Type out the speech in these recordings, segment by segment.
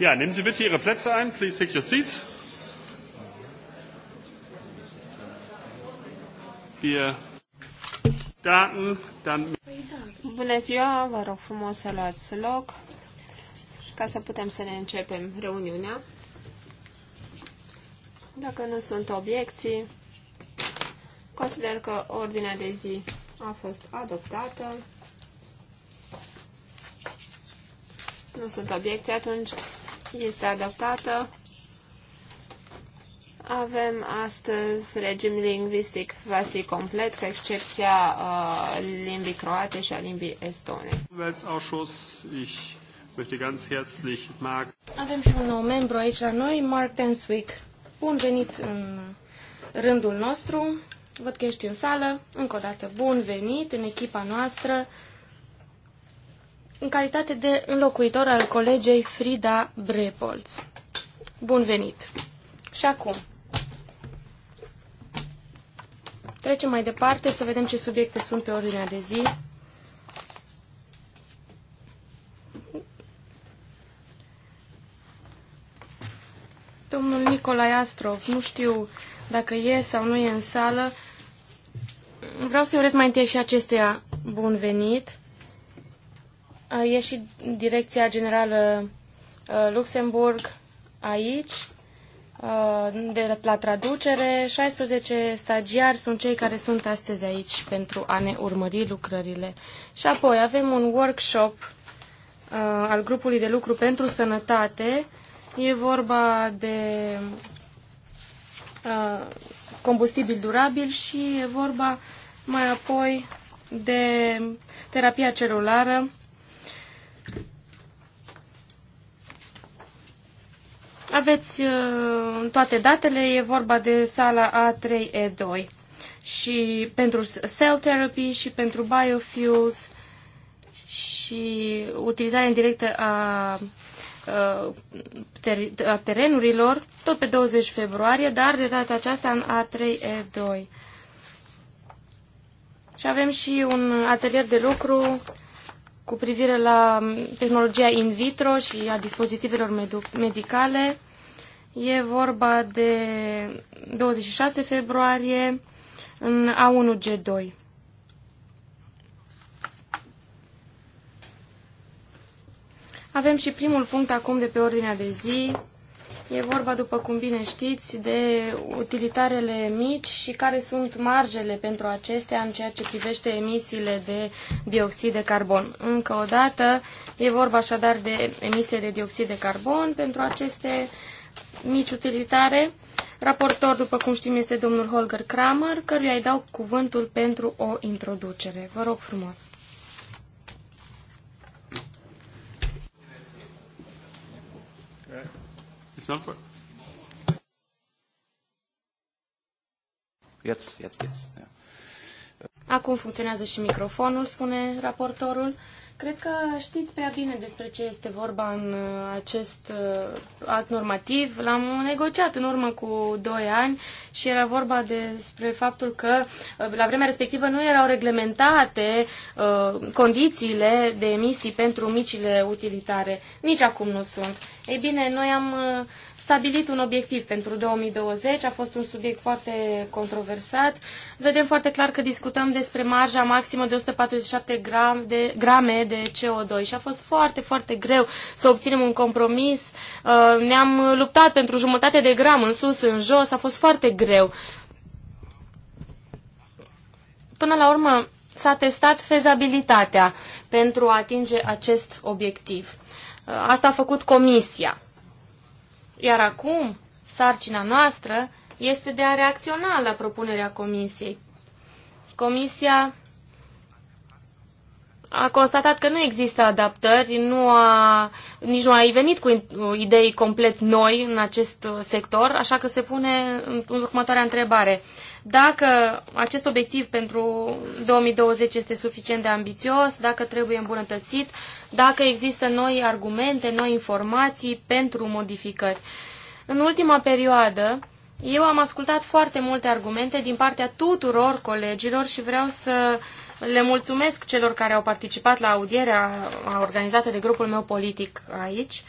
Ja, nehmen Sie bitte Ihre Plätze ein. Please take your seats. Wir starten dann. Bună ziua, vă rog frumos să luați loc ca să putem să ne începem reuniunea. Dacă nu sunt obiecții, consider că ordinea de zi a fost adoptată. Nu sunt obiecții, atunci este adoptată. Avem astăzi regim lingvistic vasi complet, cu excepția uh, limbii croate și a limbii estone. Avem și un nou membru aici la noi, Mark Tenswick. Bun venit în rândul nostru. Văd că ești în sală. Încă o dată, bun venit în echipa noastră în calitate de înlocuitor al colegei Frida Brepolz. Bun venit! Și acum, trecem mai departe să vedem ce subiecte sunt pe ordinea de zi. Domnul Nicolae Astrov, nu știu dacă e sau nu e în sală. Vreau să-i urez mai întâi și acestuia bun venit. E și Direcția Generală uh, Luxemburg aici, uh, de la traducere. 16 stagiari sunt cei care sunt astăzi aici pentru a ne urmări lucrările. Și apoi avem un workshop uh, al grupului de lucru pentru sănătate. E vorba de combustibil durabil și e vorba mai apoi de terapia celulară Aveți uh, toate datele, e vorba de sala A3E2 și pentru cell therapy și pentru biofuels și utilizarea indirectă a, uh, a terenurilor, tot pe 20 februarie, dar de data aceasta în A3E2. Și avem și un atelier de lucru cu privire la mm, tehnologia in vitro și a dispozitivelor medicale. E vorba de 26 februarie în A1G2. Avem și primul punct acum de pe ordinea de zi, E vorba, după cum bine știți, de utilitarele mici și care sunt marjele pentru acestea în ceea ce privește emisiile de dioxid de carbon. Încă o dată, e vorba așadar de emisiile de dioxid de carbon pentru aceste mici utilitare. Raportor, după cum știm, este domnul Holger Kramer, căruia îi dau cuvântul pentru o introducere. Vă rog frumos! It's not work. Jetzt, jetzt Acum funcționează și microfonul, spune raportorul. Cred că știți prea bine despre ce este vorba în uh, acest uh, act normativ. L-am negociat în urmă cu 2 ani și era vorba despre faptul că uh, la vremea respectivă nu erau reglementate condițiile de emisii pentru micile utilitare. Nici acum nu sunt. Ei bine, noi am stabilit un obiectiv pentru 2020, a fost un subiect foarte controversat. Vedem foarte clar că discutăm despre marja maximă de 147 gram de, grame de CO2 și a fost foarte, foarte greu să obținem un compromis. Uh, ne-am luptat pentru jumătate de gram în sus, în jos, a fost foarte greu. Până la urmă, s-a testat fezabilitatea pentru a atinge acest obiectiv. Uh, asta a făcut comisia. Iar acum, sarcina noastră este de a reacționa la propunerea Comisiei. Comisia a constatat că nu există adaptări, nu a, nici nu a venit cu idei complet noi în acest sector, așa că se pune următoarea întrebare dacă acest obiectiv pentru 2020 este suficient de ambițios, dacă trebuie îmbunătățit, dacă există noi argumente, noi informații pentru modificări. În ultima perioadă, eu am ascultat foarte multe argumente din partea tuturor colegilor și vreau să le mulțumesc celor care au participat la audierea organizată de grupul meu politic aici.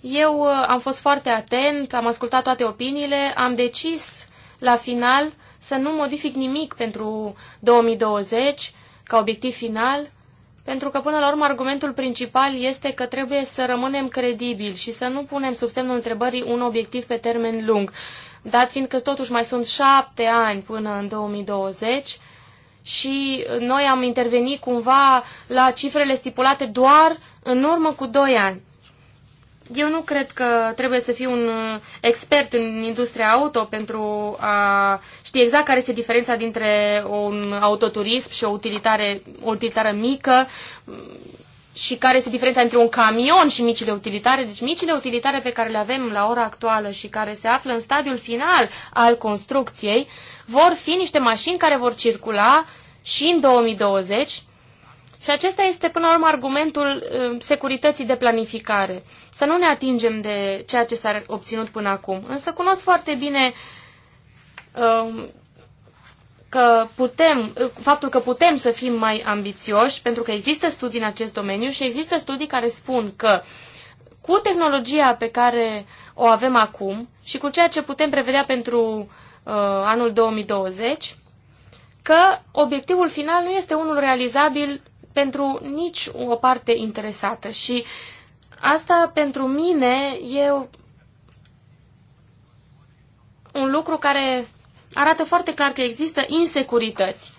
Eu uh, am fost foarte atent, am ascultat toate opiniile, am decis la final să nu modific nimic pentru 2020 ca obiectiv final, pentru că până la urmă argumentul principal este că trebuie să rămânem credibili și să nu punem sub semnul întrebării un obiectiv pe termen lung, dat fiindcă totuși mai sunt șapte ani până în 2020 și noi am intervenit cumva la cifrele stipulate doar în urmă cu doi ani. Eu nu cred că trebuie să fiu un expert în industria auto pentru a știe exact care este diferența dintre un autoturism și o, utilitare, o utilitară mică mm, și care este diferența între un camion și micile utilitare. Deci micile utilitare pe care le avem la ora actuală și care se află în stadiul final al construcției vor fi niște mașini care vor circula și în 2020 și acesta este până la urmă argumentul um, securității de planificare. Să nu ne atingem de ceea ce s-a obținut până acum. Însă cunosc foarte bine Um, că putem, faptul că putem să fim mai ambițioși, pentru că există studii în acest domeniu și există studii care spun că cu tehnologia pe care o avem acum și cu ceea ce putem prevedea pentru uh, anul 2020, că obiectivul final nu este unul realizabil pentru nici o parte interesată. Și asta pentru mine e un lucru care arată foarte clar că există insecurități.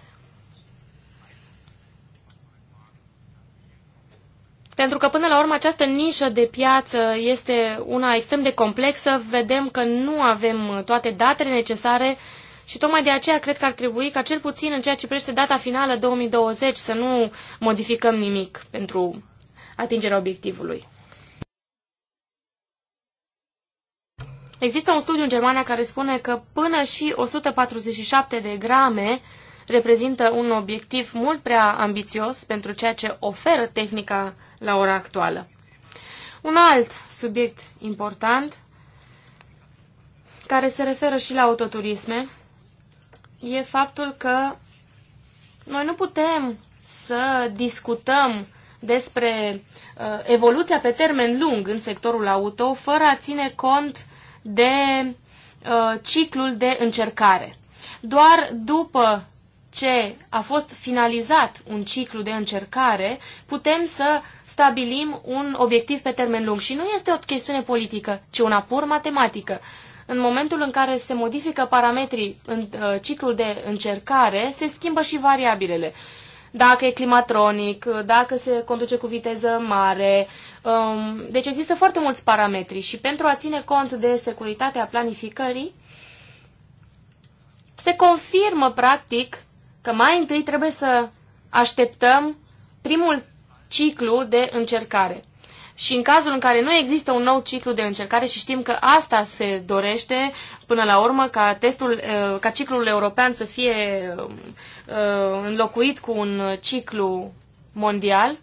Pentru că, până la urmă, această nișă de piață este una extrem de complexă, vedem că nu avem toate datele necesare și tocmai de aceea cred că ar trebui ca cel puțin în ceea ce privește data finală 2020 să nu modificăm nimic pentru atingerea obiectivului. Există un studiu în Germania care spune că până și 147 de grame reprezintă un obiectiv mult prea ambițios pentru ceea ce oferă tehnica la ora actuală. Un alt subiect important care se referă și la autoturisme e faptul că noi nu putem să discutăm despre uh, evoluția pe termen lung în sectorul auto fără a ține cont de uh, ciclul de încercare. Doar după ce a fost finalizat un ciclu de încercare, putem să stabilim un obiectiv pe termen lung. Și nu este o chestiune politică, ci una pur matematică. În momentul în care se modifică parametrii în uh, ciclul de încercare, se schimbă și variabilele. Uh, dacă e climatronic, dacă se conduce cu viteză mare. Um, deci există foarte mulți parametri și pentru a ține cont de securitatea planificării, se confirmă practic că mai întâi trebuie să așteptăm primul ciclu de încercare. Și în cazul în care nu există un nou ciclu de încercare și știm că asta se dorește până la urmă ca testul, eh, ca ciclul european să fie Uh, înlocuit cu un ciclu mondial.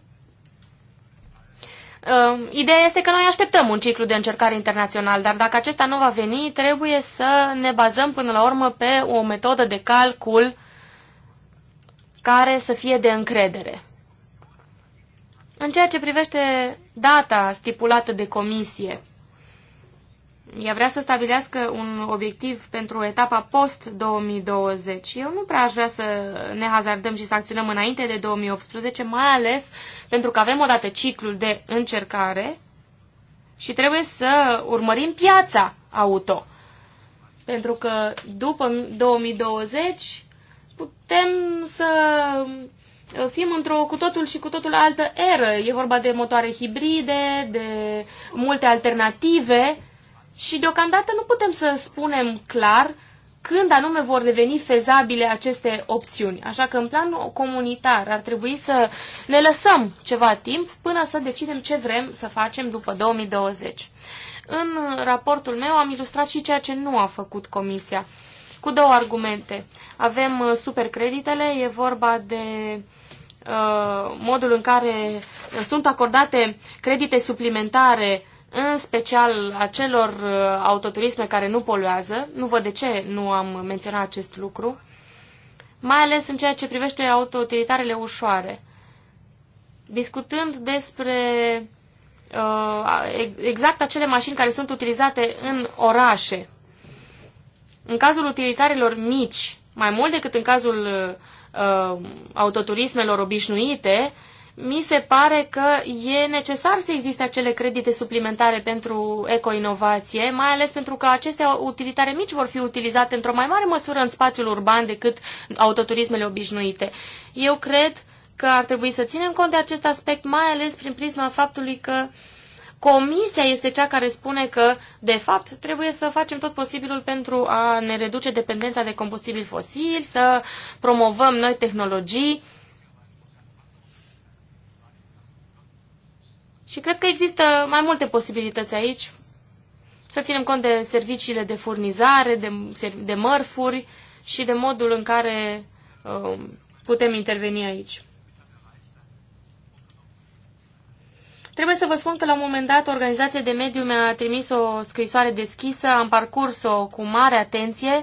Uh, ideea este că noi așteptăm un ciclu de încercare internațional, dar dacă acesta nu va veni, trebuie să ne bazăm până la urmă pe o metodă de calcul care să fie de încredere. În ceea ce privește data stipulată de comisie, ea vrea să stabilească un obiectiv pentru etapa post-2020. Eu nu prea aș vrea să ne hazardăm și să acționăm înainte de 2018, mai ales pentru că avem odată ciclul de încercare și trebuie să urmărim piața auto. Pentru că după 2020 putem să fim într-o cu totul și cu totul altă eră. E vorba de motoare hibride, de multe alternative și deocamdată nu putem să spunem clar când anume vor deveni fezabile aceste opțiuni. Așa că în planul comunitar ar trebui să ne lăsăm ceva timp până să decidem ce vrem să facem după 2020. În raportul meu am ilustrat și ceea ce nu a făcut Comisia, cu două argumente. Avem uh, supercreditele, e vorba de uh, modul în care sunt acordate credite suplimentare în special acelor uh, autoturisme care nu poluează. Nu văd de ce nu am menționat acest lucru, mai ales în ceea ce privește autoutilitarele ușoare. Discutând despre uh, exact acele mașini care sunt utilizate în orașe, în cazul utilitarilor mici, mai mult decât în cazul uh, uh autoturismelor obișnuite, uh, mi se pare că e necesar să existe acele credite suplimentare pentru ecoinovație, mai ales pentru că aceste utilitare mici vor fi utilizate într-o mai mare măsură în spațiul urban decât autoturismele obișnuite. Eu cred că ar trebui să ținem cont de acest aspect, mai ales prin prisma faptului că Comisia este cea care spune că, de fapt, trebuie să facem tot posibilul pentru a ne reduce dependența de combustibili fosili, să promovăm noi tehnologii. Și cred că există mai multe posibilități aici. Să ținem cont de serviciile de furnizare, de, de mărfuri și de modul în care uh, putem interveni aici. Trebuie să vă spun că la un moment dat organizația de mediu mi-a trimis o scrisoare deschisă, am parcurs-o cu mare atenție.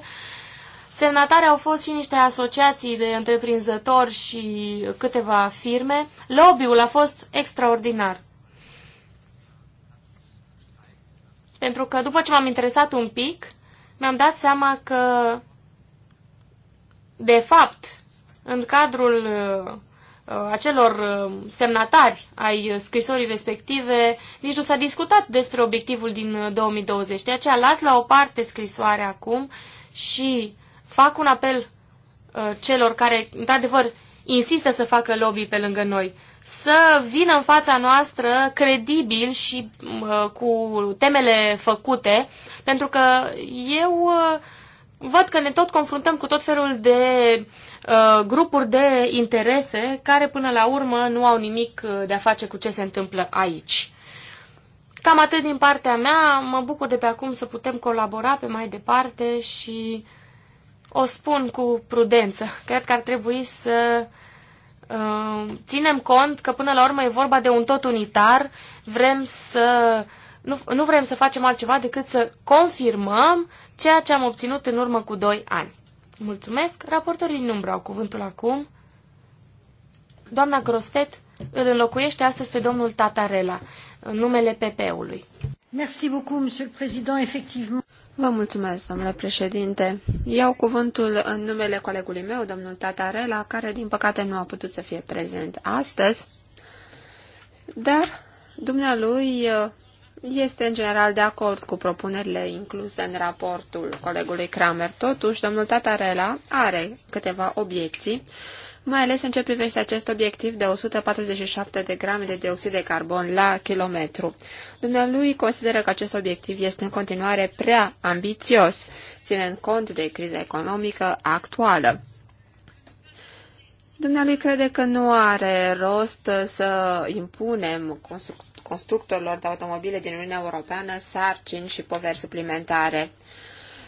Semnatare au fost și niște asociații de întreprinzători și câteva firme. Lobby-ul a fost extraordinar. pentru că după ce m-am interesat un pic, mi-am dat seama că, de fapt, în cadrul uh, acelor uh, semnatari ai scrisorii respective, nici nu s-a discutat despre obiectivul din 2020. Uh, de aceea las la o parte scrisoarea acum și fac un apel celor care, într-adevăr, insistă să facă lobby pe lângă noi să vină în fața noastră credibil și uh, cu temele făcute, pentru că eu uh, văd că ne tot confruntăm cu tot felul de uh, grupuri de interese care până la urmă nu au nimic de a face cu ce se întâmplă aici. Cam atât din partea mea, mă bucur de pe acum să putem colabora pe mai departe și o spun cu prudență. Cred că ar trebui să uh, Ehm, ținem cont că până la urmă e vorba de un tot unitar, vrem să nu, nu vrem să facem altceva decât să confirmăm ceea ce am obținut în urmă cu 2 ani. Mulțumesc. Raportorii din umbră au cuvântul acum. Doamna Grostet îl înlocuiește astăzi pe domnul Tatarela, în numele PP-ului. Merci beaucoup, monsieur le président. Effectivement. Vă mulțumesc, domnule președinte. Iau cuvântul în numele colegului meu, domnul Tatarela, care din păcate nu a putut să fie prezent astăzi, dar dumnealui uh, este în general de acord cu propunerile incluse în raportul colegului Kramer. Totuși, domnul Tatarela are câteva obiecții mai ales în ce privește acest obiectiv de 147 de grame de dioxid de carbon la kilometru. Dumnealui consideră că acest obiectiv este în continuare prea ambițios, ținând cont de criza economică actuală. Dumnealui crede că nu are rost să impunem constructorilor de automobile din Uniunea Europeană sarcini și poveri suplimentare.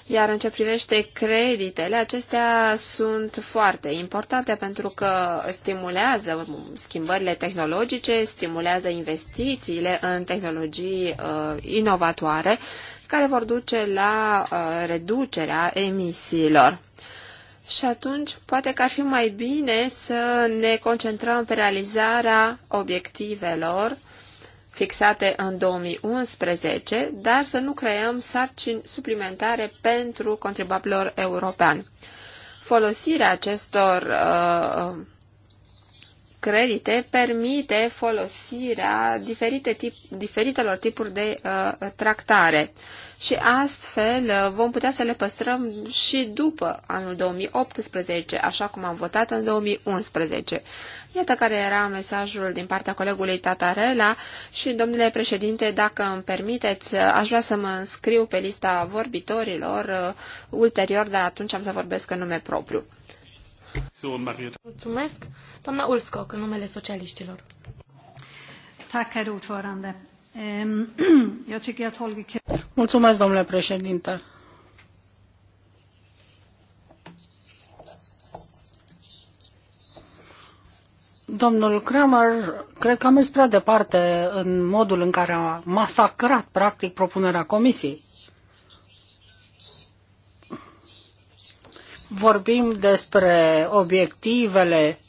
Iar în ce privește creditele, acestea sunt foarte importante pentru că stimulează schimbările tehnologice, stimulează investițiile în tehnologii uh, inovatoare care vor duce la uh, reducerea emisiilor. Și atunci, poate că ar fi mai bine să ne concentrăm pe realizarea obiectivelor fixate în 2011, dar să nu creăm sarcini suplimentare pentru contribuabilor european. Folosirea acestor uh, credite permite folosirea diferite tip, diferitelor tipuri de uh, tractare și astfel uh, vom putea să le păstrăm și după anul 2018, așa cum am votat în 2011. Iată care era mesajul din partea colegului Tatarela și, domnule președinte, dacă îmi permiteți, uh, aș vrea să mă înscriu pe lista vorbitorilor uh, ulterior, dar atunci am să vorbesc în nume propriu. Mulțumesc. Doamna Ulscoc, în numele socialiștilor. Tack, herr ordförande. domnule președinte. Domnul Kramer, cred că a mers prea departe în modul în care a masacrat, practic, propunerea comisiei. Vorbim despre obiectivele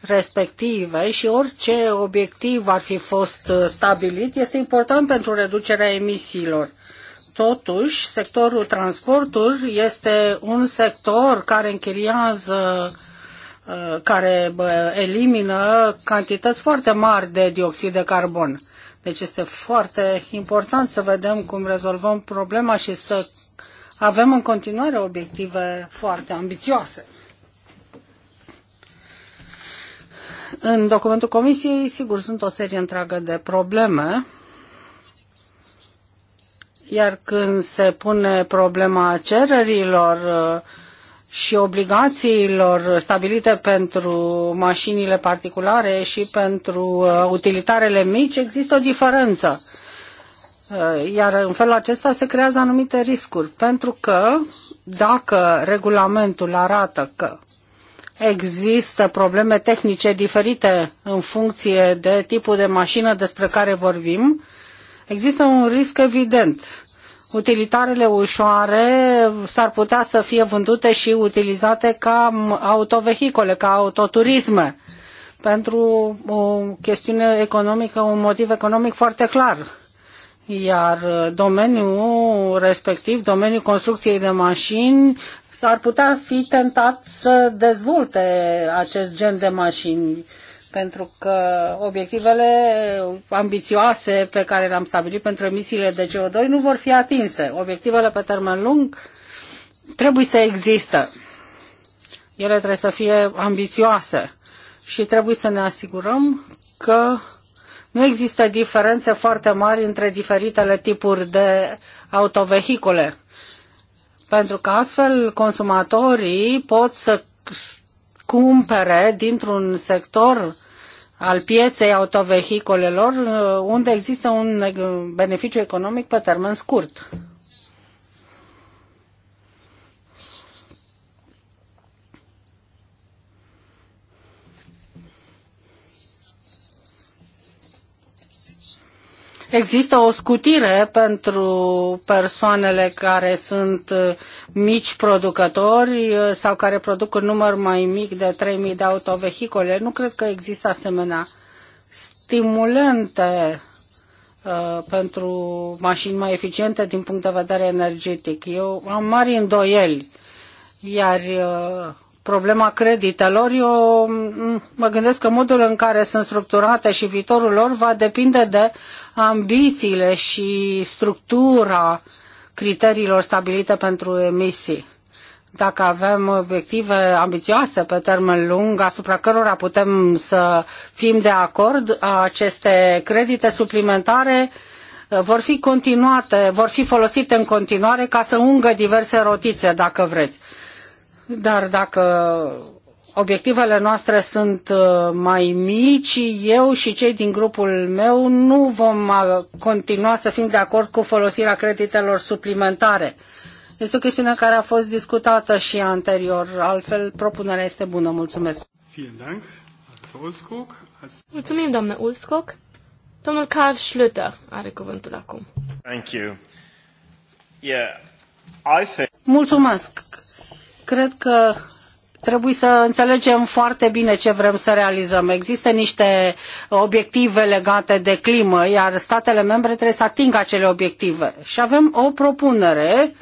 respective și orice obiectiv ar fi fost uh, stabilit este important pentru reducerea emisiilor. Totuși, sectorul transporturi este un sector care închiriază uh, care elimină cantități foarte mari de dioxid de carbon. Deci este foarte important să vedem cum rezolvăm problema și să avem în continuare obiective foarte ambițioase. În documentul comisiei, sigur, sunt o serie întreagă de probleme, iar când se pune problema cererilor uh, și obligațiilor stabilite pentru mașinile particulare și pentru uh, utilitarele mici, există o diferență. Uh, iar în felul acesta se creează anumite riscuri, pentru că dacă regulamentul arată că Există probleme tehnice diferite în funcție de tipul de mașină despre care vorbim. Există un risc evident. Utilitarele ușoare s-ar putea să fie vândute și utilizate ca autovehicole, ca autoturisme, pentru o chestiune economică, un motiv economic foarte clar iar uh, domeniul respectiv, domeniul construcției de mașini, s-ar putea fi tentat să dezvolte acest gen de mașini, pentru că obiectivele ambițioase pe care le-am stabilit pentru emisiile de CO2 nu vor fi atinse. Obiectivele pe termen lung trebuie să există. Ele trebuie să fie ambițioase și trebuie să ne asigurăm că nu există diferențe foarte mari între diferitele tipuri de autovehicule, pentru că astfel consumatorii pot să cumpere dintr-un sector al pieței autovehiculelor uh, unde există un beneficiu economic pe termen scurt. Există o scutire pentru persoanele care sunt uh, mici producători uh, sau care produc un număr mai mic de 3.000 de autovehicole. Nu cred că există asemenea stimulente uh, pentru mașini mai eficiente din punct de vedere energetic. Eu am mari îndoieli, iar problema creditelor, eu mă gândesc că modul în care sunt structurate și viitorul lor va depinde de ambițiile și structura criteriilor stabilite pentru emisii. Dacă avem obiective ambițioase pe termen lung, asupra cărora putem să fim de acord, aceste credite suplimentare vor fi continuate, vor fi folosite în continuare ca să ungă diverse rotițe, dacă vreți. Dar dacă obiectivele noastre sunt uh, mai mici, eu și cei din grupul meu nu vom uh, continua să fim de acord cu folosirea creditelor suplimentare. Este o chestiune care a fost discutată și anterior, altfel propunerea este bună. Mulțumesc! Mulțumim, doamnă Ulskog. Domnul Karl Schlüter are cuvântul acum. Thank you. Yeah, I think... Mulțumesc! Cred că trebuie să înțelegem foarte bine ce vrem să realizăm. Există niște obiective legate de climă, iar statele membre trebuie să atingă acele obiective. Și avem o propunere,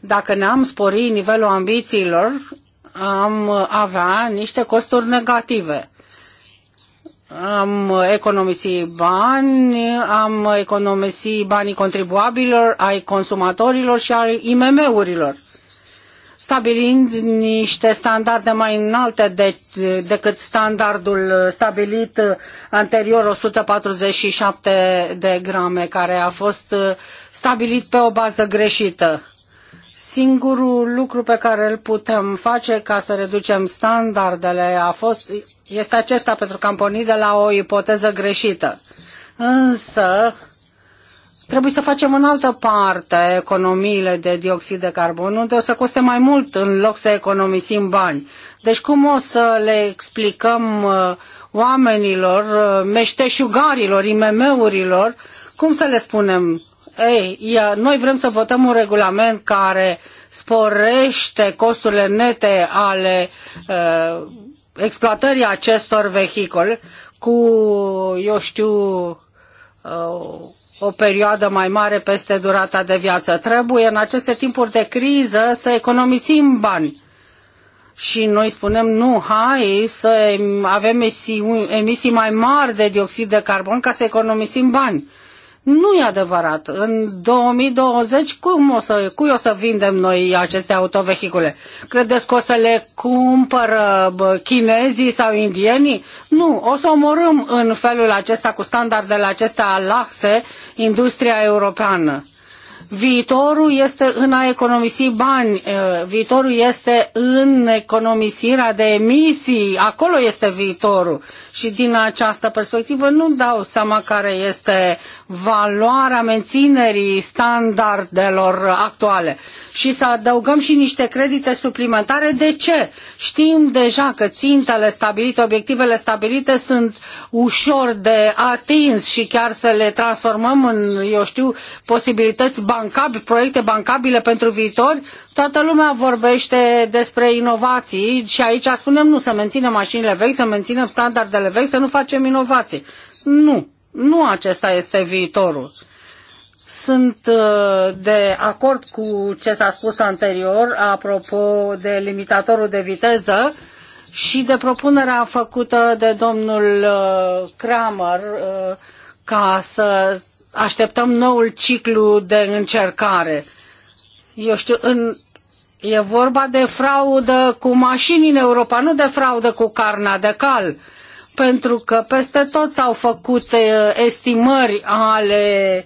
dacă ne-am spori nivelul ambițiilor, am avea niște costuri negative. Am economisi bani, am economisi banii contribuabililor, ai consumatorilor și ai IMM-urilor stabilind niște standarde mai înalte de, decât standardul stabilit anterior 147 de grame, care a fost stabilit pe o bază greșită. Singurul lucru pe care îl putem face ca să reducem standardele a fost, este acesta, pentru că am pornit de la o ipoteză greșită. Însă, Trebuie să facem în altă parte economiile de dioxid de carbon, unde o să coste mai mult în loc să economisim bani. Deci cum o să le explicăm uh, oamenilor, uh, meșteșugarilor, IMM-urilor, cum să le spunem? Ei, noi vrem să votăm un regulament care sporește costurile nete ale uh, exploatării acestor vehicole cu, eu știu, Uh, o perioadă mai mare peste durata de viață. Trebuie în aceste timpuri de criză să economisim bani. Și noi spunem, nu, hai să avem emisii, mai mari de dioxid de carbon ca să economisim bani. Nu e adevărat. În 2020 cum o să, cui o să vindem noi aceste autovehicule? Credeți că o să le cumpără chinezii sau indienii? Nu, o să omorâm în felul acesta cu standardele acestea laxe industria europeană. Viitorul este în a economisi bani, uh, viitorul este în economisirea de emisii, acolo este viitorul. Și din această perspectivă nu dau seama care este valoarea menținerii standardelor actuale. Și să adăugăm și niște credite suplimentare. De ce? Știm deja că țintele stabilite, obiectivele stabilite sunt ușor de atins și chiar să le transformăm în, eu știu, posibilități bani bancab, proiecte bancabile pentru viitor, toată lumea vorbește despre inovații și aici spunem nu, să menținem mașinile vechi, să menținem standardele vechi, să nu facem inovații. Nu, nu acesta este viitorul. Sunt uh, de acord cu ce s-a spus anterior, apropo de limitatorul de viteză și de propunerea făcută de domnul uh, Kramer uh, ca să așteptăm noul ciclu de încercare. Eu știu, în, e vorba de fraudă cu mașini în Europa, nu de fraudă cu carnea de cal, pentru că peste tot s-au făcut eh, estimări ale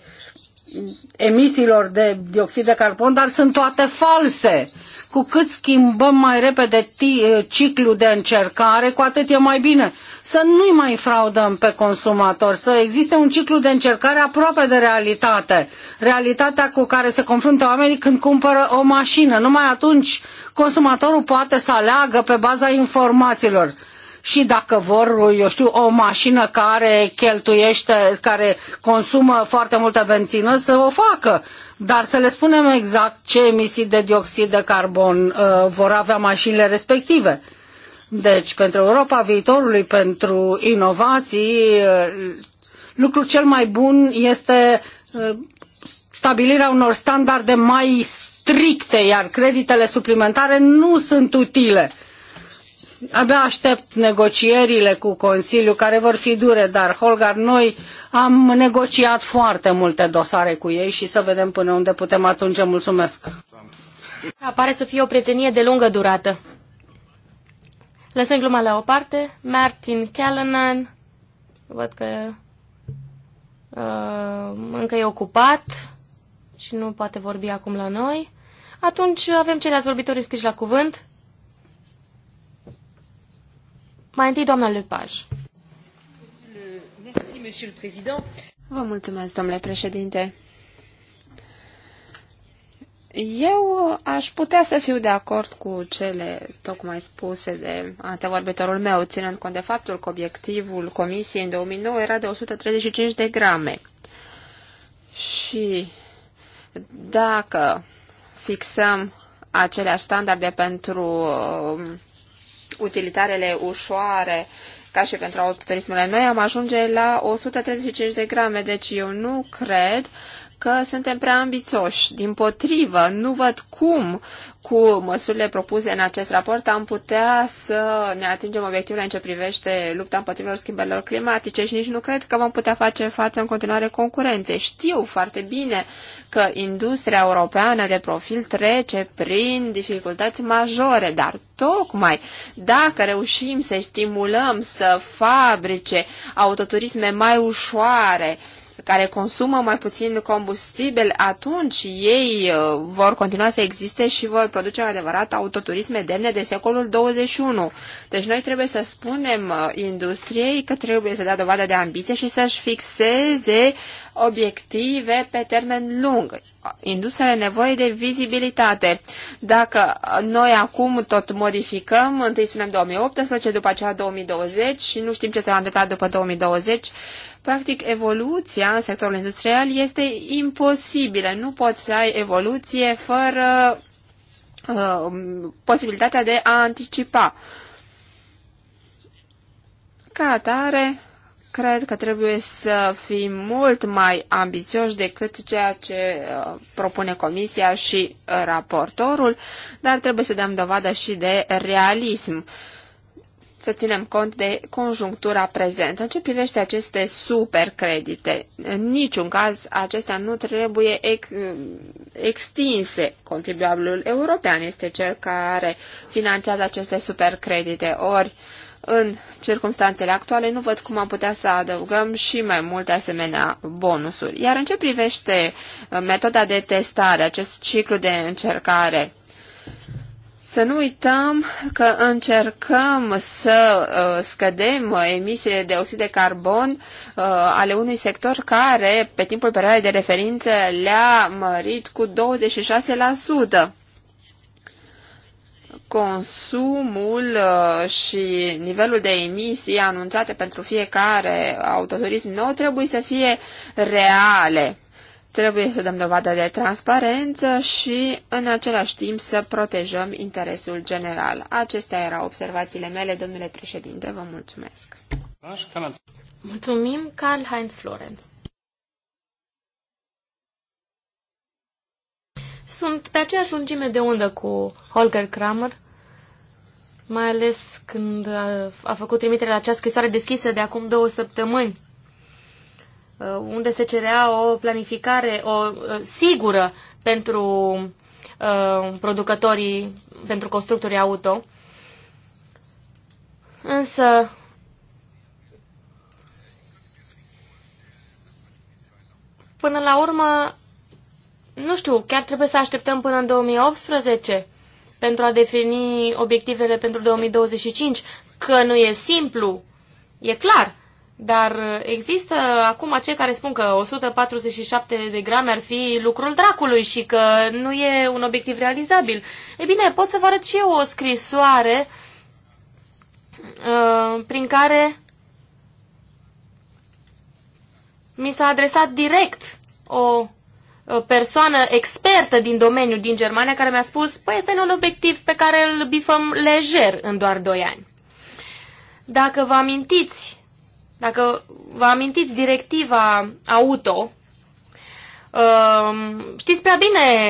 emisiilor de dioxid de carbon, dar sunt toate false. Cu cât schimbăm mai repede eh, ciclul de încercare, cu atât e mai bine. Să nu-i mai fraudăm pe consumator, să existe un ciclu de încercare aproape de realitate. Realitatea cu care se confruntă oamenii când cumpără o mașină. Numai atunci consumatorul poate să aleagă pe baza informațiilor și dacă vor, eu știu, o mașină care cheltuiește, care consumă foarte multă benzină, să o facă. Dar să le spunem exact ce emisii de dioxid de carbon uh, vor avea mașinile respective. Deci, pentru Europa viitorului, pentru inovații, uh, lucrul cel mai bun este uh, stabilirea unor standarde mai stricte, iar creditele suplimentare nu sunt utile abia aștept negocierile cu Consiliul, care vor fi dure, dar, Holgar, noi am negociat foarte multe dosare cu ei și să vedem până unde putem atunci. Mulțumesc! Apare să fie o prietenie de lungă durată. Lăsăm gluma la o parte. Martin Callanan, văd că uh, încă e ocupat și nu poate vorbi acum la noi. Atunci avem ceilalți vorbitori scriși la cuvânt. Mai întâi, doamna Lepaj. Vă mulțumesc, domnule președinte. Eu aș putea să fiu de acord cu cele tocmai spuse de antevorbitorul meu, ținând cont de faptul că obiectivul comisiei în 2009 era de 135 de grame. Și dacă fixăm aceleași standarde pentru um, utilitarele ușoare, ca și pentru autoturismele noi, am ajunge la 135 de grame. Deci eu nu cred că suntem prea ambițioși. Din potrivă, nu văd cum cu măsurile propuse în acest raport am putea să ne atingem obiectivele în ce privește lupta împotriva schimbărilor climatice și nici nu cred că vom putea face față în continuare concurenței. Știu foarte bine că industria europeană de profil trece prin dificultăți majore, dar tocmai dacă reușim să stimulăm să fabrice autoturisme mai ușoare, care consumă mai puțin combustibil, atunci ei uh, vor continua să existe și vor produce adevărat autoturisme demne de secolul 21. Deci noi trebuie să spunem uh, industriei că trebuie să dea dovadă de ambiție și să-și fixeze obiective pe termen lung indusele nevoie de vizibilitate. Dacă noi acum tot modificăm, întâi spunem 2018, după aceea 2020 și nu știm ce se va întâmpla după 2020, practic evoluția în sectorul industrial este imposibilă. Nu poți să ai evoluție fără uh, posibilitatea de a anticipa. Ca atare, Cred că trebuie să fim mult mai ambițioși decât ceea ce uh, propune Comisia și uh, raportorul, dar trebuie să dăm dovadă și de realism, să ținem cont de conjunctura prezentă. În ce privește aceste supercredite, în niciun caz acestea nu trebuie ex extinse. Contribuabilul european este cel care finanțează aceste supercredite, ori în circumstanțele actuale nu văd cum am putea să adăugăm și mai multe asemenea bonusuri. Iar în ce privește uh, metoda de testare, acest ciclu de încercare, să nu uităm că încercăm să uh, scădem emisiile de oxid de carbon uh, ale unui sector care, pe timpul perioadei de referință, le-a mărit cu 26% consumul uh, și nivelul de emisii anunțate pentru fiecare autoturism nou trebuie să fie reale. Trebuie să dăm dovadă de transparență și în același timp să protejăm interesul general. Acestea erau observațiile mele, domnule președinte. Vă mulțumesc. Mulțumim, Karl-Heinz Florenz. sunt pe aceeași lungime de undă cu Holger Kramer, mai ales când a făcut trimitere la acea scrisoare deschisă de acum două săptămâni, uh, unde se cerea o planificare o uh, sigură pentru uh, producătorii, pentru constructorii auto. Însă, până la urmă, nu știu, chiar trebuie să așteptăm până în 2018 pentru a defini obiectivele pentru 2025, că nu e simplu, e clar, dar există acum acei care spun că 147 de grame ar fi lucrul dracului și că nu e un obiectiv realizabil. E bine, pot să vă arăt și eu o scrisoare uh, prin care mi s-a adresat direct o persoană expertă din domeniu din Germania care mi-a spus, păi este un obiectiv pe care îl bifăm lejer în doar 2 ani. Dacă vă amintiți, dacă vă amintiți directiva auto, um, știți prea bine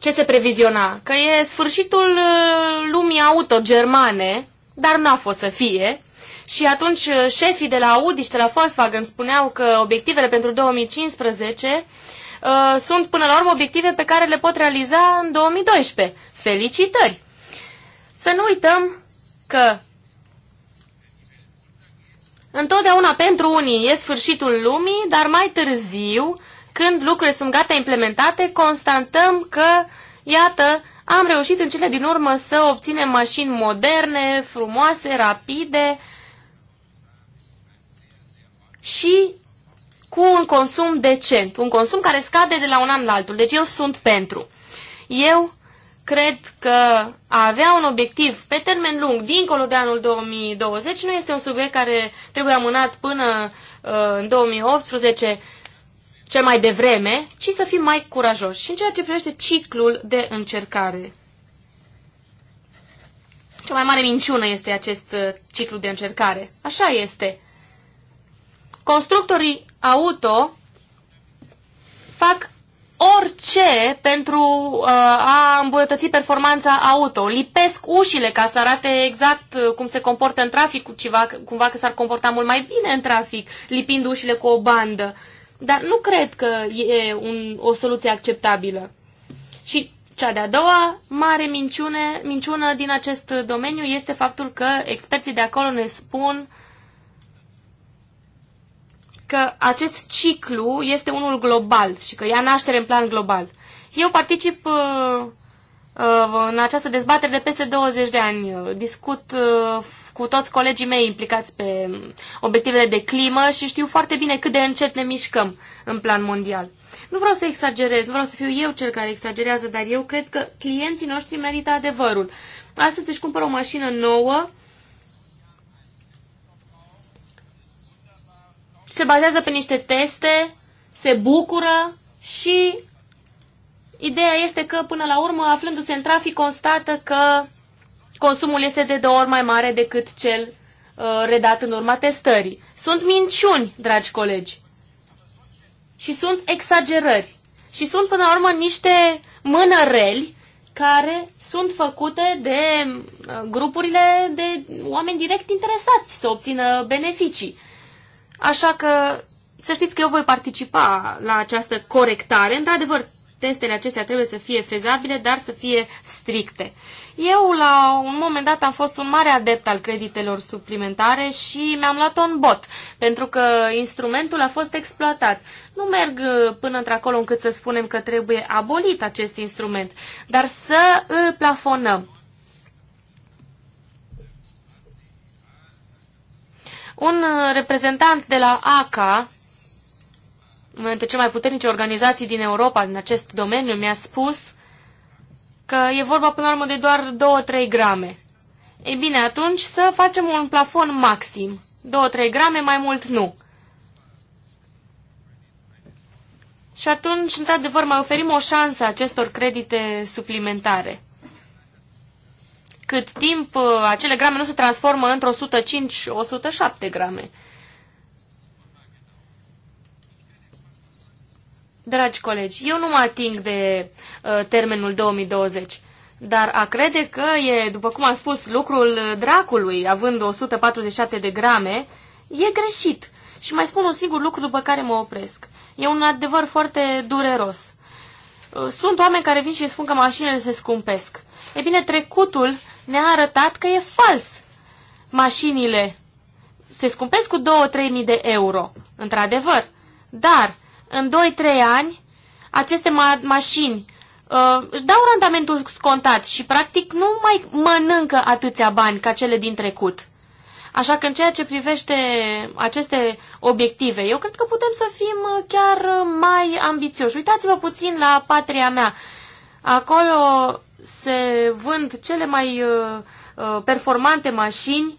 ce se previziona, că e sfârșitul uh, lumii auto germane, dar n-a fost să fie, și atunci uh, șefii de la Audi și de la Volkswagen spuneau că obiectivele pentru 2015 Uh, sunt până la urmă obiective pe care le pot realiza în 2012. Felicitări! Să nu uităm că întotdeauna pentru unii e sfârșitul lumii, dar mai târziu, când lucrurile sunt gata implementate, constatăm că, iată, am reușit în cele din urmă să obținem mașini moderne, frumoase, rapide și cu un consum decent, un consum care scade de la un an la altul. Deci eu sunt pentru. Eu cred că a avea un obiectiv pe termen lung, dincolo de anul 2020, nu este un subiect care trebuie amânat până uh, în 2018 cel mai devreme, ci să fim mai curajoși. Și în ceea ce privește ciclul de încercare. Cea mai mare minciună este acest uh, ciclu de încercare. Așa este constructorii auto fac orice pentru uh, a îmbunătăți performanța auto. Lipesc ușile ca să arate exact uh, cum se comportă în trafic, ceva, cumva că s-ar comporta mult mai bine în trafic, lipind ușile cu o bandă. Dar nu cred că e un, o soluție acceptabilă. Și cea de-a doua mare minciune, minciună din acest domeniu este faptul că experții de acolo ne spun uh, că acest ciclu este unul global și că ia naștere în plan global. Eu particip uh, uh, în această dezbatere de peste 20 de ani. Discut uh, cu toți colegii mei implicați pe obiectivele de climă și știu foarte bine cât de încet ne mișcăm în plan mondial. Nu vreau să exagerez, nu vreau să fiu eu cel care exagerează, dar eu cred că clienții noștri merită adevărul. Astăzi își cumpără o mașină nouă se bazează pe niște teste, se bucură și ideea este că până la urmă, aflându-se în trafic, constată că consumul este de două ori mai mare decât cel uh, redat în urma testării. Sunt minciuni, dragi colegi. Și sunt exagerări. Și sunt până la urmă niște mânăreli care sunt făcute de uh, grupurile de oameni direct interesați să obțină beneficii. Așa că să știți că eu voi participa la această corectare. Într-adevăr, testele acestea trebuie să fie fezabile, dar să fie stricte. Eu, la un moment dat, am fost un mare adept al creditelor suplimentare și mi-am luat un bot, pentru că instrumentul a fost exploatat. Nu merg uh, până într-acolo încât să spunem că trebuie abolit acest instrument, dar să îl plafonăm. Un uh, reprezentant de la ACA, una dintre cele mai puternice organizații din Europa în acest domeniu, mi-a spus că e vorba până la urmă de doar 2-3 grame. Ei bine, atunci să facem un plafon maxim. 2-3 grame, mai mult nu. Și atunci, într-adevăr, mai oferim o șansă acestor credite suplimentare cât timp uh, acele grame nu se transformă într-o 105-107 grame. Dragi colegi, eu nu mă ating de uh, termenul 2020, dar a crede că e, după cum am spus, lucrul dracului, având 147 de grame, e greșit. Și mai spun un singur lucru după care mă opresc. E un adevăr foarte dureros. Uh, sunt oameni care vin și spun că mașinile se scumpesc. E bine, trecutul ne-a arătat că e fals. Mașinile se scumpesc cu 2-3 mii de euro, într-adevăr, dar în 2-3 ani aceste ma- mașini uh, își dau randamentul scontat și practic nu mai mănâncă atâția bani ca cele din trecut. Așa că în ceea ce privește aceste obiective, eu cred că putem să fim uh, chiar uh, mai ambițioși. Uitați-vă puțin la patria mea. Acolo se vând cele mai uh, uh, performante mașini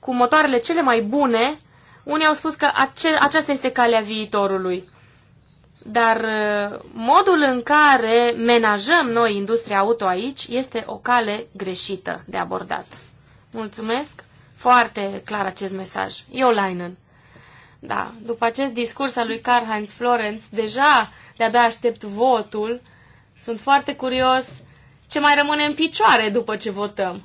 cu motoarele cele mai bune. Unii au spus că ace- aceasta este calea viitorului. Dar uh, modul în care menajăm noi industria auto aici este o cale greșită de abordat. Mulțumesc! Foarte clar acest mesaj. Iolainen. Da, după acest discurs al lui Karl-Heinz Florenz, deja de-abia aștept votul. Sunt foarte curios ce mai rămâne în picioare după ce votăm.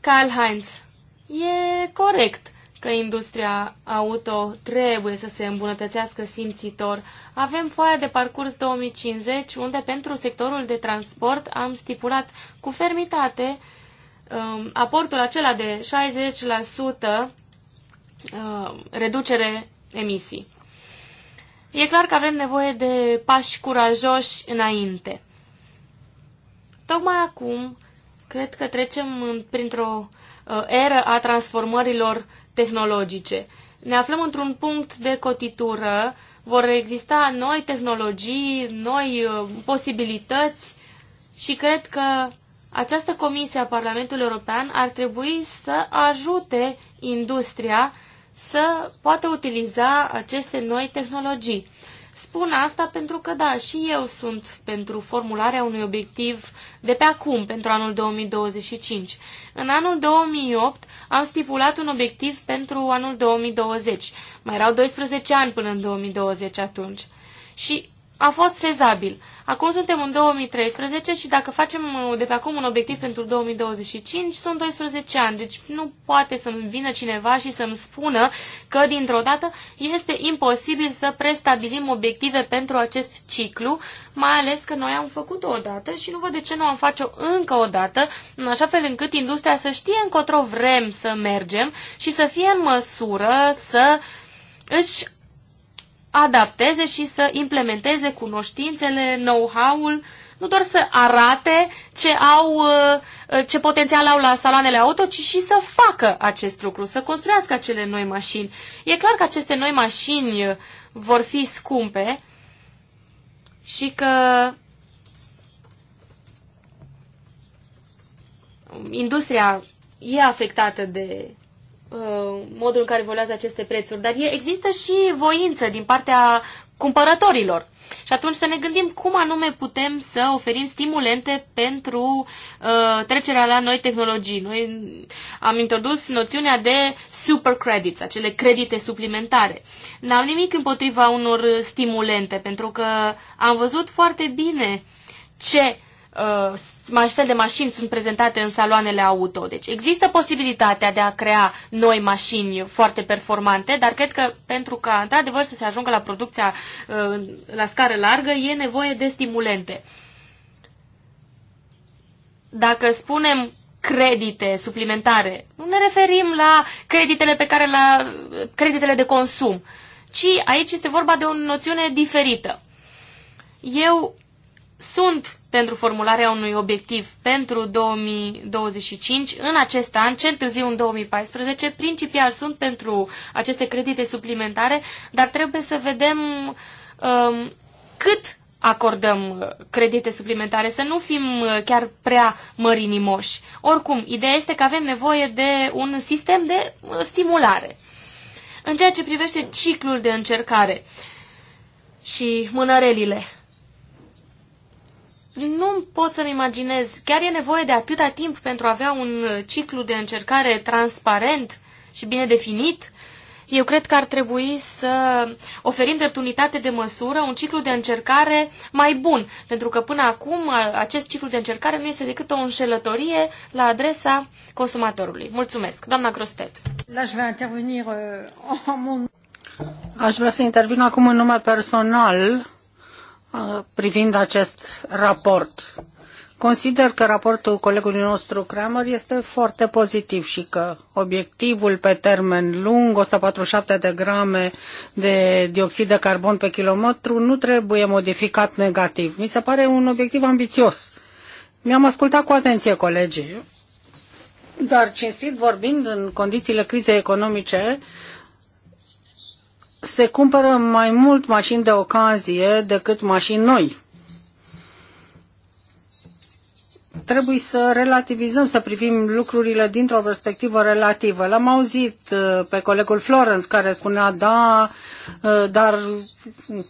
Karl Heinz, e corect că industria auto trebuie să se îmbunătățească simțitor. Avem foaia de parcurs 2050, unde pentru sectorul de transport am stipulat cu fermitate um, aportul acela de 60% um, uh, reducere emisii. E clar că avem nevoie de pași curajoși înainte. Tocmai acum, cred că trecem printr-o uh, eră a transformărilor tehnologice. Ne aflăm într-un punct de cotitură, vor exista noi tehnologii, noi uh, posibilități și cred că această comisie a Parlamentului European ar trebui să ajute industria să poată utiliza aceste noi tehnologii. Spun asta pentru că, da, și eu sunt pentru formularea unui obiectiv uh, de pe acum pentru anul 2025. În anul 2008 am stipulat un obiectiv pentru anul 2020. Mai erau 12 ani până în 2020 atunci. Și a fost fezabil. Acum suntem în 2013 și dacă facem uh, de pe acum un obiectiv pentru 2025, sunt 12 ani. Deci nu poate să-mi vină cineva și să-mi spună că dintr-o dată este imposibil să prestabilim obiective pentru acest ciclu, mai ales că noi am făcut-o odată și nu văd de ce nu am face-o încă o dată, în așa fel încât industria să știe încotro vrem să mergem și să fie în măsură să își adapteze și să implementeze cunoștințele, know-how-ul, nu doar să arate ce, au, uh, ce potențial au la saloanele auto, ci și să facă acest lucru, să construiască acele noi mașini. E clar că aceste noi mașini vor fi scumpe și că industria e afectată de Uh, modul în care evoluează aceste prețuri, dar există și voință din partea cumpărătorilor. Și atunci să ne gândim cum anume putem să oferim stimulente pentru uh, trecerea la noi tehnologii. Noi am introdus noțiunea de super credits, acele credite suplimentare. N-am nimic împotriva unor stimulente, pentru că am văzut foarte bine ce uh, fel de mașini sunt prezentate în saloanele auto. Deci există posibilitatea de a crea noi mașini foarte performante, dar cred că pentru ca într-adevăr să se ajungă la producția uh, la scară largă e nevoie de stimulente. Dacă spunem credite suplimentare, nu ne referim la creditele pe care la creditele de consum, ci aici este vorba de o noțiune diferită. Eu sunt pentru formularea unui obiectiv pentru 2025 în acest an, cel târziu în 2014. Principial sunt pentru aceste credite suplimentare, dar trebuie să vedem um, cât acordăm credite suplimentare, să nu fim chiar prea mărinimoși. Oricum, ideea este că avem nevoie de un sistem de uh, stimulare. În ceea ce privește ciclul de încercare și mânărelile, nu pot să-mi imaginez, chiar e nevoie de atâta timp pentru a avea un ciclu de încercare transparent și bine definit? Eu cred că ar trebui să oferim drept unitate de măsură un ciclu de încercare mai bun, pentru că până acum acest ciclu de încercare nu este decât o înșelătorie la adresa consumatorului. Mulțumesc. Doamna Crostet. Euh, Aș vrea să intervin acum în nume personal Uh, privind acest raport. Consider că raportul colegului nostru Kramer este foarte pozitiv și că obiectivul pe termen lung, 147 de grame de dioxid de carbon pe kilometru, nu trebuie modificat negativ. Mi se pare un obiectiv ambițios. Mi-am ascultat cu atenție colegii, dar cinstit vorbind, în condițiile crizei economice, se cumpără mai mult mașini de ocazie decât mașini noi. Trebuie să relativizăm, să privim lucrurile dintr-o perspectivă relativă. L-am auzit uh, pe colegul Florence care spunea, da, uh, dar uh,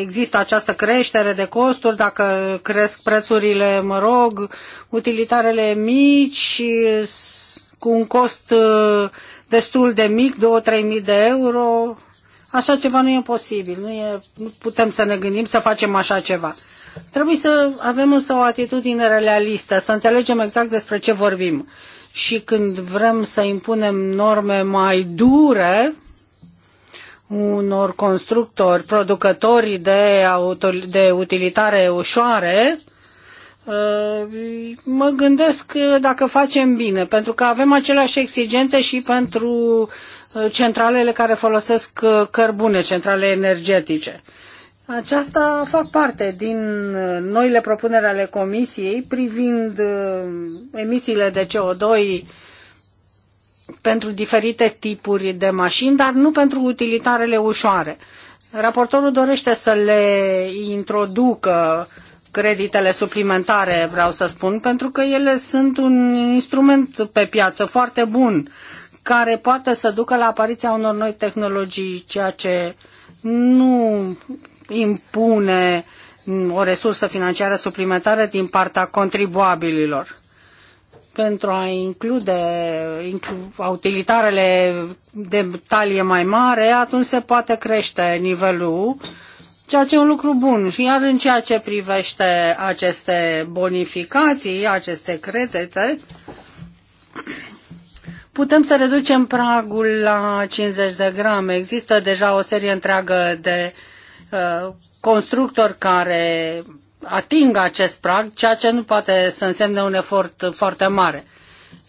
există această creștere de costuri, dacă cresc prețurile, mă rog, utilitarele mici, cu un cost destul de mic, 2-3 mii de euro, Așa ceva nu e posibil, nu, e, nu putem să ne gândim să facem așa ceva. Trebuie să avem însă o atitudine realistă, să înțelegem exact despre ce vorbim. Și când vrem să impunem norme mai dure unor constructori, producători de, auto, de utilitare ușoare, ă, mă gândesc dacă facem bine, pentru că avem aceleași exigențe și pentru centralele care folosesc uh, cărbune, centrale energetice. Aceasta fac parte din uh, noile propuneri ale Comisiei privind uh, emisiile de CO2 pentru diferite tipuri de mașini, dar nu pentru utilitarele ușoare. Raportorul dorește să le introducă creditele suplimentare, vreau să spun, pentru că ele sunt un instrument pe piață foarte bun care poate să ducă la apariția unor noi tehnologii, ceea ce nu impune o resursă financiară suplimentară din partea contribuabililor. Pentru a include utilitarele de talie mai mare, atunci se poate crește nivelul, ceea ce e un lucru bun. Iar în ceea ce privește aceste bonificații, aceste credite, Putem să reducem pragul la 50 de grame. Există deja o serie întreagă de uh, constructori care ating acest prag, ceea ce nu poate să însemne un efort foarte mare.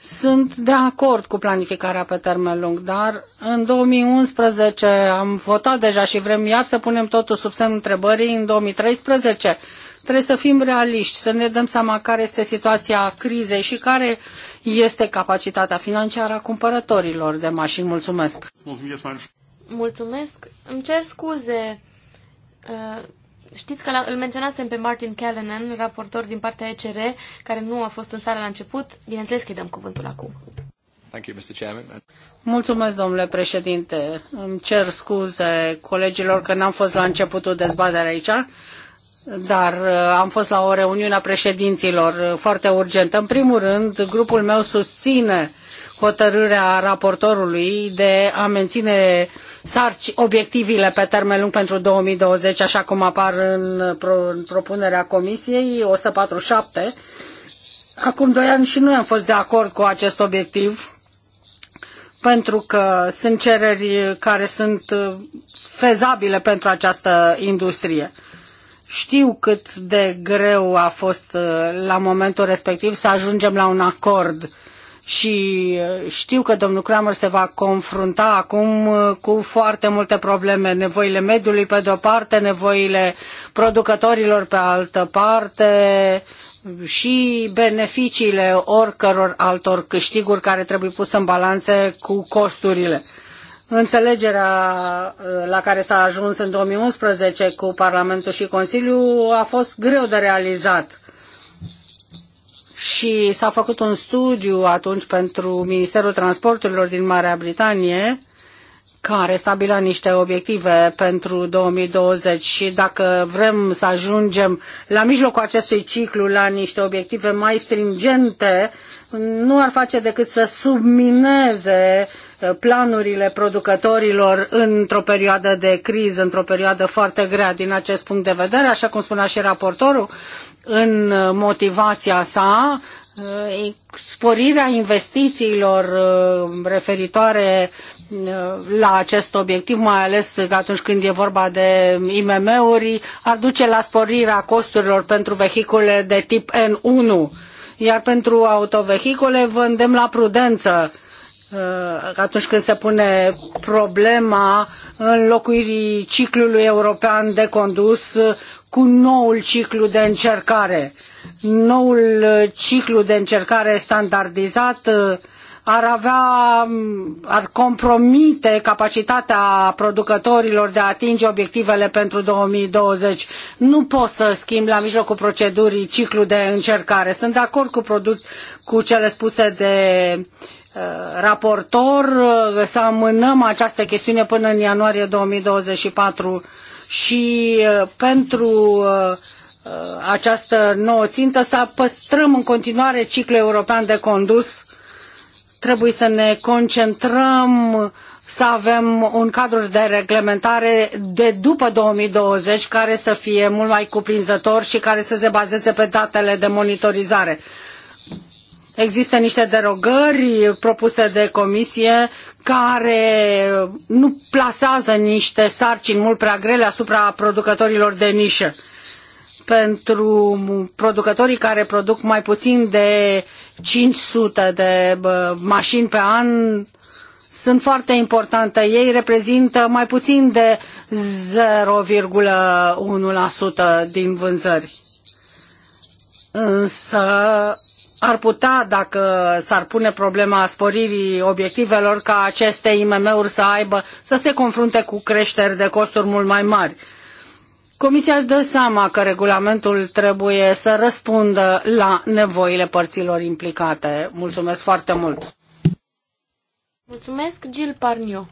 Sunt de acord cu planificarea pe termen lung, dar în 2011 am votat deja și vrem iar să punem totul sub semnul întrebării în 2013 Trebuie să fim realiști, să ne dăm seama care este situația crizei și care este capacitatea financiară a cumpărătorilor de mașini. Mulțumesc! Mulțumesc! Îmi cer scuze. Uh, știți că îl menționasem pe Martin Callanan, raportor din partea ECR, care nu a fost în sală la început. Bineînțeles că îi dăm cuvântul acum. Mulțumesc, domnule președinte. Îmi cer scuze colegilor că n-am fost la începutul dezbaterii aici, dar uh, am fost la o reuniune a președinților uh, foarte urgentă. În primul rând, grupul meu susține hotărârea raportorului de a menține sarci obiectivele pe termen lung pentru 2020, așa cum apar în, uh, pro, în propunerea Comisiei 147. Acum doi ani și noi am fost de acord cu acest obiectiv, pentru că sunt cereri care sunt fezabile pentru această industrie știu cât de greu a fost uh, la momentul respectiv să ajungem la un acord și uh, știu că domnul Kramer se va confrunta acum uh, cu foarte multe probleme, nevoile mediului pe de-o parte, nevoile producătorilor pe altă parte și beneficiile oricăror altor câștiguri care trebuie pus în balanțe cu costurile. Înțelegerea uh, la care s-a ajuns în 2011 cu Parlamentul și Consiliul a fost greu de realizat. Și s-a făcut un studiu atunci pentru Ministerul Transporturilor din Marea Britanie care stabilea niște obiective pentru 2020 și dacă vrem să ajungem la mijlocul acestui ciclu la niște obiective mai stringente, nu ar face decât să submineze uh, planurile producătorilor într-o perioadă de criză, într-o perioadă foarte grea din acest punct de vedere, așa cum spunea și raportorul, în motivația sa, eh, sporirea investițiilor eh, referitoare eh, la acest obiectiv, mai ales atunci când e vorba de IMM-uri, ar duce la sporirea costurilor pentru vehicule de tip N1. Iar pentru autovehicule vă îndemn la prudență Uh, atunci când se pune problema înlocuirii ciclului european de condus cu noul ciclu de încercare. Noul ciclu de încercare standardizat uh, ar avea, um, ar compromite capacitatea producătorilor de a atinge obiectivele pentru 2020. Nu poți să schimbi la mijlocul procedurii ciclu de încercare. Sunt de acord cu, produs, cu cele spuse de uh, Uh, raportor, uh, să amânăm această chestiune până în ianuarie 2024 și uh, pentru această nouă țintă să păstrăm în continuare ciclul european de condus. Trebuie să ne concentrăm să avem un cadru de reglementare de după 2020 care să fie mult mai cuprinzător și care să se bazeze pe datele de monitorizare. Există niște derogări propuse de comisie care nu plasează niște sarcini mult prea grele asupra producătorilor de nișă. Pentru producătorii care produc mai puțin de 500 de mașini pe an, sunt foarte importante. Ei reprezintă mai puțin de 0,1% din vânzări. Însă ar putea, dacă s-ar pune problema sporirii obiectivelor, ca aceste IMM-uri să aibă, să se confrunte cu creșteri de costuri mult mai mari. Comisia își dă seama că regulamentul trebuie să răspundă la nevoile părților implicate. Mulțumesc foarte mult! Mulțumesc, Gil Parnio.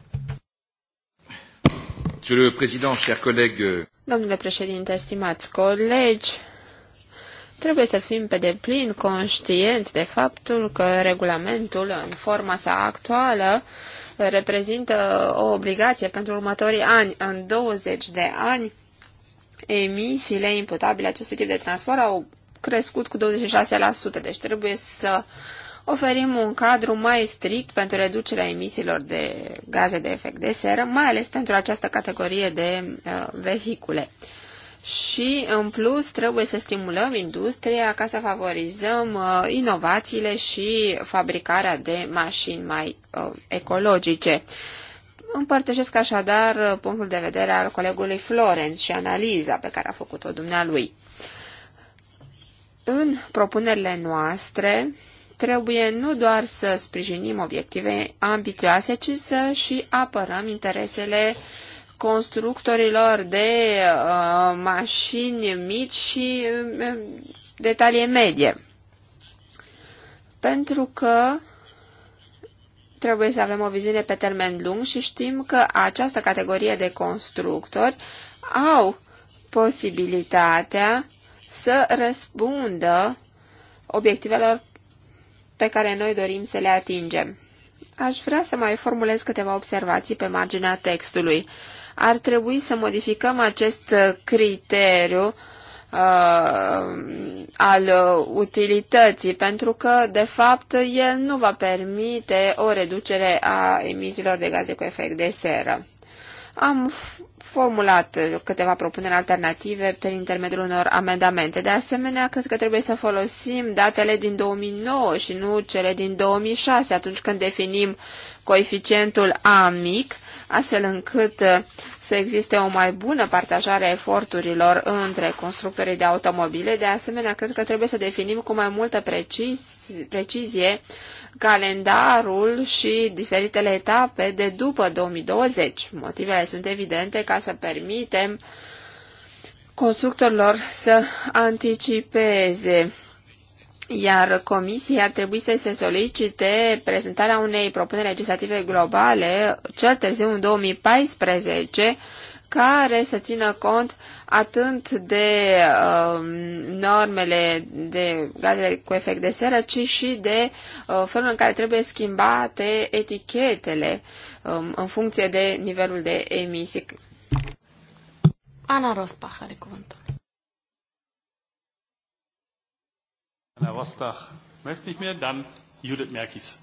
Domnule președinte, stimați colegi, Trebuie să fim pe deplin conștienți de faptul că regulamentul, în forma sa actuală, reprezintă o obligație pentru următorii ani. În 20 de ani, emisiile imputabile acestui tip de transport au crescut cu 26%, deci trebuie să oferim un cadru mai strict pentru reducerea emisiilor de gaze de efect de seră, mai ales pentru această categorie de uh, vehicule și, în plus, trebuie să stimulăm industria ca să favorizăm uh, inovațiile și fabricarea de mașini mai uh, ecologice. Împărtășesc așadar uh, punctul de vedere al colegului Florenț și analiza pe care a făcut-o dumnealui. În propunerile noastre trebuie nu doar să sprijinim obiective ambițioase, ci să și apărăm interesele uh, constructorilor de uh, mașini mici și uh, de talie medie. Pentru că trebuie să avem o viziune pe termen lung și știm că această categorie de constructori au posibilitatea să răspundă obiectivelor pe care noi dorim să le atingem. Aș vrea să mai formulez câteva observații pe marginea textului ar trebui să modificăm acest criteriu uh, al utilității, pentru că, de fapt, el nu va permite o reducere a emisiilor de gaze cu efect de seră. Am formulat câteva propuneri alternative prin intermediul unor amendamente. De asemenea, cred că trebuie să folosim datele din 2009 și nu cele din 2006 atunci când definim coeficientul mic astfel încât uh, să existe o mai bună partajare a eforturilor între constructorii de automobile. De asemenea, cred că trebuie să definim cu mai multă precizie calendarul și diferitele etape de după 2020. Motivele sunt evidente ca să permitem constructorilor să anticipeze iar comisiei ar trebui să se solicite prezentarea unei propuneri legislative globale, cel târziu în 2014, care să țină cont atât de uh, normele de gaze cu efect de seră, ci și de uh, felul în care trebuie schimbate etichetele um, în funcție de nivelul de emisii. Ana Rospa, are cuvântul. Anna Rosbach möchte nicht mehr, dann Judith Merkis.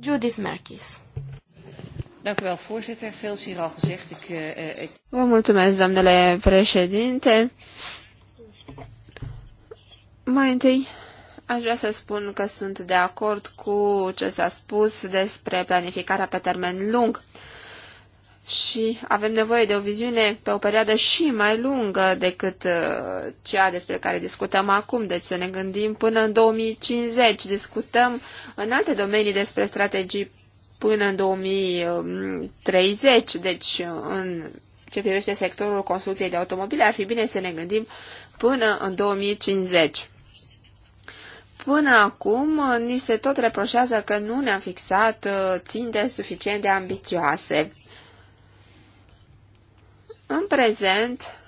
Judith Merkis. Dank u wel, voorzitter. Veel is hier al gezegd. Ik, uh, ik... Vă mulțumesc, domnule președinte. Mai întâi, aș vrea să spun că sunt de acord cu ce s-a spus despre planificarea pe termen lung și avem nevoie de o viziune pe o perioadă și mai lungă decât uh, cea despre care discutăm acum, deci să ne gândim până în 2050. Discutăm în alte domenii despre strategii până în 2030, deci în ce privește sectorul construcției de automobile, ar fi bine să ne gândim până în 2050. Până acum, ni se tot reproșează că nu ne-am fixat uh, ținte suficient de ambițioase. În prezent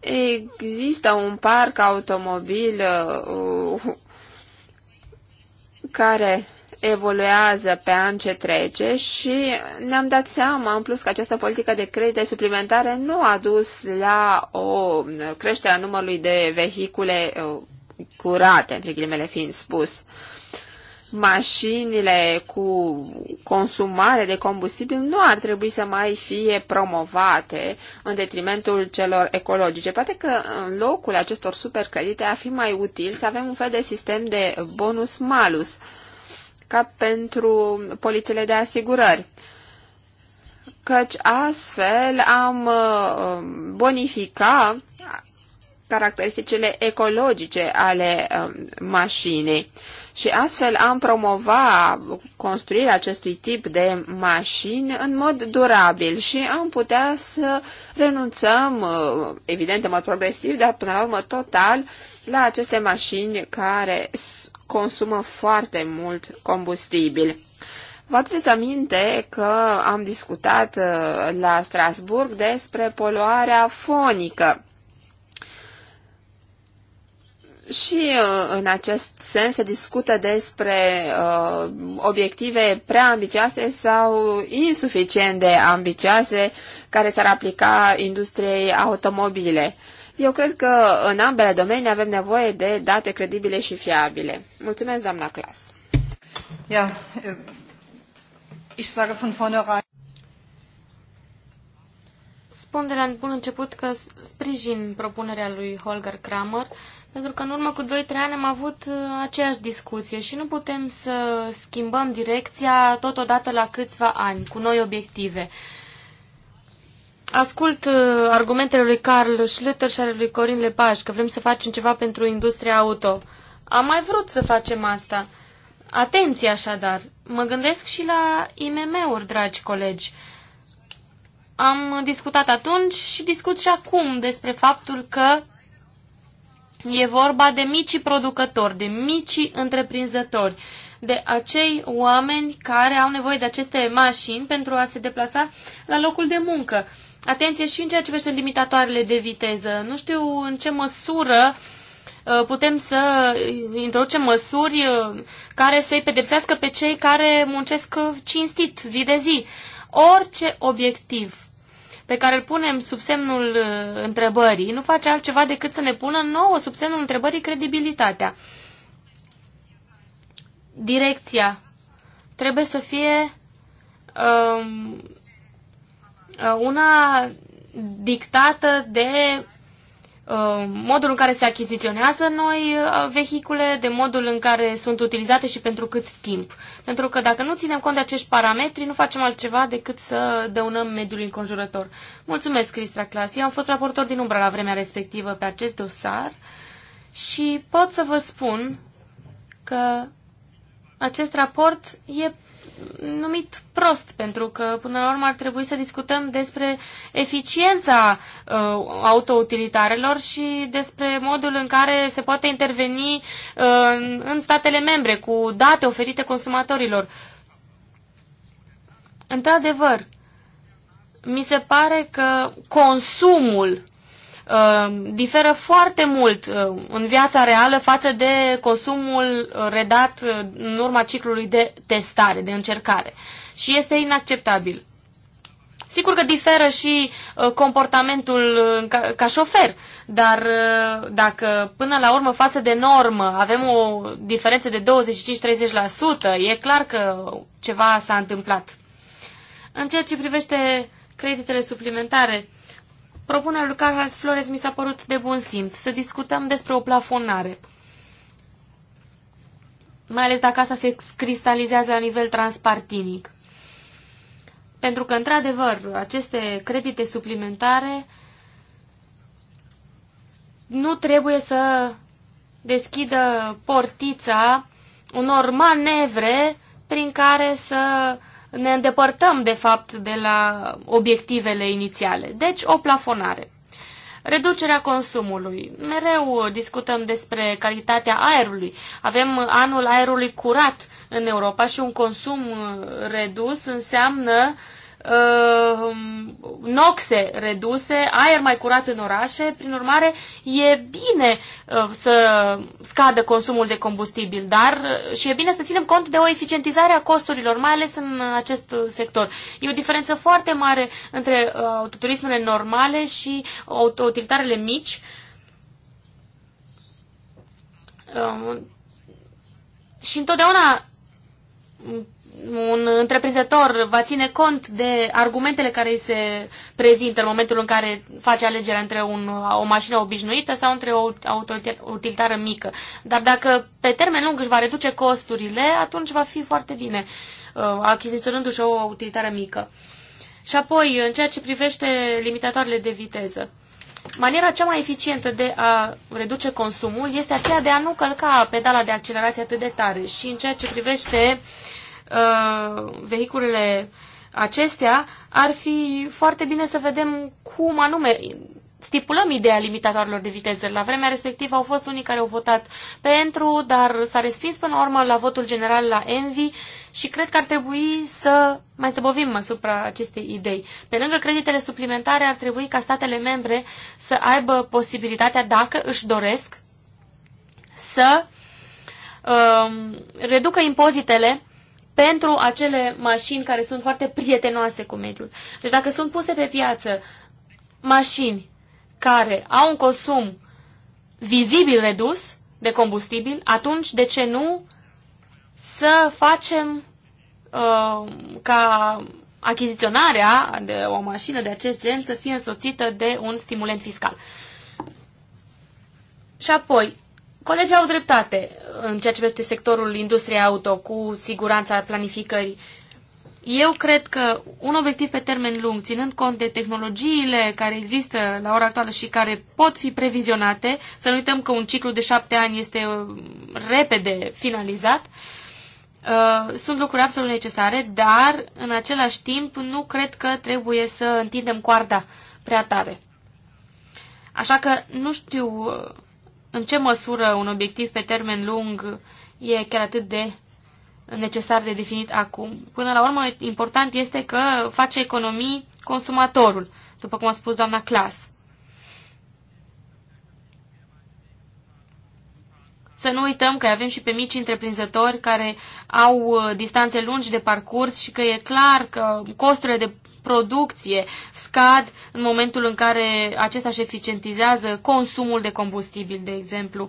există un parc automobil uh, care evoluează pe an ce trece și ne-am dat seama, în plus, că această politică de credite suplimentare nu a dus la o creștere a numărului de vehicule uh, curate, între ghilimele fiind spus mașinile cu consumare de combustibil nu ar trebui să mai fie promovate în detrimentul celor ecologice. Poate că în locul acestor supercredite ar fi mai util să avem un fel de sistem de bonus-malus, ca pentru polițele de asigurări căci astfel am uh, bonifica caracteristicile ecologice ale uh, mașinii. Și astfel am promova construirea acestui tip de mașini în mod durabil și am putea să renunțăm, uh, evident, în mod progresiv, dar până la urmă total, la aceste mașini care consumă foarte mult combustibil. Vă aduceți aminte că am discutat uh, la Strasburg despre poluarea fonică și uh, în acest sens se discută despre uh, obiective prea ambicioase sau insuficient de ambicioase care s-ar aplica industriei automobile. Eu cred că în ambele domenii avem nevoie de date credibile și fiabile. Mulțumesc, doamna Clas. Ja, eh, ich sage von vornherein. Spun de la bun început că sprijin propunerea lui Holger Kramer pentru că în urmă cu 2-3 ani am avut uh, aceeași discuție și nu putem să schimbăm direcția totodată la câțiva ani, cu noi obiective. Ascult uh, argumentele lui Carl Schlüter și ale lui Corin Lepaj că vrem să facem ceva pentru industria auto. Am mai vrut să facem asta. Atenție așadar! Mă gândesc și la IMM-uri, dragi colegi. Am discutat atunci și discut și acum despre faptul că E vorba de micii producători, de micii întreprinzători, de acei oameni care au nevoie de aceste mașini pentru a se deplasa la locul de muncă. Atenție și în ceea ce privește limitatoarele de viteză. Nu știu în ce măsură uh, putem să introducem măsuri uh, care să-i pedepsească pe cei care muncesc uh, cinstit zi de zi. Orice obiectiv pe care îl punem sub semnul uh, întrebării nu face altceva decât să ne pună nouă sub semnul întrebării credibilitatea. Direcția trebuie să fie um, uh, una dictată de Uh, modul în care se achiziționează noi uh, vehicule, de modul în care sunt utilizate și pentru cât timp. Pentru că dacă nu ținem cont de acești parametri, nu facem altceva decât să dăunăm mediul înconjurător. Mulțumesc, Cristra Clas. Eu am fost raportor din umbra la vremea respectivă pe acest dosar și pot să vă spun că acest raport e numit prost, pentru că până la urmă ar trebui să discutăm despre eficiența uh, autoutilitarelor și despre modul în care se poate interveni uh, în statele membre cu date oferite consumatorilor. Într-adevăr, mi se pare că consumul Uh, diferă foarte mult uh, în viața reală față de consumul redat uh, în urma ciclului de testare, de încercare. Și este inacceptabil. Sigur că diferă și comportamentul ca, șofer, dar dacă până la urmă față de normă avem o diferență de 25-30%, e clar că ceva s-a întâmplat. În ceea ce privește creditele suplimentare, Propunerea lui Carlos Flores mi s-a părut de bun simț, să discutăm despre o plafonare. Mai ales dacă asta se cristalizează la nivel transpartinic. Pentru că, într-adevăr, aceste credite suplimentare nu trebuie să deschidă portița unor manevre prin care să ne îndepărtăm, de fapt, de la obiectivele inițiale. Deci, o plafonare. Reducerea consumului. Mereu discutăm despre calitatea aerului. Avem anul aerului curat în Europa și un consum uh, redus înseamnă Uh, noxe reduse, aer mai curat în orașe, prin urmare e bine uh, să scadă consumul de combustibil, dar uh, și e bine să ținem cont de o eficientizare a costurilor, mai ales în acest sector. E o diferență foarte mare între autoturismele normale și utilitarele mici. Um, și întotdeauna un întreprinzător va ține cont de argumentele care îi se prezintă în momentul în care face alegerea între un, o mașină obișnuită sau între o auto utilitară mică. Dar dacă pe termen lung își va reduce costurile, atunci va fi foarte bine uh, achiziționându-și o utilitară mică. Și apoi, în ceea ce privește limitatoarele de viteză, maniera cea mai eficientă de a reduce consumul este aceea de a nu călca pedala de accelerație atât de tare și în ceea ce privește uh, Uh, vehiculele acestea, ar fi foarte bine să vedem cum anume stipulăm ideea limitatoarelor de viteză. La vremea respectivă au fost unii care au votat pentru, dar s-a respins până la urmă la votul general la Envi și cred că ar trebui să mai zăbovim asupra acestei idei. Pe lângă creditele suplimentare ar trebui ca statele membre să aibă posibilitatea, dacă își doresc, să um, reducă impozitele pentru acele mașini care sunt foarte prietenoase cu mediul. Deci dacă sunt puse pe piață mașini care au un consum vizibil redus de combustibil, atunci de ce nu să facem uh, ca achiziționarea de o mașină de acest gen să fie însoțită de un stimulent fiscal. Și apoi, Colegii au dreptate în ceea ce privește sectorul industriei auto cu siguranța planificării. Eu cred că un obiectiv pe termen lung, ținând cont de tehnologiile care există la ora actuală și care pot fi previzionate, să nu uităm că un ciclu de șapte ani este uh, repede finalizat, uh, sunt lucruri absolut necesare, dar în același timp nu cred că trebuie să întindem coarda prea tare. Așa că nu știu uh, în ce măsură un obiectiv pe termen lung e chiar atât de necesar de definit acum. Până la urmă, important este că face economii consumatorul, după cum a spus doamna Clas. Să nu uităm că avem și pe mici întreprinzători care au uh, distanțe lungi de parcurs și că e clar că costurile de producție scad în momentul în care acesta își eficientizează consumul de combustibil, de exemplu.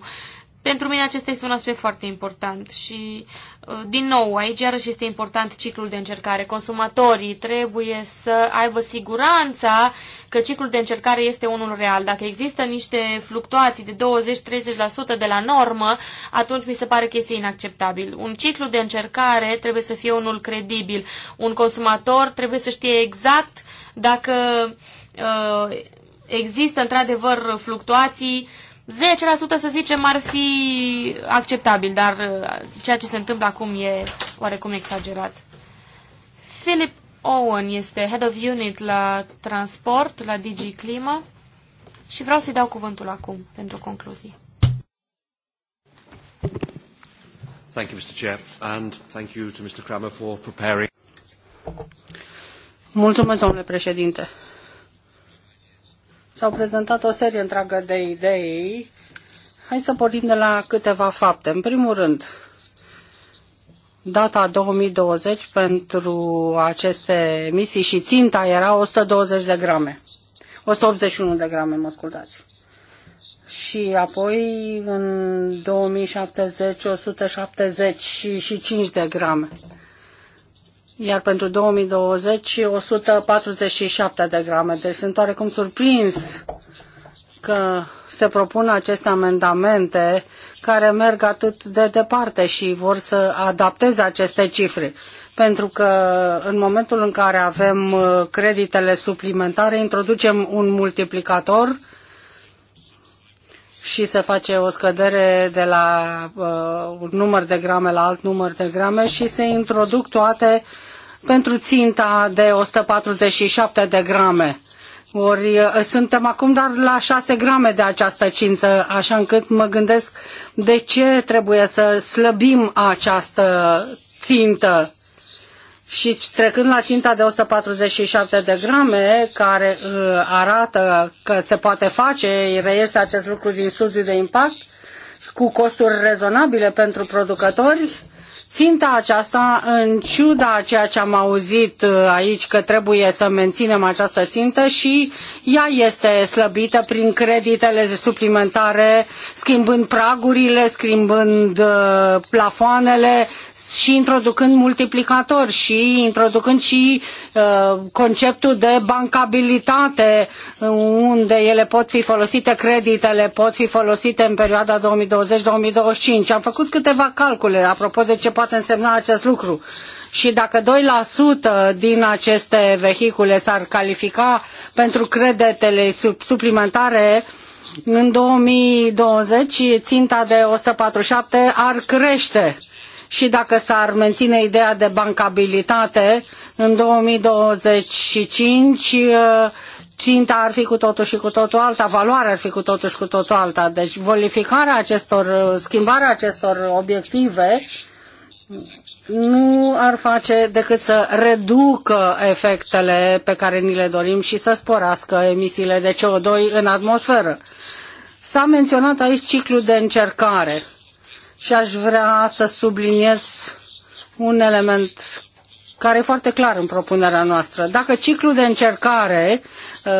Pentru mine acesta este un aspect foarte important și, uh, din nou, aici iarăși este important ciclul de încercare. Consumatorii trebuie să aibă siguranța că ciclul de încercare este unul real. Dacă există niște fluctuații de 20-30% de la normă, atunci mi se pare că este inacceptabil. Un ciclu de încercare trebuie să fie unul credibil. Un consumator trebuie să știe exact dacă uh, există într-adevăr fluctuații uh, 10% să zicem ar fi acceptabil, dar uh, ceea ce se întâmplă acum e oarecum exagerat. Philip Owen este Head of Unit la Transport, la DG Clima și vreau să-i dau cuvântul acum pentru concluzie. Thank you, Mr. Chair, and thank you to Mr. Kramer for preparing. Mulțumesc, domnule președinte. S-au prezentat o serie întreagă de idei. Hai să pornim de la câteva fapte. În primul rând, data 2020 pentru aceste emisii și ținta era 120 de grame. 181 de grame, mă scuzați. Și apoi în 2070 175 de grame iar pentru 2020 147 de grame. Deci sunt oarecum surprins că se propun aceste amendamente care merg atât de departe și vor să adapteze aceste cifre. Pentru că în momentul în care avem uh, creditele suplimentare, introducem un multiplicator și se face o scădere de la uh, un număr de grame la alt număr de grame și se introduc toate uh, pentru ținta de 147 de grame. Ori uh, suntem acum doar la 6 grame de această cință, așa încât mă gândesc de ce trebuie să slăbim această țintă. Și trecând la ținta de 147 de grame, care uh, arată că se poate face, reiese acest lucru din studiul de impact, cu costuri rezonabile pentru producători, Ținta aceasta, în ciuda a ceea ce am auzit uh, aici că trebuie să menținem această țintă și ea este slăbită prin creditele suplimentare, schimbând pragurile, schimbând uh, plafoanele, și introducând multiplicator și introducând și uh, conceptul de bancabilitate uh, unde ele pot fi folosite, creditele pot fi folosite în perioada 2020-2025. Am făcut câteva calcule apropo de ce poate însemna acest lucru. Și dacă 2% din aceste vehicule s-ar califica pentru creditele suplimentare, în 2020 ținta de 147 ar crește și dacă s-ar menține ideea de bancabilitate în 2025, uh, ținta ar fi cu totul și cu totul alta, valoarea ar fi cu totul și cu totul alta. Deci volificarea acestor, uh, schimbarea acestor obiective nu ar face decât să reducă efectele pe care ni le dorim și să sporească emisiile de CO2 în atmosferă. S-a menționat aici ciclul de încercare și aș vrea să subliniez un element care e foarte clar în propunerea noastră. Dacă ciclul de încercare uh,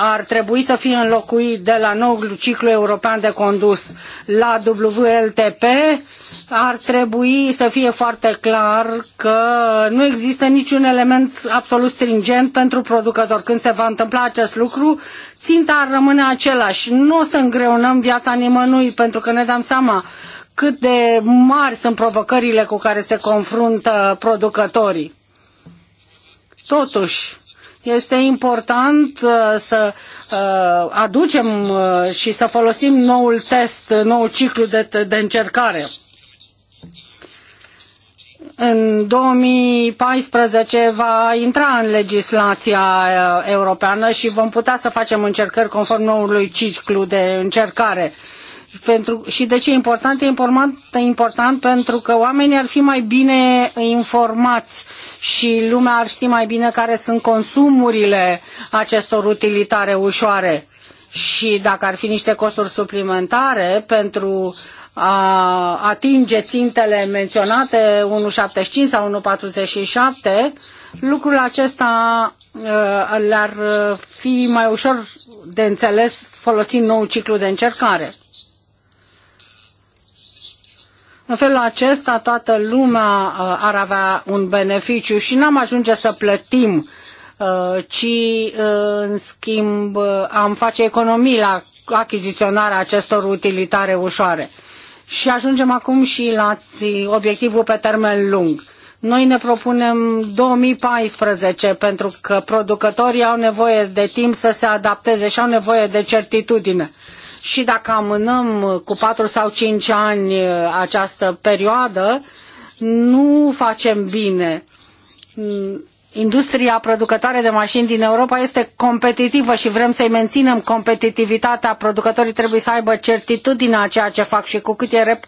ar trebui să fie înlocuit de la noul ciclu european de condus la WLTP, ar trebui să fie foarte clar că nu există niciun element absolut stringent pentru producător. Când se va întâmpla acest lucru, ținta ar rămâne același. Nu o să îngreunăm viața nimănui, pentru că ne dăm seama cât de mari sunt provocările cu care se confruntă producătorii. Totuși, este important uh, să uh, aducem uh, și să folosim noul test, noul ciclu de, de încercare. În 2014 va intra în legislația europeană și vom putea să facem încercări conform noului ciclu de încercare. Uh, pentru, și de ce e important? E important, e important pentru că oamenii ar fi mai bine informați și lumea ar ști mai bine care sunt consumurile acestor utilitare ușoare. Și dacă ar fi niște costuri suplimentare pentru a atinge țintele menționate 1,75 sau 1,47, lucrul acesta uh, le-ar fi mai ușor de înțeles folosind nou ciclu de încercare. În felul acesta toată lumea uh, ar avea un beneficiu și n-am ajunge să plătim, uh, ci uh, în schimb am face economii la achiziționarea acestor utilitare ușoare. Și ajungem acum și la obiectivul pe termen lung. Noi ne propunem 2014 pentru că producătorii au nevoie de timp să se adapteze și au nevoie de certitudine și dacă amânăm cu 4 sau 5 ani uh, această perioadă, nu facem bine. Mm, industria producătoare de mașini din Europa este competitivă și vrem să-i menținem competitivitatea. Producătorii trebuie să aibă certitudinea a ceea ce fac și cu cât, e rep,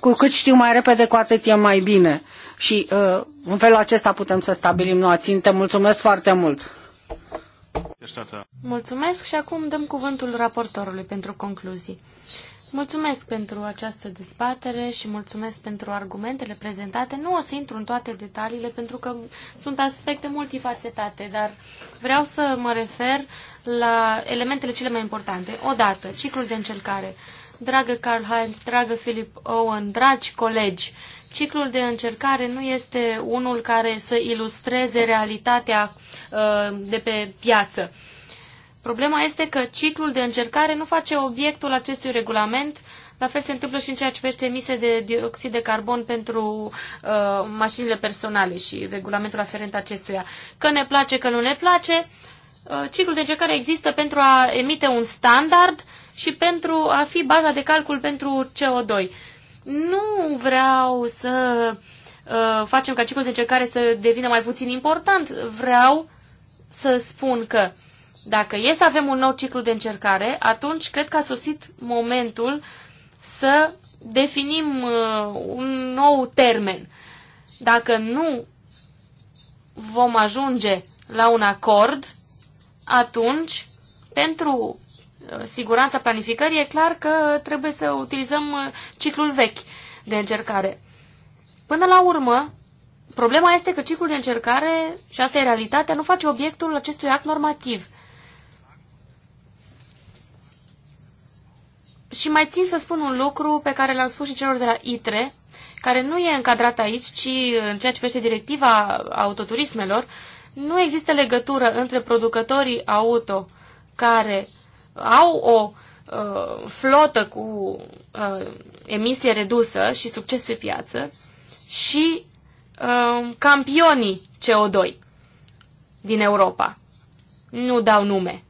cu cât știu mai repede, cu atât e mai bine. Și uh, în felul acesta putem să stabilim noua țintă. Mulțumesc foarte mult! Mulțumesc și acum dăm cuvântul raportorului pentru concluzii. Mulțumesc pentru această dezbatere și mulțumesc pentru argumentele prezentate. Nu o să intru în toate detaliile pentru că sunt aspecte multifacetate, dar vreau să mă refer la elementele cele mai importante. Odată, ciclul de încercare. Dragă Karl Heinz, dragă Philip Owen, dragi colegi, uh, ciclul de încercare nu este unul care să ilustreze realitatea uh, de pe piață. Problema este că ciclul de încercare nu face obiectul acestui regulament. La fel se întâmplă și în ceea ce privește emise de dioxid de carbon pentru uh, mașinile personale și regulamentul aferent acestuia. Că ne place, că nu ne place, uh, ciclul de încercare există pentru a emite un standard și pentru a fi baza de calcul pentru CO2. Nu vreau să uh, facem ca ciclul de încercare să devină mai puțin important. Vreau să spun că dacă e să avem un nou ciclu de încercare, atunci cred că a sosit momentul să definim uh, un nou termen. Dacă nu vom ajunge la un acord, atunci, pentru siguranța planificării, e clar că trebuie să utilizăm uh, ciclul vechi de încercare. Până la urmă, problema este că ciclul de încercare, și asta e realitatea, nu face obiectul acestui act normativ. Și mai țin să spun un lucru pe care l-am spus și celor de la ITRE, care nu e încadrat aici, ci în ceea ce privește directiva autoturismelor, nu există legătură între producătorii auto care au o uh, flotă cu uh, emisie redusă și succes pe piață și uh, campionii CO2 din Europa. Nu dau nume.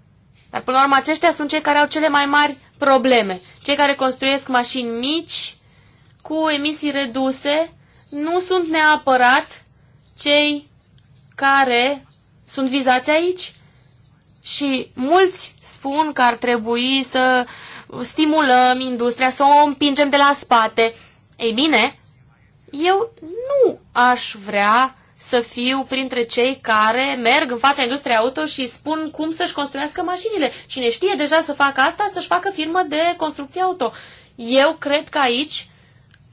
Dar până la urmă aceștia sunt cei care au cele mai mari probleme. Cei care construiesc mașini mici cu emisii reduse nu sunt neapărat cei care sunt vizați aici, și mulți spun că ar trebui să stimulăm industria, să o împingem de la spate. Ei bine, eu nu aș vrea să fiu printre cei care merg în fața industriei auto și spun cum să-și construiască mașinile. Cine știe deja să facă asta, să-și facă firmă de construcție auto. Eu cred că aici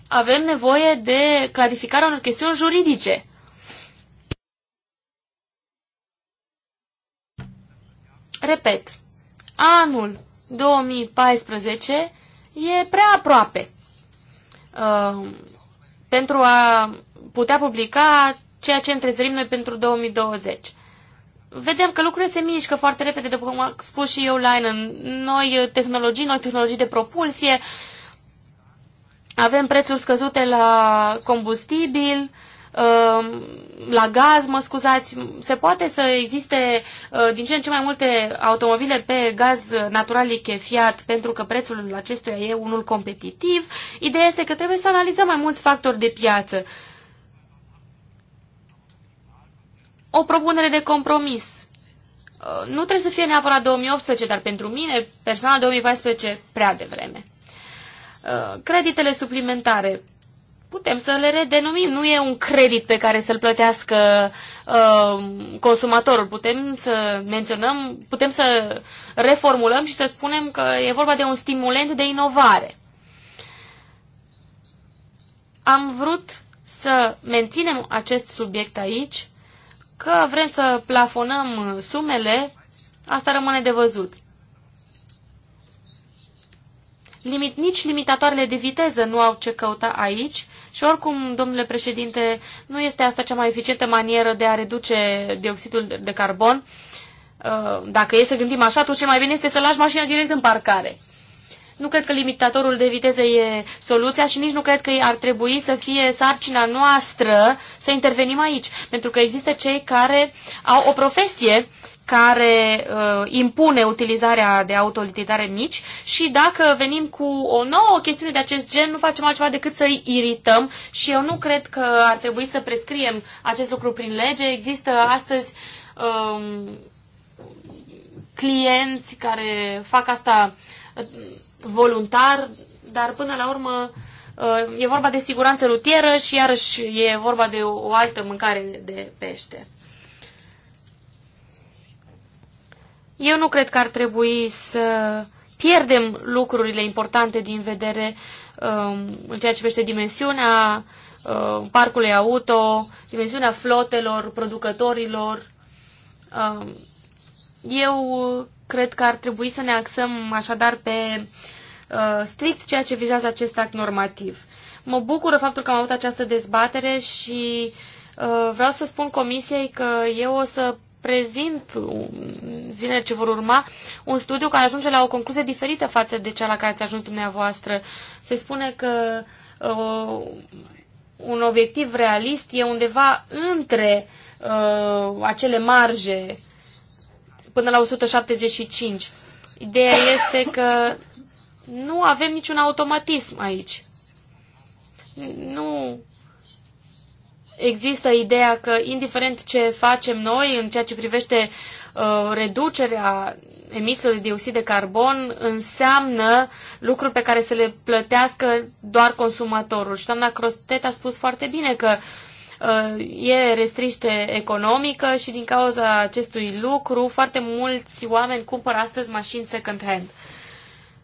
avem nevoie de clarificarea unor chestiuni juridice. Repet, anul 2014 e prea aproape uh, pentru a putea publica ceea ce întrezărim noi pentru 2020. Vedem că lucrurile se mișcă foarte repede, după cum a spus și eu, Line, noi uh, tehnologii, noi tehnologii de propulsie, avem prețuri scăzute la combustibil, uh, Ehm, la gaz, mă scuzați, se poate să existe eh, din ce în ce mai multe automobile pe gaz natural lichefiat pentru că prețul acestuia e unul competitiv. Ideea este că trebuie să analizăm mai mulți factori de piață. O propunere de compromis. Eh, nu trebuie să fie neapărat 2018, dar pentru mine, personal, 2014 prea devreme. Eh, creditele suplimentare putem să le redenumim. Nu e un credit pe care să-l plătească uh, consumatorul. Putem să menționăm, putem să reformulăm și să spunem că e vorba de un stimulent de inovare. Am vrut să menținem acest subiect aici, că vrem să plafonăm sumele, asta rămâne de văzut. Limit, nici limitatoarele de viteză nu au ce căuta aici, și oricum, domnule președinte, nu este asta cea mai eficientă manieră de a reduce dioxidul de carbon. Uh, dacă e să gândim așa, atunci mai bine este să lași mașina direct în parcare. Nu cred că limitatorul de viteză e soluția și nici nu cred că ar trebui să fie sarcina noastră să intervenim aici, pentru că există cei care au o profesie care uh, impune utilizarea de autolititare mici și dacă venim cu o nouă chestiune de acest gen, nu facem altceva decât să-i irităm și eu nu cred că ar trebui să prescriem acest lucru prin lege. Există astăzi um, clienți care fac asta uh, voluntar, dar până la urmă uh, e vorba de siguranță rutieră și iarăși e vorba de o altă mâncare de pește. Eu nu cred că ar trebui să pierdem lucrurile importante din vedere um, în ceea ce privește dimensiunea um, parcului auto, dimensiunea flotelor, producătorilor. Um, eu cred că ar trebui să ne axăm așadar pe uh, strict ceea ce vizează acest act normativ. Mă bucură faptul că am avut această dezbatere și uh, vreau să spun comisiei că eu o să prezint zilele ce vor urma un studiu care ajunge la o concluzie diferită față de cea la care ați ajuns dumneavoastră. Se spune că o, uh, un obiectiv realist e undeva între uh, acele marje până la 175. Ideea este că nu avem niciun automatism aici. Nu există ideea că, indiferent ce facem noi în ceea ce privește uh, reducerea emisiilor de dioxid de carbon, înseamnă lucruri pe care să le plătească doar consumatorul. Și doamna Crostet a spus foarte bine că uh, e restriște economică și din cauza acestui lucru foarte mulți oameni cumpără astăzi mașini second-hand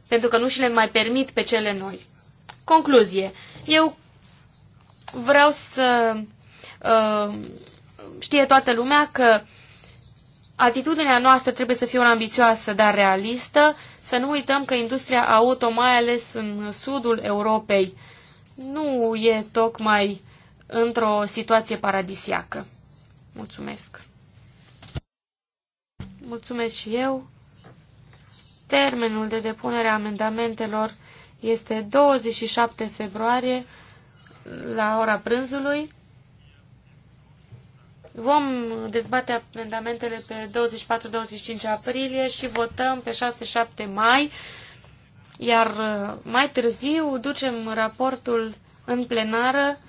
pentru că nu și le mai permit pe cele noi. Concluzie. Eu vreau să Uh, știe toată lumea că atitudinea noastră trebuie să fie una ambițioasă, dar realistă. Să nu uităm că industria auto, mai ales în sudul Europei, nu e tocmai într-o situație paradisiacă. Mulțumesc! Mulțumesc și eu! Termenul de depunere a amendamentelor este 27 februarie la ora prânzului. Vom dezbate amendamentele pe 24-25 aprilie și votăm pe 6-7 mai, iar uh, mai târziu ducem raportul în plenară,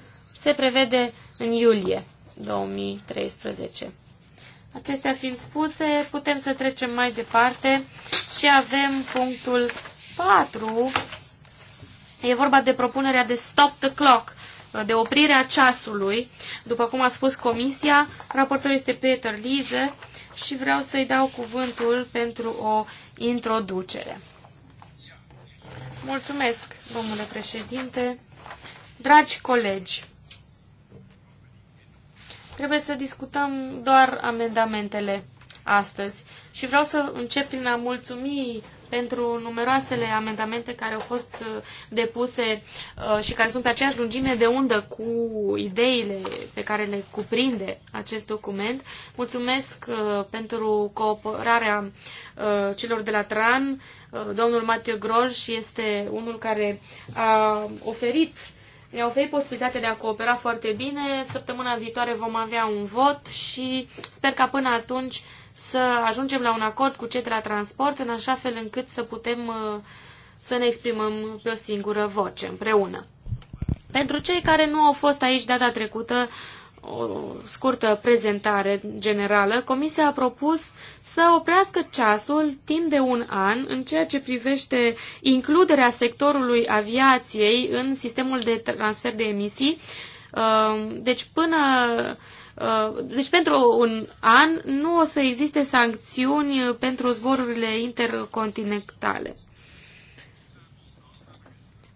se prevede în iulie 2013. Acestea fiind spuse, putem să trecem mai departe și avem punctul 4. E vorba de propunerea de stop the clock de oprire a ceasului. După cum a spus comisia, raportor este Peter Lize și vreau să-i dau cuvântul pentru o introducere. Mulțumesc, domnule președinte. Dragi colegi, trebuie să discutăm doar amendamentele astăzi și vreau să încep prin a mulțumi pentru numeroasele amendamente care au fost uh, depuse uh, și care sunt pe aceeași lungime de undă cu ideile pe care le cuprinde acest document. Mulțumesc uh, pentru cooperarea celor de la TRAN. Domnul Matiu Grolș este unul care a oferit ne-a oferit posibilitatea de a coopera foarte bine. Săptămâna viitoare vom avea un vot și sper ca până atunci să ajungem la un acord cu cei de la transport în așa fel încât să putem uh, să ne exprimăm pe o singură voce împreună. Pentru cei care nu au fost aici data trecută, o scurtă prezentare generală, Comisia a propus să oprească ceasul timp de un an în ceea ce privește includerea sectorului aviației în sistemul de transfer de emisii, uh, deci până Uh, deci pentru un an nu o să existe sancțiuni pentru zborurile intercontinentale.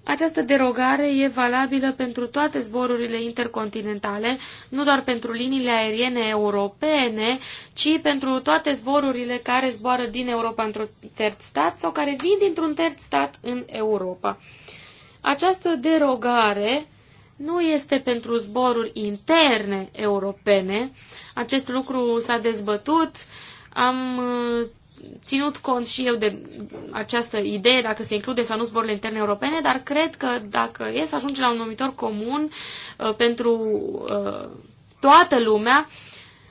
Această derogare e valabilă pentru toate zborurile intercontinentale, nu doar pentru liniile aeriene europene, ci pentru toate zborurile care zboară din Europa într-un terț stat sau care vin dintr-un terț stat în Europa. Această derogare uh, nu este pentru zboruri interne europene. Acest lucru s-a dezbătut. Am uh, ținut cont și eu de această idee dacă se include sau nu zborurile interne europene, dar cred că dacă e să ajunge la un numitor comun uh, pentru uh, toată lumea,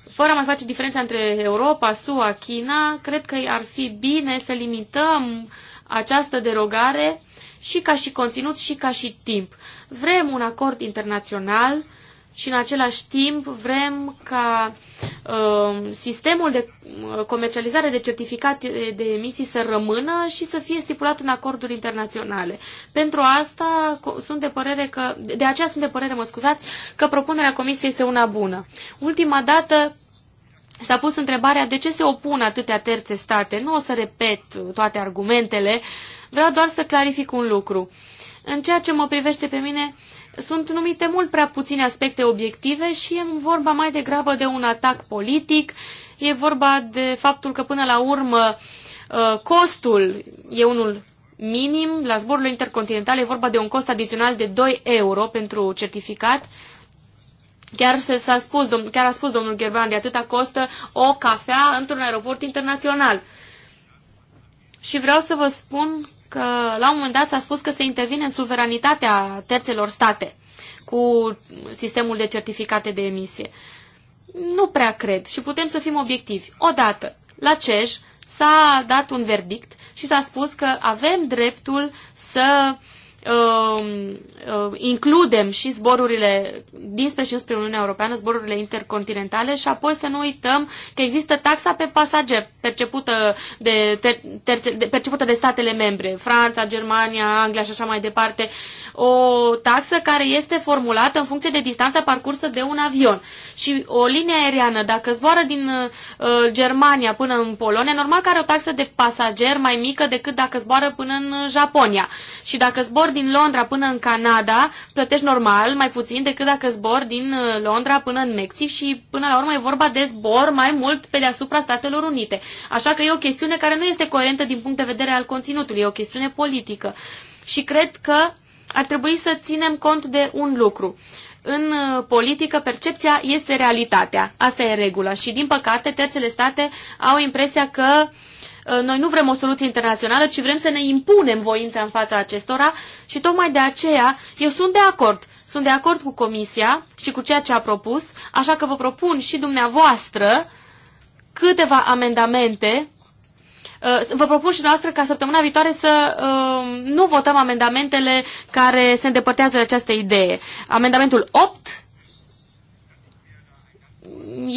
fără a mai face diferența între Europa, SUA, China, cred că ar fi bine să limităm această derogare și ca și conținut și ca și timp. Vrem un acord internațional și în același timp vrem ca uh, sistemul de uh, comercializare de certificate de emisii să rămână și să fie stipulat în acorduri internaționale. Pentru asta sunt de părere că, de aceea sunt de părere, mă scuzați, că propunerea comisiei este una bună. Ultima dată S-a pus întrebarea de ce se opun atâtea terțe state. Nu o să repet toate argumentele, vreau doar să clarific un lucru. Uh, în ceea ce mă privește pe mine, sunt numite mult prea puține aspecte obiective și e vorba mai degrabă de un atac politic, e vorba de faptul că până la urmă uh, costul e unul minim, la zborurile intercontinentale e vorba de un cost adițional de 2 euro pentru certificat, Chiar, s-a spus, chiar a spus domnul Gerban de atâta costă o cafea într-un aeroport internațional. Și vreau să vă spun că la un moment dat s-a spus că se intervine în suveranitatea terțelor state cu sistemul de certificate de emisie. Nu prea cred și putem să fim obiectivi. Odată, la CEJ s-a dat un verdict și s-a spus că avem dreptul să uh, Um, um, includem și zborurile dinspre și înspre Uniunea Europeană, zborurile intercontinentale și apoi să nu uităm că există taxa pe pasager percepută de, ter, terțe, de, percepută de statele membre, Franța, Germania, Anglia și așa mai departe, o taxă care este formulată în funcție de distanța parcursă de un avion. Și o linie aeriană, dacă zboară din uh, Germania până în Polonia, normal că are o taxă de pasager mai mică decât dacă zboară până în Japonia. Și dacă zbor zbori din Londra până în Canada, plătești normal mai puțin decât dacă zbori din uh, Londra până în Mexic și până la urmă e vorba de zbor mai mult pe deasupra Statelor Unite. Așa că e o chestiune care nu este coerentă din punct de vedere al conținutului, e o chestiune politică. Și cred că ar trebui să ținem cont de un lucru. În uh, politică, percepția este realitatea. Asta e regula. Și, din păcate, terțele state au impresia că uh, Uh, noi nu vrem o soluție internațională, ci vrem să ne impunem voința în fața acestora și tocmai de aceea eu sunt de acord. Sunt de acord cu Comisia și cu ceea ce a propus, așa că vă propun și dumneavoastră câteva amendamente uh, vă propun și noastră ca săptămâna viitoare să uh, nu votăm amendamentele care se îndepărtează de această idee. Amendamentul 8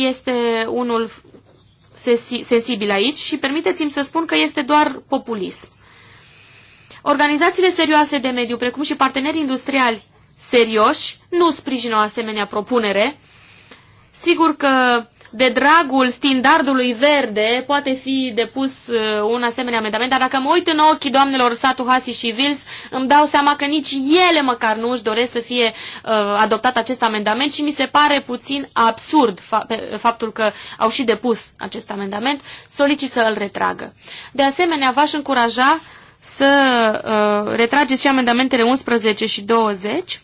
este unul sensibil aici și permiteți-mi să spun că este doar populism. Organizațiile serioase de mediu, precum și partenerii industriali serioși, nu sprijină o asemenea propunere. Sigur că de dragul stindardului verde poate fi depus uh, un asemenea amendament, dar dacă mă uit în ochii doamnelor Satu Hasi și Vils, îmi dau seama că nici ele măcar nu își doresc să fie uh, adoptat acest amendament și mi se pare puțin absurd fa faptul că au și depus acest amendament, solicit să îl retragă. De asemenea, v-aș încuraja să uh, retrageți și amendamentele 11 și 20.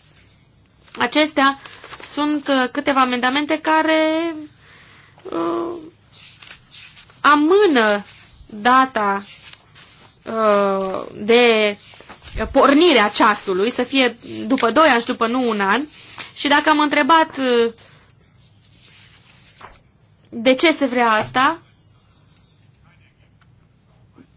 Acestea sunt uh, câteva amendamente care uh, amână data uh, de pornire a ceasului, să fie după 2 ani și după nu un an. Și dacă am întrebat uh, de ce se vrea asta,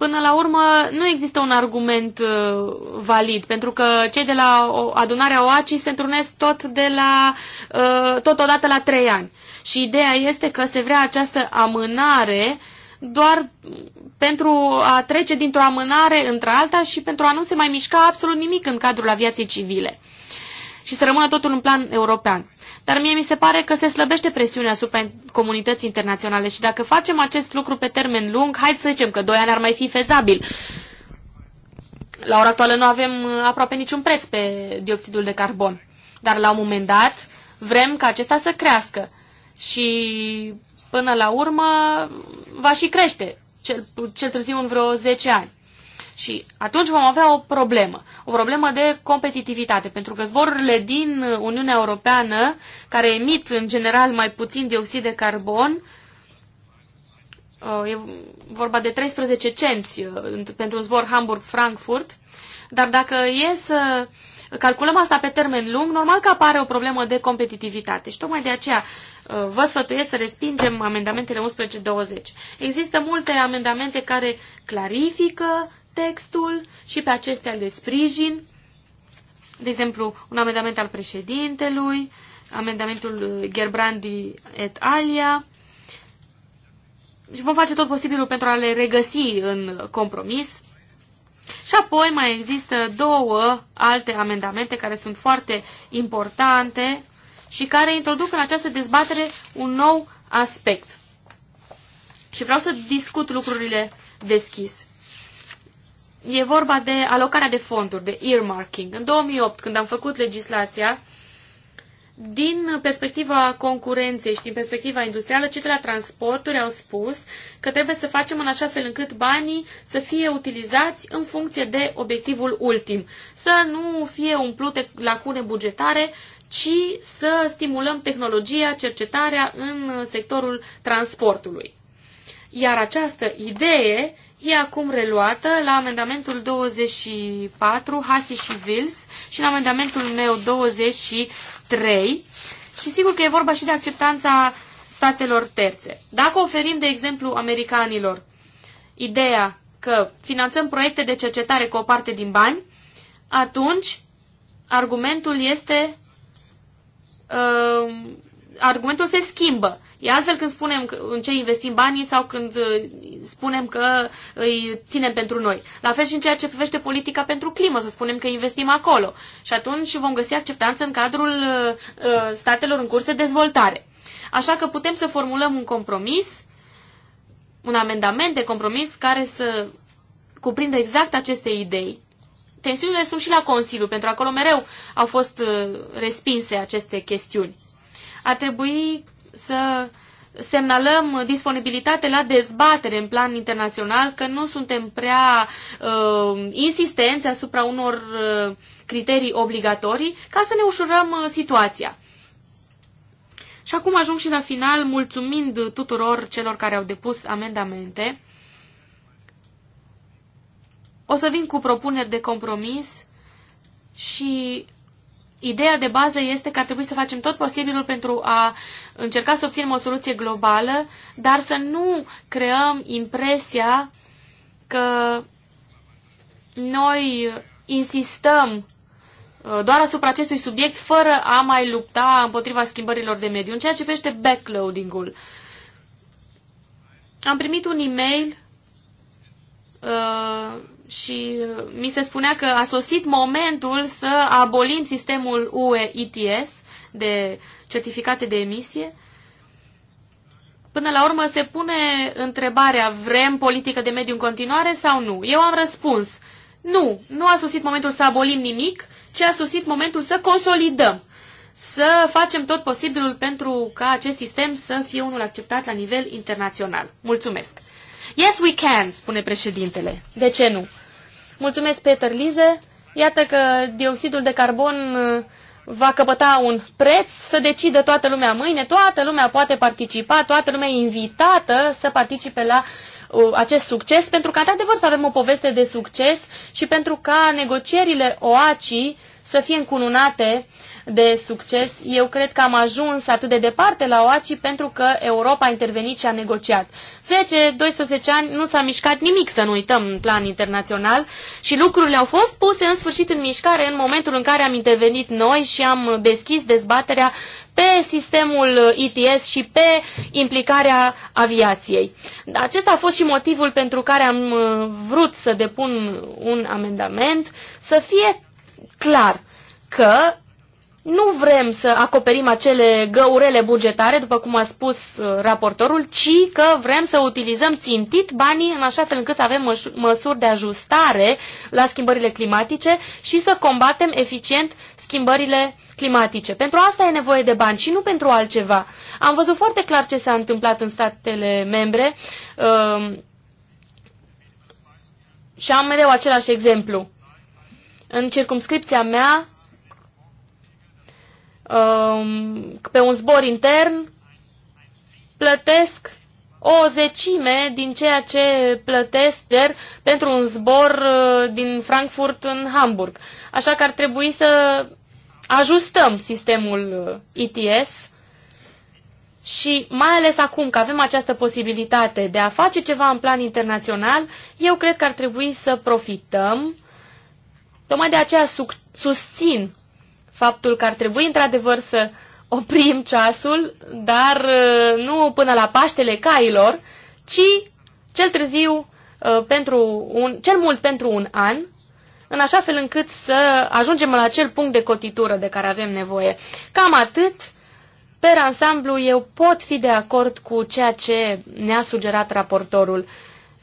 până la urmă nu există un argument uh, valid, pentru că cei de la adunarea OACI se întrunesc tot de la, uh, totodată la trei ani. Și ideea este că se vrea această amânare doar pentru a trece dintr-o amânare într-alta și pentru a nu se mai mișca absolut nimic în cadrul aviației civile și să rămână totul în plan european. Dar mie mi se pare că se slăbește presiunea asupra comunității internaționale și dacă facem acest lucru pe termen lung, hai să zicem că doi ani ar mai fi fezabil. La ora actuală nu avem uh, aproape niciun preț pe dioxidul de carbon, dar la un moment dat vrem ca acesta să crească și până la urmă va și crește, cel, cel târziu în vreo 10 ani. Și atunci vom avea o problemă, o problemă de competitivitate, pentru că zborurile din Uniunea Europeană, care emit în general mai puțin dioxid de carbon, uh, e vorba de 13 cenți uh, pentru un zbor Hamburg-Frankfurt, dar dacă e să calculăm asta pe termen lung, normal că apare o problemă de competitivitate și tocmai de aceea uh, vă sfătuiesc să respingem amendamentele 11-20. Există multe amendamente care clarifică textul și pe acestea le sprijin. De exemplu, un amendament al președintelui, amendamentul Gerbrandi et alia. Și vom face tot posibilul pentru a le regăsi în compromis. Și apoi mai există două alte amendamente care sunt foarte importante și care introduc în această dezbatere un nou aspect. Și vreau să discut lucrurile deschis e vorba de alocarea de fonduri, de earmarking. În 2008, când am făcut legislația, din perspectiva concurenței și din perspectiva industrială, cei de la transporturi au spus că trebuie să facem în așa fel încât banii să fie utilizați în funcție de obiectivul ultim. Să nu fie umplute lacune bugetare, ci să stimulăm tehnologia, cercetarea în sectorul transportului. Iar această idee e acum reluată la amendamentul 24, Hasi și Vils, și în amendamentul meu 23. Și sigur că e vorba și de acceptanța statelor terțe. Dacă oferim, de exemplu, americanilor ideea că finanțăm proiecte de cercetare cu o parte din bani, atunci argumentul este uh, argumentul se schimbă. E altfel când spunem în ce investim banii sau când uh, spunem că îi ținem pentru noi. La fel și în ceea ce privește politica pentru climă, să spunem că investim acolo. Și atunci vom găsi acceptanță în cadrul uh, uh, statelor în curs de dezvoltare. Așa că putem să formulăm un compromis, un amendament de compromis care să cuprindă exact aceste idei. Tensiunile sunt și la Consiliu, pentru acolo mereu au fost respinse aceste chestiuni ar trebui să semnalăm disponibilitate la dezbatere în plan internațional, că nu suntem prea uh, insistenți asupra unor uh, criterii obligatorii, ca să ne ușurăm uh, situația. Și acum ajung și la final, mulțumind tuturor celor care au depus amendamente. O să vin cu propuneri de compromis și Ideea de bază este că ar trebui să facem tot posibilul pentru a încerca să obținem o soluție globală, dar să nu creăm impresia că noi insistăm uh, doar asupra acestui subiect fără a mai lupta împotriva schimbărilor de mediu. În ceea ce privește backloading-ul, am primit un e-mail uh, și uh, mi se spunea că a sosit momentul să abolim sistemul UE ETS de certificate de emisie. Până la urmă se pune întrebarea, vrem politică de mediu în continuare sau nu? Eu am răspuns, nu, nu a sosit momentul să abolim nimic, ci a sosit momentul să consolidăm, să facem tot posibilul pentru ca acest sistem să fie unul acceptat la nivel internațional. Mulțumesc! Yes, we can, spune președintele. De ce nu? Mulțumesc, Peter Lize. Iată că dioxidul de carbon uh, va căpăta un preț, să decidă toată lumea mâine, toată lumea poate participa, toată lumea e invitată să participe la uh, acest succes, pentru că, într-adevăr, să avem o poveste de succes și pentru ca negocierile OACI să fie încununate de succes. Eu cred că am ajuns atât de departe la OACI pentru că Europa a intervenit și a negociat. 10-12 ani nu s-a mișcat nimic, să nu uităm, în plan internațional și lucrurile au fost puse în sfârșit în mișcare în momentul în care am intervenit noi și am deschis dezbaterea pe sistemul ITS și pe implicarea aviației. Acesta a fost și motivul pentru care am uh, vrut să depun un amendament, să fie clar că nu vrem să acoperim acele găurele bugetare, după cum a spus uh, raportorul, ci că vrem să utilizăm țintit banii în așa fel încât să avem măsuri de ajustare la schimbările climatice și să combatem eficient schimbările climatice. Pentru asta e nevoie de bani și nu pentru altceva. Am văzut foarte clar ce s-a întâmplat în statele membre um, și am mereu același exemplu. În circumscripția mea, Um, pe un zbor intern plătesc o zecime din ceea ce plătesc der, pentru un zbor uh, din Frankfurt în Hamburg. Așa că ar trebui să ajustăm sistemul uh, ETS și mai ales acum că avem această posibilitate de a face ceva în plan internațional, eu cred că ar trebui să profităm. Tocmai de aceea susțin faptul că ar trebui într-adevăr să oprim ceasul, dar uh, nu până la Paștele cailor, ci cel târziu uh, pentru un, cel mult pentru un an, în așa fel încât să ajungem la acel punct de cotitură de care avem nevoie. Cam atât. Pe ansamblu, eu pot fi de acord cu ceea ce ne-a sugerat raportorul.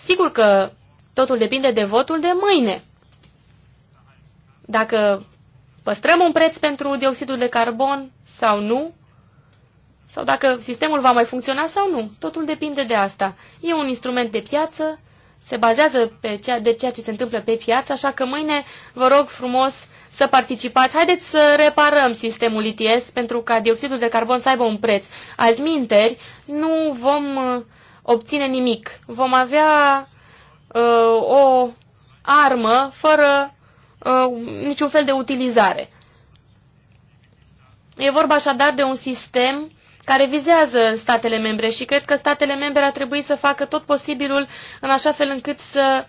Sigur că totul depinde de votul de mâine. Dacă păstrăm un preț pentru dioxidul de carbon sau nu, sau dacă sistemul va mai funcționa sau nu. Totul depinde de asta. E un instrument de piață, se bazează pe ceea, de ceea ce se întâmplă pe piață, așa că mâine vă rog frumos să participați. Haideți să reparăm sistemul ITS pentru ca dioxidul de carbon să aibă un preț. Altminteri, nu vom uh, obține nimic. Vom avea uh, o armă fără uh, niciun fel de utilizare. E vorba așadar de un sistem care vizează statele membre și cred că statele membre ar trebui să facă tot posibilul în așa fel încât să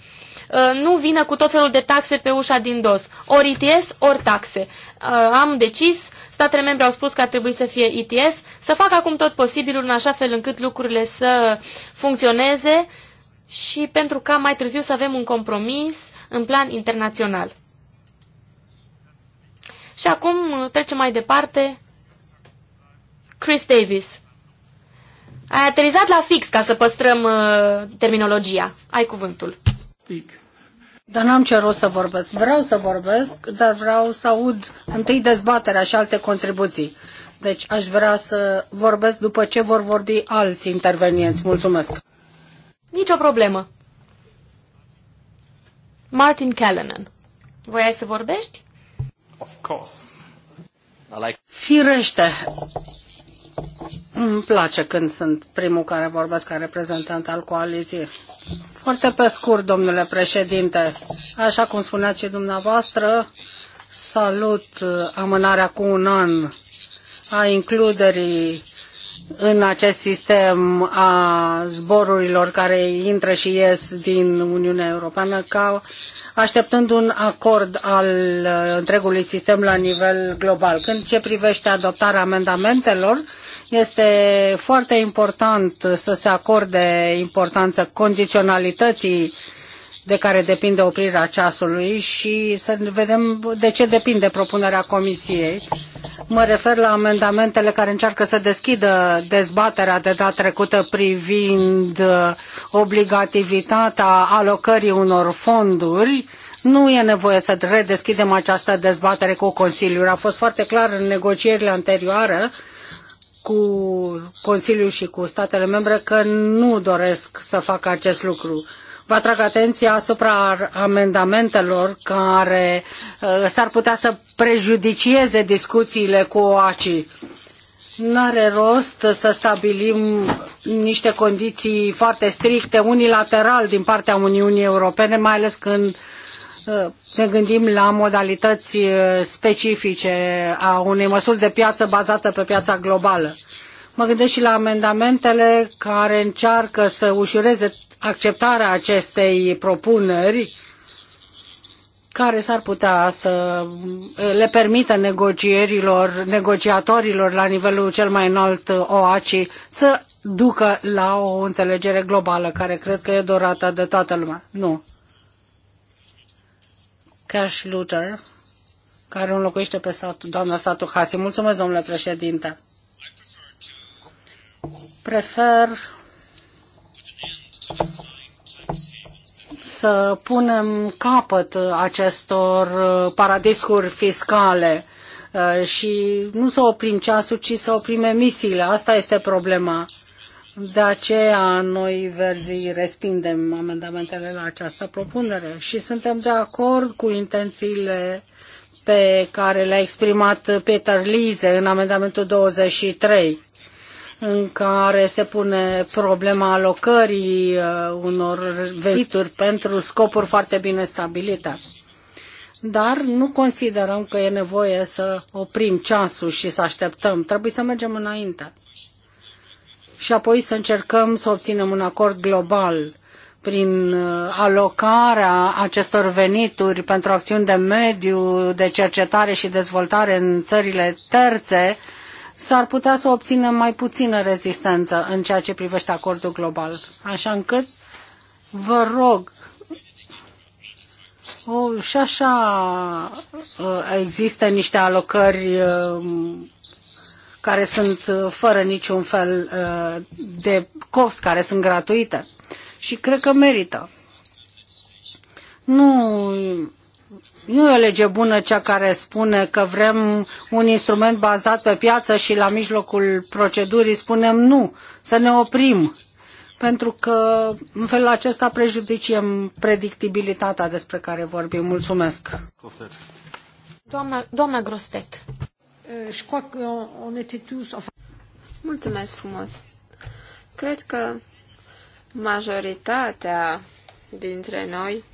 uh, nu vină cu tot felul de taxe pe ușa din dos. Ori ITS, ori taxe. Uh, am decis, statele membre au spus că ar trebui să fie ITS, să facă acum tot posibilul în așa fel încât lucrurile să funcționeze și pentru ca mai târziu să avem un compromis în plan internațional. Și acum uh, trecem mai departe. Chris Davis. Ai aterizat la fix ca să păstrăm uh, terminologia. Ai cuvântul. Speak. Dar n-am cerut să vorbesc. Vreau să vorbesc, dar vreau să aud întâi dezbaterea și alte contribuții. Deci aș vrea să vorbesc după ce vor vorbi alți intervenienți. Mulțumesc. Nicio problemă. Martin Callanan. Voiai să vorbești? Of course. I like... Firește! Îmi place când sunt primul care vorbesc ca reprezentant al coaliției. Foarte pe scurt, domnule președinte, așa cum spuneați și dumneavoastră, salut uh, amânarea cu un an a includerii în acest sistem a zborurilor care intră și ies din Uniunea Europeană ca așteptând un acord al uh, întregului sistem la nivel global. Când ce privește adoptarea amendamentelor, este foarte important să se acorde importanță condiționalității uh, de care depinde oprirea ceasului și să vedem de ce depinde propunerea Comisiei. Mă refer la amendamentele care încearcă să deschidă dezbaterea de data trecută privind uh, obligativitatea alocării unor fonduri nu e nevoie să redeschidem această dezbatere cu Consiliul. A fost foarte clar în negocierile anterioare cu Consiliul și cu statele membre că nu doresc să facă acest lucru. Vă atrag atenția asupra amendamentelor care uh, s-ar putea să prejudicieze discuțiile cu OACI. N-are rost să stabilim niște condiții foarte stricte, unilateral din partea Uniunii Europene, mai ales când uh, ne gândim la modalități uh, specifice a unei măsuri de piață bazată pe piața globală. Mă gândesc și la amendamentele care încearcă să ușureze acceptarea acestei propuneri care s-ar putea să le permită negocierilor, negociatorilor la nivelul cel mai înalt OACI să ducă la o înțelegere globală, care cred că e dorată de toată lumea. Nu. Cash Luther, care înlocuiește pe satul, doamna Satu Hasi. Mulțumesc, domnule președinte. Prefer să punem capăt acestor uh, paradisuri fiscale uh, și nu să oprim ceasul, ci să oprim emisiile. Asta este problema. De aceea noi verzii respindem amendamentele la această propunere și suntem de acord cu intențiile pe care le-a exprimat Peter Lise în amendamentul 23 în care se pune problema alocării uh, unor venituri pentru scopuri foarte bine stabilite. Dar nu considerăm că e nevoie să oprim ceasul și să așteptăm. Trebuie să mergem înainte. Și apoi să încercăm să obținem un acord global prin uh, alocarea acestor venituri pentru acțiuni de mediu, de cercetare și dezvoltare în țările terțe, s-ar putea să obținem mai puțină rezistență în ceea ce privește acordul global. Așa încât vă rog o, și așa ă, există niște alocări ă, care sunt fără niciun fel ă, de cost, care sunt gratuite. Și cred că merită. Nu nu e o lege bună cea care spune că vrem un instrument bazat pe piață și la mijlocul procedurii spunem nu, să ne oprim. Pentru că în felul acesta prejudiciem predictibilitatea despre care vorbim. Mulțumesc. Doamna, doamna Grostet. Euh, Mulțumesc frumos. Cred că majoritatea dintre noi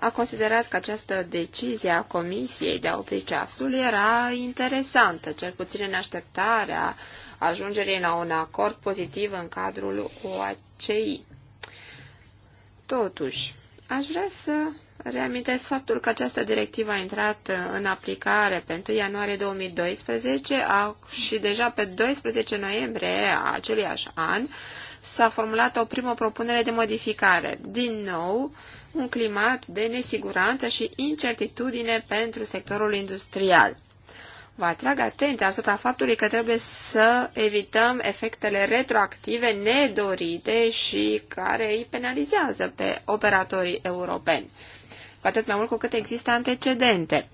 a considerat că această decizie a Comisiei de a opri ceasul era interesantă, cel puțin în așteptarea ajungerii la un acord pozitiv în cadrul OACI. Totuși, aș vrea să reamintesc faptul că această directivă a intrat în aplicare pe 1 ianuarie 2012 a, și deja pe 12 noiembrie a aceluiași an s-a formulat o primă propunere de modificare. Din nou, un climat de nesiguranță și incertitudine pentru sectorul industrial. Vă atrag atenția asupra faptului că trebuie să evităm efectele retroactive nedorite și care îi penalizează pe operatorii europeni. Cu atât mai mult cu cât există antecedente.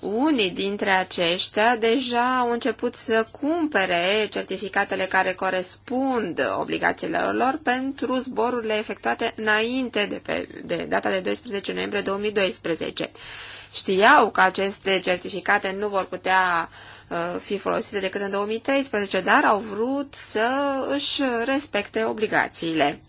Unii dintre aceștia deja au început să cumpere certificatele care corespund obligațiilor lor pentru zborurile efectuate înainte de, pe, de data de 12 noiembrie 2012. Știau că aceste certificate nu vor putea uh, fi folosite decât în 2013, dar au vrut să își respecte obligațiile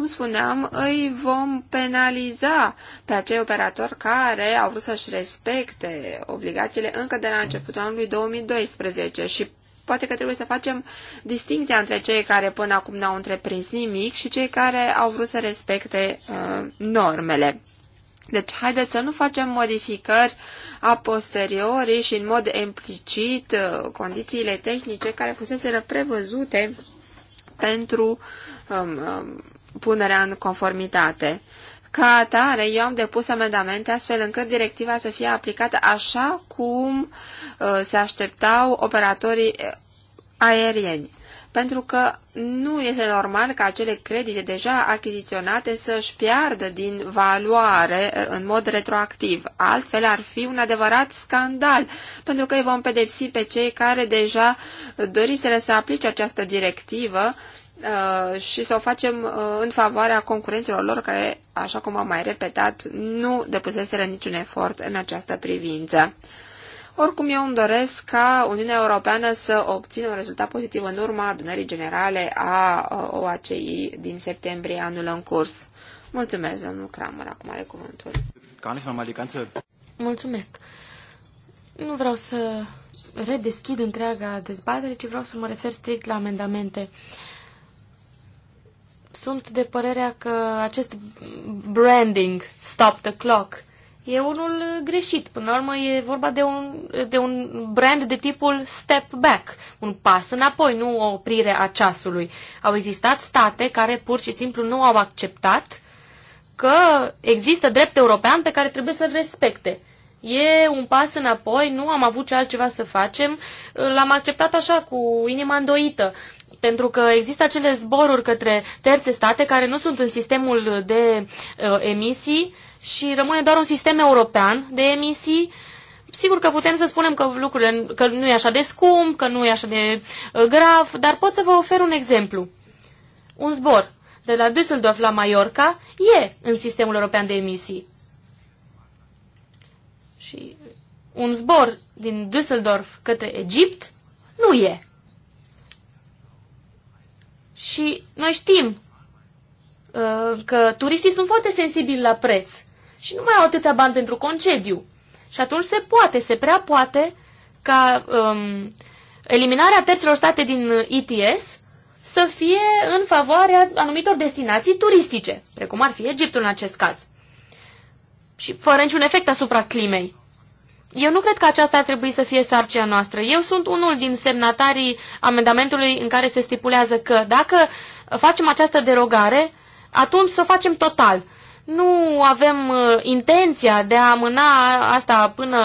cum spuneam, îi vom penaliza pe acei operatori care au vrut să-și respecte obligațiile încă de la începutul anului 2012 și poate că trebuie să facem distinția între cei care până acum n-au întreprins nimic și cei care au vrut să respecte uh, normele. Deci, haideți să nu facem modificări a posteriori și în mod implicit uh, condițiile tehnice care fuseseră prevăzute pentru um, um, punerea în conformitate. Ca atare, eu am depus amendamente astfel încât directiva să fie aplicată așa cum uh, se așteptau operatorii uh, aerieni. Pentru că nu este normal ca acele credite deja achiziționate să-și piardă din valoare uh, în mod retroactiv. Altfel ar fi un adevărat scandal, pentru că îi vom pedepsi pe cei care deja uh, doriseră să aplice această directivă Uh, și să o facem uh, în favoarea concurenților lor care, așa cum am mai repetat, nu depuseseră niciun efort în această privință. Oricum, eu îmi doresc ca Uniunea Europeană să obțină un rezultat pozitiv în urma adunării generale a uh, OACI din septembrie anul în curs. Mulțumesc, domnul Cramer, acum are cuvântul. Mulțumesc. Nu vreau să redeschid întreaga dezbatere, ci vreau să mă refer strict la amendamente. Uh, sunt de părerea că acest branding, stop the clock, e unul greșit. Până la urmă e vorba de un, de un brand de tipul step back, un pas înapoi, nu o oprire a ceasului. Au existat state care pur și simplu nu au acceptat că există drept european pe care trebuie să-l respecte. E un pas înapoi, nu am avut ce altceva să facem, l-am acceptat așa, cu inima îndoită pentru că există acele zboruri către terțe state care nu sunt în sistemul de uh, emisii și rămâne doar un sistem european de emisii. Sigur că putem să spunem că lucrurile că nu e așa de scump, că nu e așa de uh, grav, dar pot să vă ofer un exemplu. Un zbor de la Düsseldorf la Mallorca e în sistemul european de emisii. Și un zbor din Düsseldorf către Egipt nu e. Și noi știm uh, că turiștii sunt foarte sensibili la preț și nu mai au atâția bani pentru concediu. Și atunci se poate, se prea poate ca um, eliminarea terților state din ETS să fie în favoarea anumitor destinații turistice, precum ar fi Egiptul în acest caz. Și fără niciun efect asupra climei. Eu nu cred că aceasta ar trebui să fie sarcina noastră. Eu sunt unul din semnatarii amendamentului în care se stipulează că dacă facem această derogare, atunci să o facem total. Nu avem uh, intenția de a amâna asta până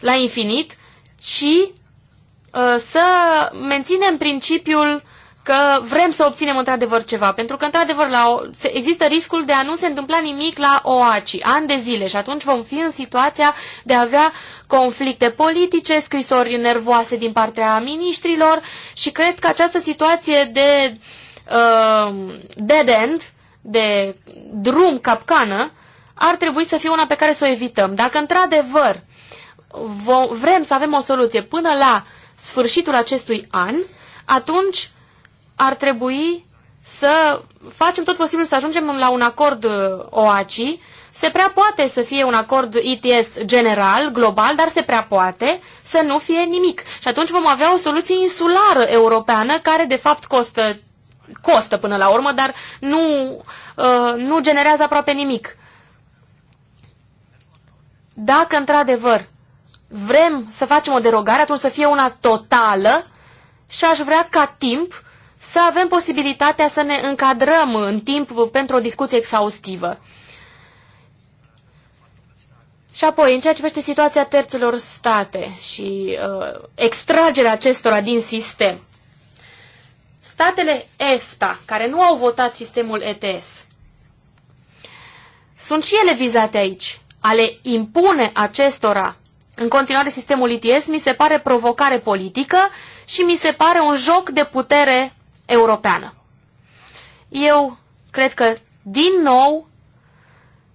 la infinit, ci uh, să menținem principiul că vrem să obținem într-adevăr ceva, pentru că într-adevăr la, există riscul de a nu se întâmpla nimic la OACI, ani de zile și atunci vom fi în situația de a avea conflicte politice, scrisori nervoase din partea miniștrilor și cred că această situație de uh, dead end, de drum capcană, ar trebui să fie una pe care să o evităm. Dacă într-adevăr vrem să avem o soluție până la sfârșitul acestui an, atunci ar trebui să facem tot posibilul să ajungem la un acord uh, OACI. Se prea poate să fie un acord ITS general, global, dar se prea poate să nu fie nimic. Și atunci vom avea o soluție insulară europeană care de fapt costă, costă până la urmă, dar nu, uh, nu generează aproape nimic. Dacă într-adevăr vrem să facem o derogare, atunci să fie una totală și aș vrea ca timp să avem posibilitatea să ne încadrăm în timp pentru o discuție exhaustivă. Și apoi, în ceea ce privește situația terților state și uh, extragerea acestora din sistem, statele EFTA, care nu au votat sistemul ETS, sunt și ele vizate aici. A le impune acestora în continuare sistemul ITS mi se pare provocare politică și mi se pare un joc de putere europeană. Eu cred că, din nou,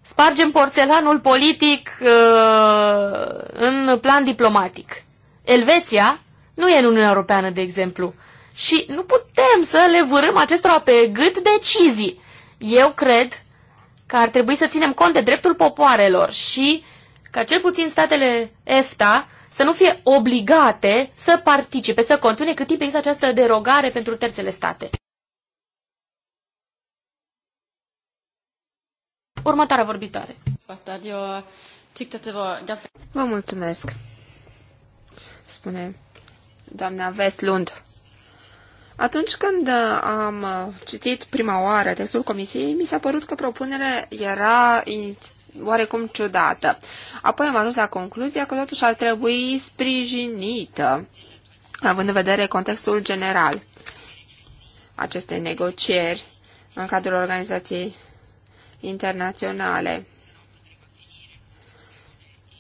spargem porțelanul politic uh, în plan diplomatic. Elveția nu e în Uniunea Europeană, de exemplu, și nu putem să le vârâm acestora pe gât decizii. Eu cred că ar trebui să ținem cont de dreptul popoarelor și ca cel puțin statele EFTA să nu fie obligate să participe, să continue cât timp există această derogare pentru terțele state. Următoarea vorbitoare. Vă mulțumesc, spune doamna Vestlund. Atunci când am citit prima oară textul comisiei, mi s-a părut că propunerea era oarecum ciudată. Apoi am ajuns la concluzia că totuși ar trebui sprijinită, având în vedere contextul general aceste negocieri în cadrul organizației internaționale.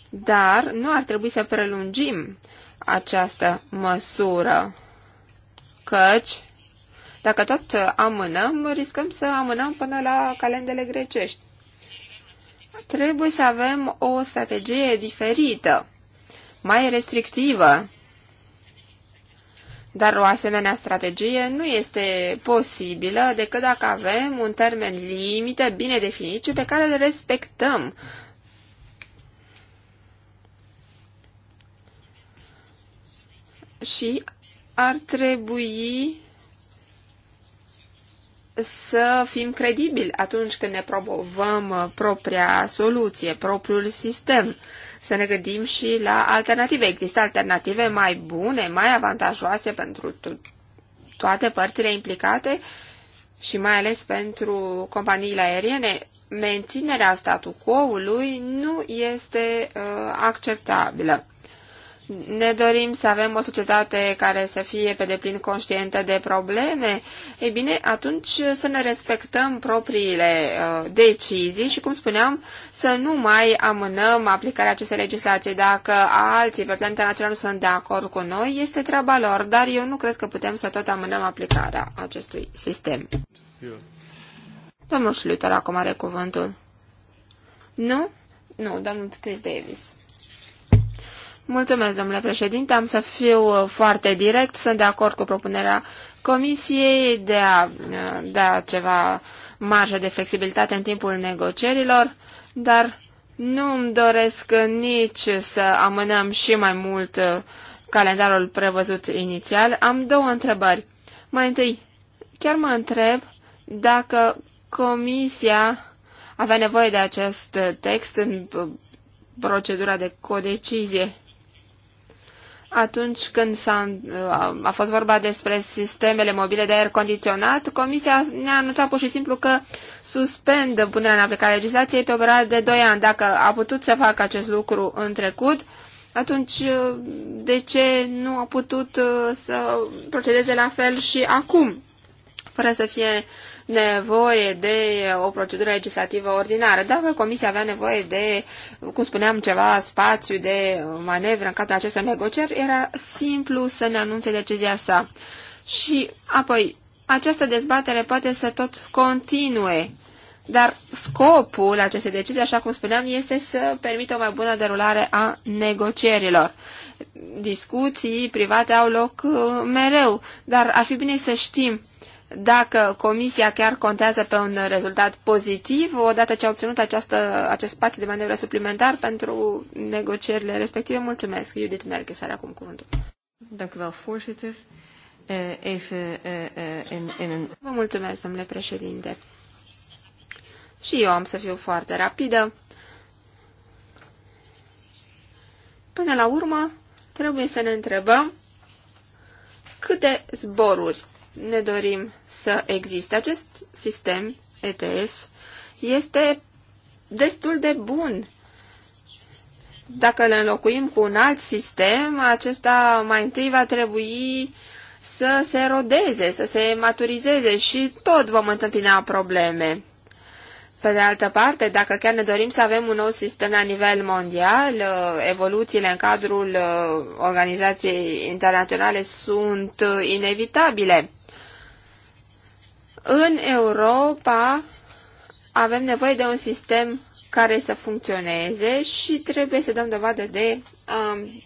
Dar nu ar trebui să prelungim această măsură, căci dacă tot amânăm, riscăm să amânăm până la calendele grecești trebuie să avem o strategie diferită, mai restrictivă. Dar o asemenea strategie nu este posibilă decât dacă avem un termen limită bine definit și pe care îl respectăm. Și ar trebui să fim credibili atunci când ne promovăm uh, propria soluție, propriul sistem. Să ne gândim și la alternative. Există alternative mai bune, mai avantajoase pentru toate părțile implicate și mai ales pentru companiile aeriene. Menținerea statu quo-ului nu este uh, acceptabilă. Ne dorim să avem o societate care să fie pe deplin conștientă de probleme? Ei bine, atunci să ne respectăm propriile uh, decizii și, cum spuneam, să nu mai amânăm aplicarea acestei legislații. Dacă alții pe planeta națională nu sunt de acord cu noi, este treaba lor, dar eu nu cred că putem să tot amânăm aplicarea acestui sistem. Domnul Schluter acum are cuvântul. Nu? Nu, domnul Chris Davis. Mulțumesc, domnule președinte. Am să fiu uh, foarte direct. Sunt de acord cu propunerea comisiei de a uh, da ceva marjă de flexibilitate în timpul negocierilor, dar nu îmi doresc nici să amânăm și mai mult uh, calendarul prevăzut inițial. Am două întrebări. Mai întâi, chiar mă întreb dacă comisia avea nevoie de acest text în procedura de codecizie. Atunci când s-a, uh, a fost vorba despre sistemele mobile de aer condiționat, Comisia ne-a anunțat pur și simplu că suspendă punerea în aplicare legislației pe o perioadă de 2 ani. Dacă a putut să facă acest lucru în trecut, atunci uh, de ce nu a putut uh, să procedeze la fel și acum, fără să fie nevoie de o procedură legislativă ordinară. Dacă Comisia avea nevoie de, cum spuneam, ceva spațiu de manevră în cadrul acestor negocieri, era simplu să ne anunțe decizia sa. Și apoi, această dezbatere poate să tot continue, dar scopul acestei decizii, așa cum spuneam, este să permită o mai bună derulare a negocierilor. Discuții private au loc uh, mereu, dar ar fi bine să știm dacă comisia chiar contează pe un rezultat pozitiv, odată ce a obținut această, acest spațiu de manevră suplimentar pentru negocierile respective. Mulțumesc. Judith Merkes are acum cuvântul. Eh, eh, eh, Vă mulțumesc, domnule președinte. Și eu am să fiu foarte rapidă. Până la urmă, trebuie să ne întrebăm câte zboruri ne dorim să existe. Acest sistem ETS este destul de bun. Dacă îl înlocuim cu un alt sistem, acesta mai întâi va trebui să se rodeze, să se maturizeze și tot vom întâmpina probleme. Pe de altă parte, dacă chiar ne dorim să avem un nou sistem la nivel mondial, uh, evoluțiile în cadrul uh, Organizației Internaționale sunt uh, inevitabile. În Europa avem nevoie de un sistem care să funcționeze și trebuie să dăm dovadă de um,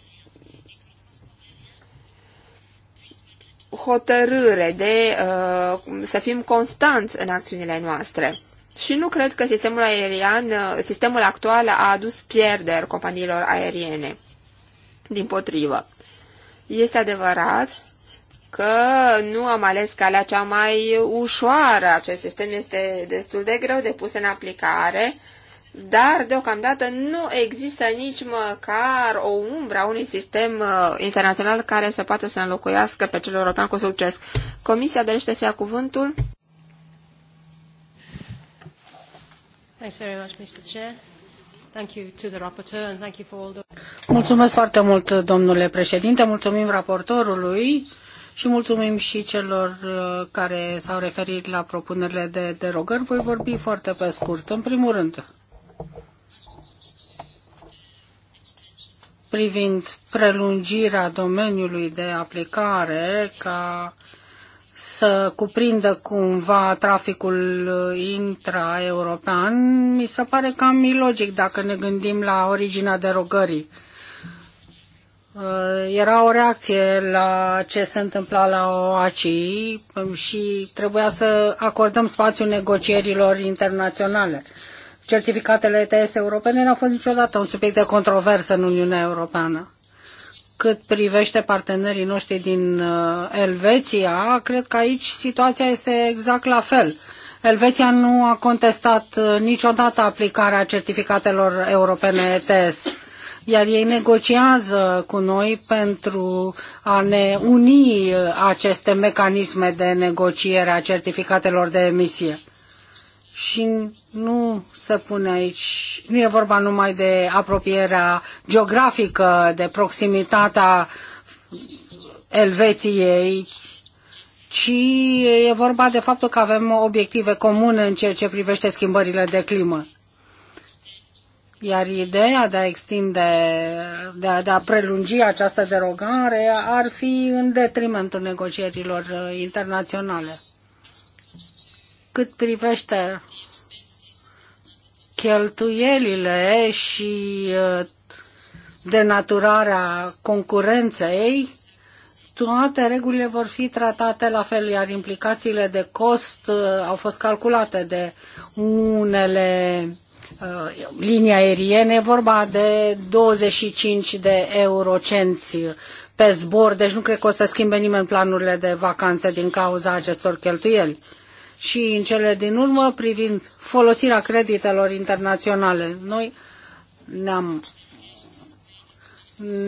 hotărâre, de uh, să fim constanți în acțiunile noastre. Și nu cred că sistemul aerian, uh, sistemul actual a adus pierderi companiilor aeriene. Din potrivă. Este adevărat că nu am ales calea cea mai ușoară. Acest sistem este destul de greu de pus în aplicare, dar deocamdată nu există nici măcar o umbră a unui sistem uh, internațional care să poată să înlocuiască pe cel european cu succes. Comisia dorește să ia cuvântul. Mulțumesc foarte mult, domnule președinte. Mulțumim raportorului și mulțumim și celor uh, care s-au referit la propunerile de derogări. Voi vorbi foarte pe scurt. În primul rând, privind prelungirea domeniului de aplicare ca să cuprindă cumva traficul intra-european, mi se pare cam ilogic dacă ne gândim la originea derogării. Uh, era o reacție la ce se întâmpla la OACI și trebuia să acordăm spațiu negocierilor internaționale. Certificatele ETS europene n-au fost niciodată un subiect de controversă în Uniunea Europeană. Cât privește partenerii noștri din uh, Elveția, cred că aici situația este exact la fel. Elveția nu a contestat uh, niciodată aplicarea certificatelor europene ETS iar ei negociază cu noi pentru a ne uni aceste mecanisme de negociere a certificatelor de emisie. Și nu se pune aici, nu e vorba numai de apropierea geografică, de proximitatea Elveției, ci e vorba de faptul că avem obiective comune în ceea ce privește schimbările de climă. Iar ideea de a extinde, de a, de a prelungi această derogare ar fi în detrimentul negocierilor uh, internaționale. Cât privește cheltuielile și uh, denaturarea concurenței, toate regulile vor fi tratate la fel, iar implicațiile de cost uh, au fost calculate de unele Uh, linii aeriene, vorba de 25 de eurocenți pe zbor, deci nu cred că o să schimbe nimeni planurile de vacanțe din cauza acestor cheltuieli. Și în cele din urmă, privind folosirea creditelor internaționale, noi ne-am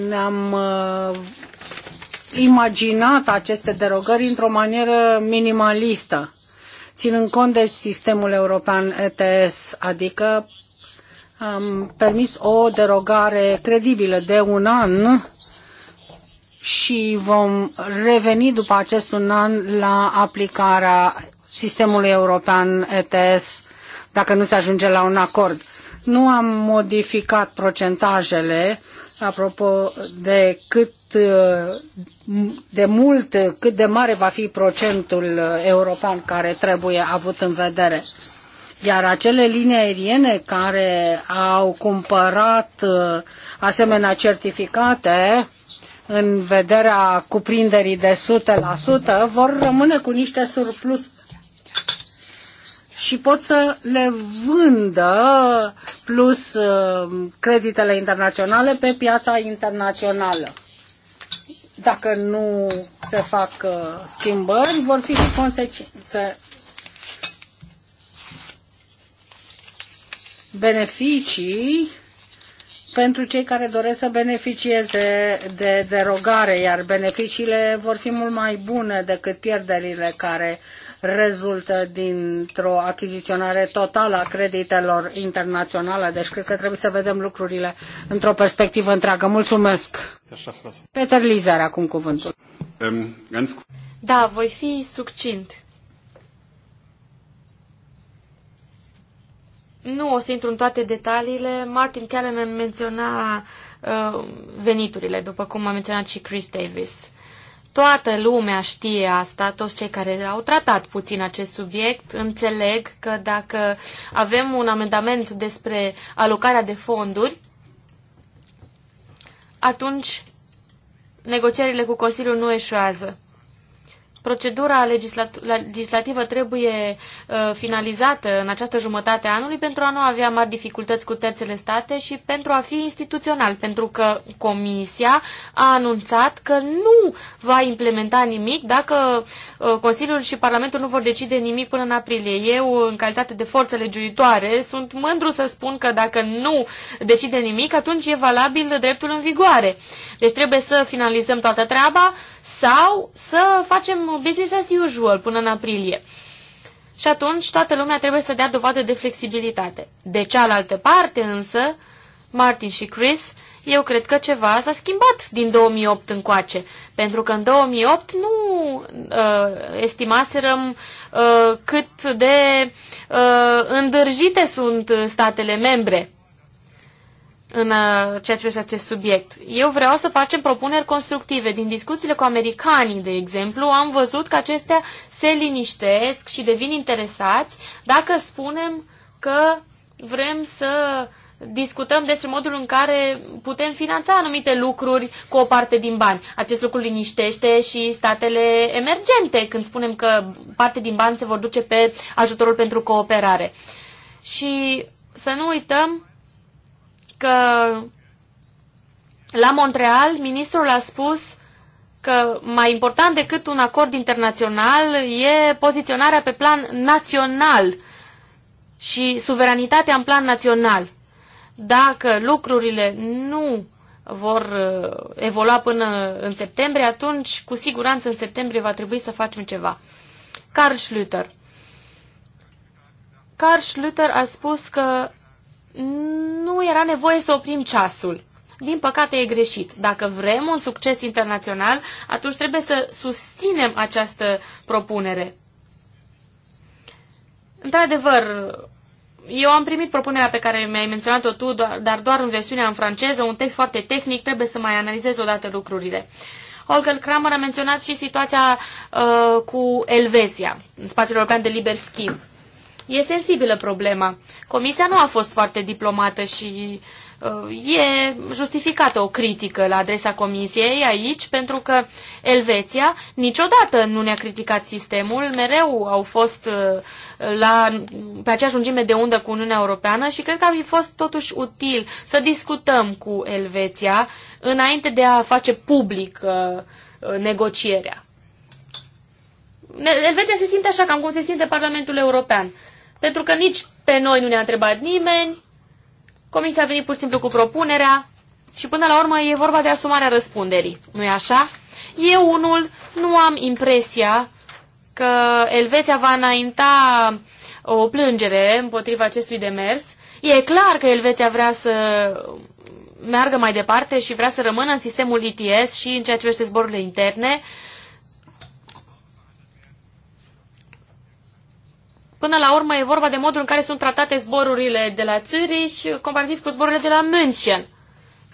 ne-am uh, imaginat aceste derogări într-o manieră minimalistă. Uh, ținând cont de sistemul european ETS, adică am permis o derogare credibilă de un an și vom reveni după acest un an la aplicarea sistemului european ETS dacă nu se ajunge la un acord. Nu am modificat procentajele, apropo de cât de mult, cât de mare va fi procentul european care trebuie avut în vedere. Iar acele linii aeriene care au cumpărat uh, asemenea certificate în vederea cuprinderii de 100% vor rămâne cu niște surplus, și pot să le vândă plus uh, creditele internaționale pe piața internațională. Dacă nu se fac uh, schimbări, vor fi și consecințe. Beneficii pentru cei care doresc să beneficieze de derogare, iar beneficiile vor fi mult mai bune decât pierderile care rezultă dintr-o achiziționare totală a creditelor internaționale, deci cred că trebuie să vedem lucrurile într-o perspectivă întreagă. Mulțumesc! Peter Lizar, acum cuvântul. Ehm, da, voi fi succint. Nu o să intru în toate detaliile. Martin Callanan menționa uh, veniturile, după cum a menționat și Chris Davis. Toată lumea știe asta, toți cei care au tratat puțin acest subiect înțeleg că dacă avem un amendament despre alocarea de fonduri, atunci negocierile cu Consiliul nu eșuează. Procedura legislativă trebuie Uh, finalizată în această jumătate a anului pentru a nu avea mari dificultăți cu terțele state și pentru a fi instituțional, pentru că Comisia a anunțat că nu va implementa nimic dacă uh, Consiliul și Parlamentul nu vor decide nimic până în aprilie. Eu, în calitate de forță legiuitoare, sunt mândru să spun că dacă nu decide nimic, atunci e valabil dreptul în vigoare. Deci trebuie să finalizăm toată treaba sau să facem business as usual până în aprilie și atunci toată lumea trebuie să dea dovadă de flexibilitate. De cealaltă parte însă, Martin și Chris, eu cred că ceva s-a schimbat din 2008 încoace, pentru că în 2008 nu uh, estimaserăm uh, cât de uh, îndârjite sunt statele membre în uh, ceea ce privește acest subiect. Eu vreau să facem propuneri constructive. Din discuțiile cu americanii, de exemplu, am văzut că acestea se liniștesc și devin interesați dacă spunem că vrem să discutăm despre modul în care putem finanța anumite lucruri cu o parte din bani. Acest lucru liniștește și statele emergente când spunem că parte din bani se vor duce pe ajutorul pentru cooperare. Și să nu uităm că la Montreal ministrul a spus că mai important decât un acord internațional e poziționarea pe plan național și suveranitatea în plan național. Dacă lucrurile nu vor uh, evolua până în septembrie, atunci cu siguranță în septembrie va trebui să facem ceva. Carl Schlüter. Carl Schlüter a spus că nu era nevoie să oprim ceasul. Din păcate e greșit. Dacă vrem un succes internațional, atunci trebuie să susținem această propunere. Într-adevăr, eu am primit propunerea pe care mi-ai menționat-o tu, dar doar în versiunea în franceză, un text foarte tehnic, trebuie să mai analizez odată lucrurile. Holger Kramer a menționat și situația uh, cu Elveția, în spațiul european de liber schimb. Uh, E sensibilă problema. Comisia nu a fost foarte diplomată și uh, e justificată o critică la adresa comisiei aici, pentru că Elveția niciodată nu ne-a criticat sistemul, mereu au fost uh, la, pe aceeași lungime de undă cu Uniunea Europeană și cred că ar fi fost totuși util să discutăm cu Elveția înainte de a face public uh, negocierea. Elveția se simte așa, cam cum se simte Parlamentul European. Pentru că nici pe noi nu ne-a întrebat nimeni, comisia a venit pur și simplu cu propunerea și până la urmă e vorba de asumarea răspunderii, nu e așa? Eu unul nu am impresia că Elveția va înainta o plângere împotriva acestui demers. E clar că Elveția vrea să meargă mai departe și vrea să rămână în sistemul ITS și în ceea ce vește zborurile interne, Până la urmă e vorba de modul în care sunt tratate zborurile de la Zurich comparativ cu zborurile de la München.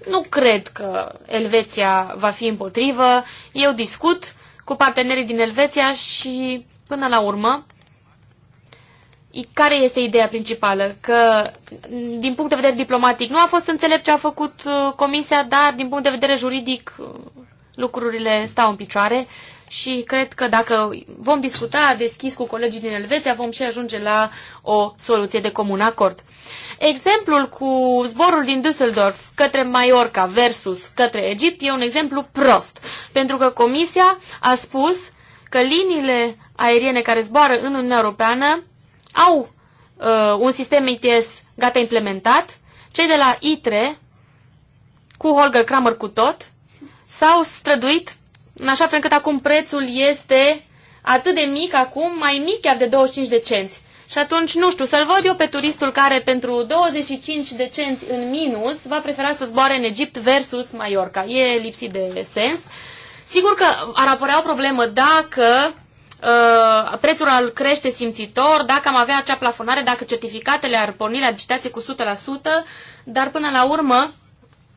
Nu cred că Elveția va fi împotrivă. Eu discut cu partenerii din Elveția și până la urmă care este ideea principală? Că, din punct de vedere diplomatic, nu a fost înțelept ce a făcut uh, comisia, dar, din punct de vedere juridic, uh, lucrurile stau în picioare și cred că dacă vom discuta deschis cu colegii din Elveția, vom și ajunge la o soluție de comun acord. Exemplul cu zborul din Düsseldorf către Mallorca versus către Egipt e un exemplu prost, pentru că Comisia a spus că liniile aeriene care zboară în Uniunea Europeană au uh, un sistem ITS gata implementat, cei de la ITRE, cu Holger Kramer cu tot, s-au străduit în așa fel încât acum prețul este atât de mic acum, mai mic chiar de 25 de cenți. Și atunci, nu știu, să-l văd eu pe turistul care pentru 25 de cenți în minus va prefera să zboare în Egipt versus Mallorca. E lipsit de sens. Sigur că ar apărea o problemă dacă uh, prețul ar crește simțitor, dacă am avea acea plafonare, dacă certificatele ar porni la licitație cu 100%, dar până la urmă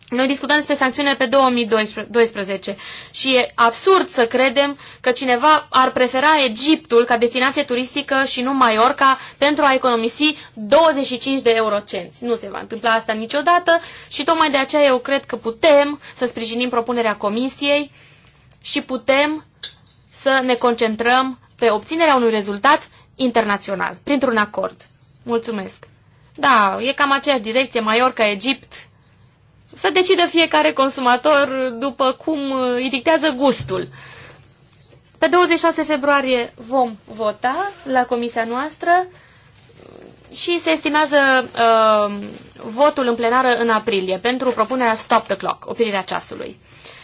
noi discutăm despre sancțiunile pe 2012 și e absurd să credem că cineva ar prefera Egiptul ca destinație turistică și nu Mallorca pentru a economisi 25 de eurocenți. Nu se va întâmpla asta niciodată și tocmai de aceea eu cred că putem să sprijinim propunerea comisiei și putem să ne concentrăm pe obținerea unui rezultat internațional, printr-un acord. Mulțumesc! Da, e cam aceeași direcție, Mallorca, Egipt, să decidă fiecare consumator după cum îi dictează gustul. Pe 26 februarie vom vota la comisia noastră și se estimează uh, votul în plenară în aprilie pentru propunerea Stop the Clock, oprirea ceasului.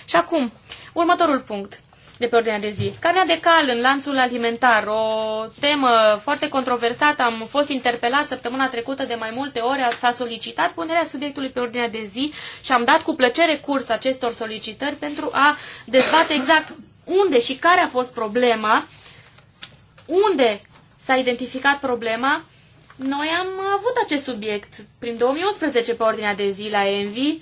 Și acum, următorul punct de pe ordinea de zi. Carnea de cal în lanțul alimentar, o temă foarte controversată, am fost interpelat săptămâna trecută de mai multe ori, s-a solicitat punerea subiectului pe ordinea de zi și am dat cu plăcere curs acestor solicitări pentru a dezbate exact unde și care a fost problema, unde s-a identificat problema. Noi am avut acest subiect prin 2011 pe ordinea de zi la Envi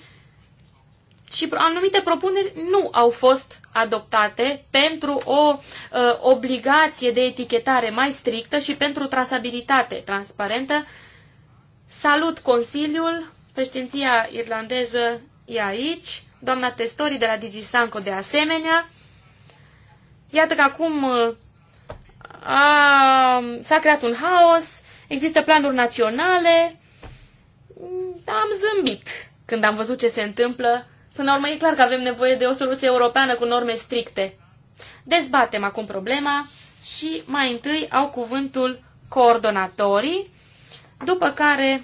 și anumite propuneri nu au fost adoptate pentru o uh, obligație de etichetare mai strictă și pentru trasabilitate transparentă. Salut Consiliul, președinția irlandeză e aici, doamna Testori de la DigiSanco de asemenea. Iată că acum uh, a, s-a creat un haos, există planuri naționale, mm, am zâmbit când am văzut ce se întâmplă Până la urmă, e clar că avem nevoie de o soluție europeană cu norme stricte. Dezbatem acum problema și mai întâi au cuvântul coordonatorii, după care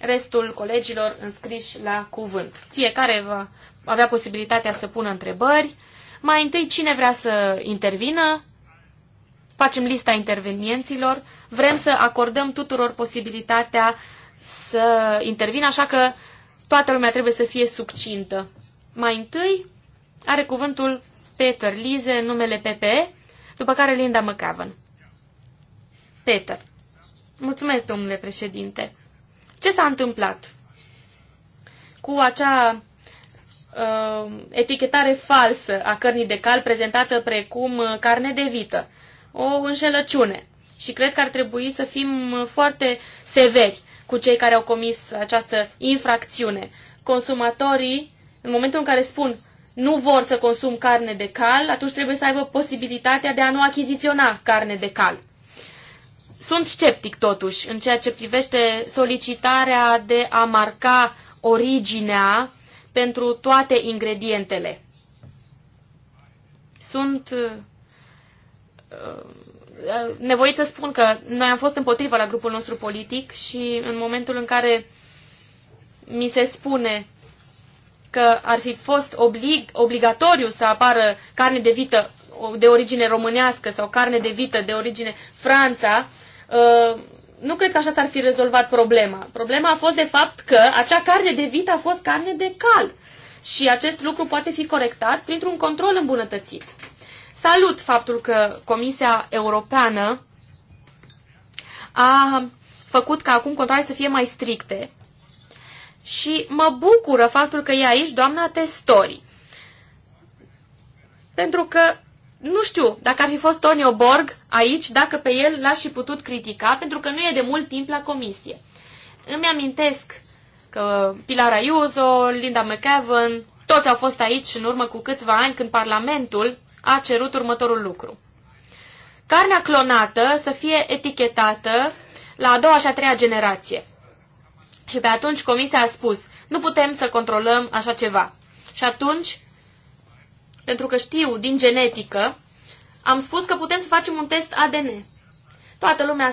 restul colegilor înscriși la cuvânt. Fiecare va avea posibilitatea să pună întrebări. Mai întâi, cine vrea să intervină? Facem lista intervenienților. Vrem să acordăm tuturor posibilitatea să intervină, așa că toată lumea trebuie să fie succintă. Mai întâi are cuvântul Peter Lize, numele PPE, după care Linda McAvan. Peter. Mulțumesc, domnule președinte. Ce s-a întâmplat cu acea uh, etichetare falsă a cărnii de cal prezentată precum uh, carne de vită? O înșelăciune. Și cred că ar trebui să fim uh, foarte severi cu cei care au comis această infracțiune. Consumatorii în momentul în care spun nu vor să consum carne de cal, atunci trebuie să aibă posibilitatea de a nu achiziționa carne de cal. Sunt sceptic totuși în ceea ce privește solicitarea de a marca originea pentru toate ingredientele. Sunt uh, uh, nevoit să spun că noi am fost împotriva la grupul nostru politic și în momentul în care mi se spune că ar fi fost oblig, obligatoriu să apară carne de vită de origine românească sau carne de vită de origine Franța, ă, nu cred că așa s-ar fi rezolvat problema. Problema a fost de fapt că acea carne de vită a fost carne de cal și acest lucru poate fi corectat printr-un control îmbunătățit. Salut faptul că Comisia Europeană a făcut ca acum controlele să fie mai stricte și mă bucură faptul că e aici doamna Testori. Pentru că nu știu dacă ar fi fost Tonio Borg aici, dacă pe el l-aș fi putut critica, pentru că nu e de mult timp la comisie. Îmi amintesc că Pilar Ayuso, Linda McEwan, toți au fost aici în urmă cu câțiva ani când Parlamentul a cerut următorul lucru. Carnea clonată să fie etichetată la a doua și a treia generație. Și pe atunci comisia a spus, nu putem să controlăm așa ceva. Și atunci, pentru că știu din genetică, am spus că putem să facem un test ADN. Toată lumea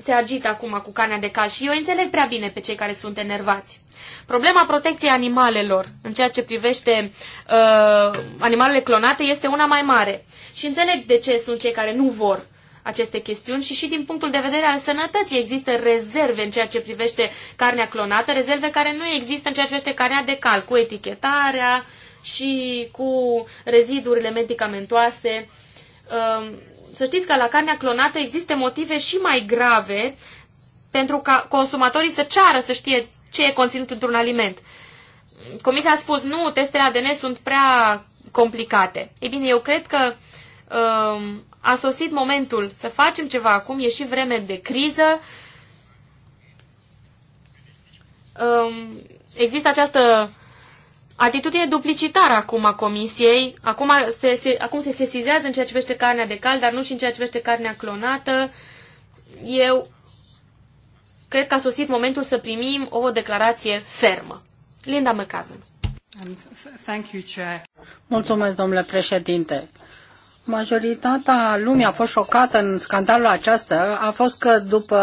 se agită acum cu canea de cal și eu înțeleg prea bine pe cei care sunt enervați. Problema protecției animalelor în ceea ce privește uh, animalele clonate este una mai mare. Și înțeleg de ce sunt cei care nu vor aceste chestiuni și și din punctul de vedere al sănătății există rezerve în ceea ce privește carnea clonată, rezerve care nu există în ceea ce privește carnea de cal, cu etichetarea și cu rezidurile medicamentoase. Um, să știți că la carnea clonată există motive și mai grave pentru ca consumatorii să ceară să știe ce e conținut într-un aliment. Comisia a spus, nu, testele ADN sunt prea complicate. Ei bine, eu cred că um, a sosit momentul să facem ceva acum, e și vreme de criză. Um, există această atitudine duplicitară acum a comisiei. Acum se, se, acum se sesizează în ceea ce vește carnea de cal, dar nu și în ceea ce vește carnea clonată. Eu cred că a sosit momentul să primim o declarație fermă. Linda McCarthy. Um, Mulțumesc, domnule președinte. Majoritatea lumii a fost șocată în scandalul acesta. A fost că după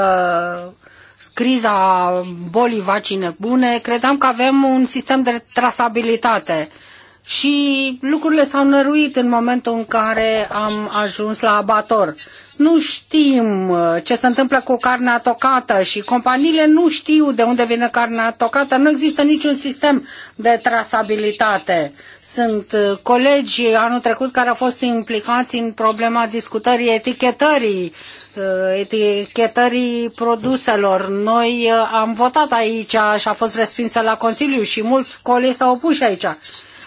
criza bolii vaccine bune, credeam că avem un sistem de trasabilitate și lucrurile s-au năruit în momentul în care am ajuns la abator. Nu știm uh, ce se întâmplă cu carnea tocată și companiile nu știu de unde vine carnea tocată. Nu există niciun sistem de trasabilitate. Sunt uh, colegi anul trecut care au fost implicați în problema discutării etichetării, uh, etichetării produselor. Noi am votat aici și a fost respinsă la Consiliu și mulți colegi s-au opus aici.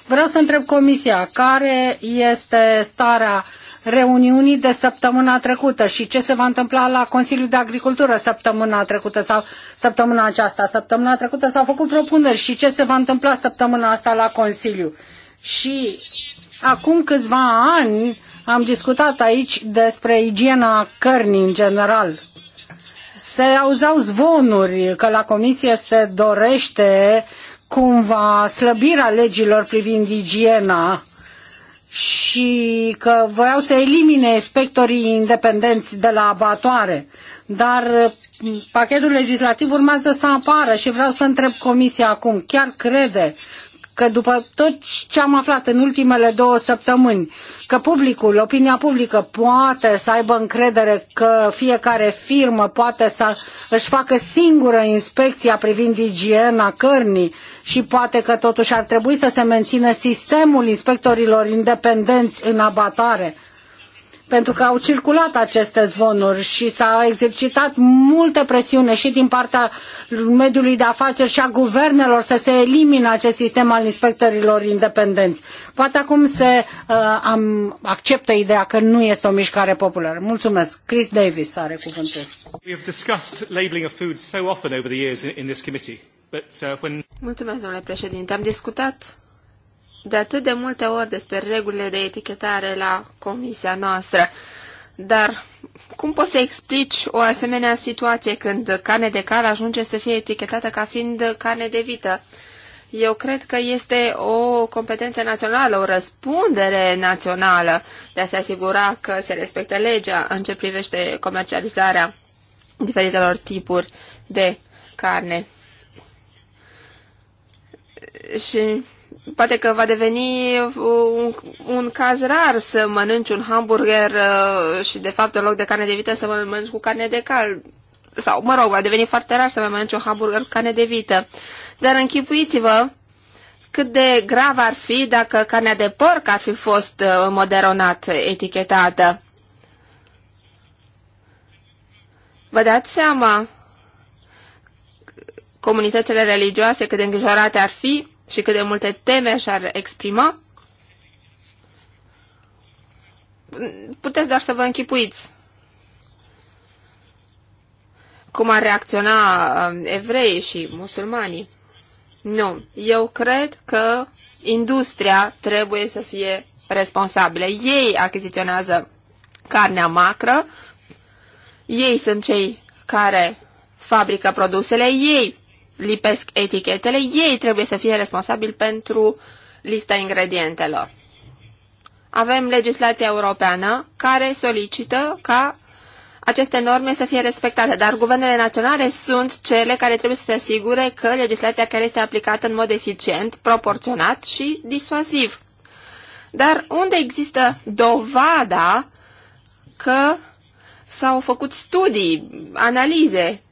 Vreau să întreb Comisia care este starea reuniunii de săptămâna trecută și ce se va întâmpla la Consiliul de Agricultură săptămâna trecută sau săptămâna aceasta. Săptămâna trecută s-au făcut propuneri și ce se va întâmpla săptămâna asta la Consiliu. Și acum câțiva ani am discutat aici despre igiena cărnii în general. Se auzau zvonuri că la comisie se dorește cumva slăbirea legilor privind igiena și că voiau să elimine inspectorii independenți de la abatoare. Dar uh, pachetul legislativ urmează să apară și vreau să întreb Comisia acum, chiar crede că după tot ce am aflat în ultimele două săptămâni, că publicul, opinia publică poate să aibă încredere că fiecare firmă poate să își facă singură inspecția privind igiena cărnii și poate că totuși ar trebui să se mențină sistemul inspectorilor independenți în abatare pentru că au circulat aceste zvonuri și s-a exercitat multă presiune și din partea mediului de afaceri și a guvernelor să se elimine acest sistem al inspectorilor independenți. Poate acum se uh, am, acceptă ideea că nu este o mișcare populară. Mulțumesc. Chris Davis are cuvântul. We have discussed labeling of food so often over the years in, this committee. But, uh, when... Mulțumesc, domnule președinte. Am discutat de atât de multe ori despre regulile de etichetare la comisia noastră. Dar cum poți să explici o asemenea situație când carne de cal ajunge să fie etichetată ca fiind carne de vită? Eu cred că este o competență națională, o răspundere națională de a se asigura că se respectă legea în ce privește comercializarea diferitelor tipuri de carne. Și poate că va deveni un, un caz rar să mănânci un hamburger uh, și, de fapt, în loc de carne de vită să mănânci cu carne de cal. Sau, mă rog, va deveni foarte rar să mai mănânci un hamburger cu carne de vită. Dar închipuiți-vă cât de grav ar fi dacă carnea de porc ar fi fost uh, moderonat etichetată. Vă dați seama comunitățile religioase cât de îngrijorate ar fi și cât de multe teme și-ar exprima, puteți doar să vă închipuiți cum ar reacționa um, evreii și musulmanii. Nu, eu cred că industria trebuie să fie responsabilă. Ei achiziționează carnea macră, ei sunt cei care fabrică produsele, ei lipesc etichetele, ei trebuie să fie responsabili pentru lista ingredientelor. Avem legislația europeană care solicită ca aceste norme să fie respectate, dar guvernele naționale sunt cele care trebuie să se asigure că legislația care este aplicată în mod eficient, proporționat și disuasiv. Dar unde există dovada că s-au făcut studii, analize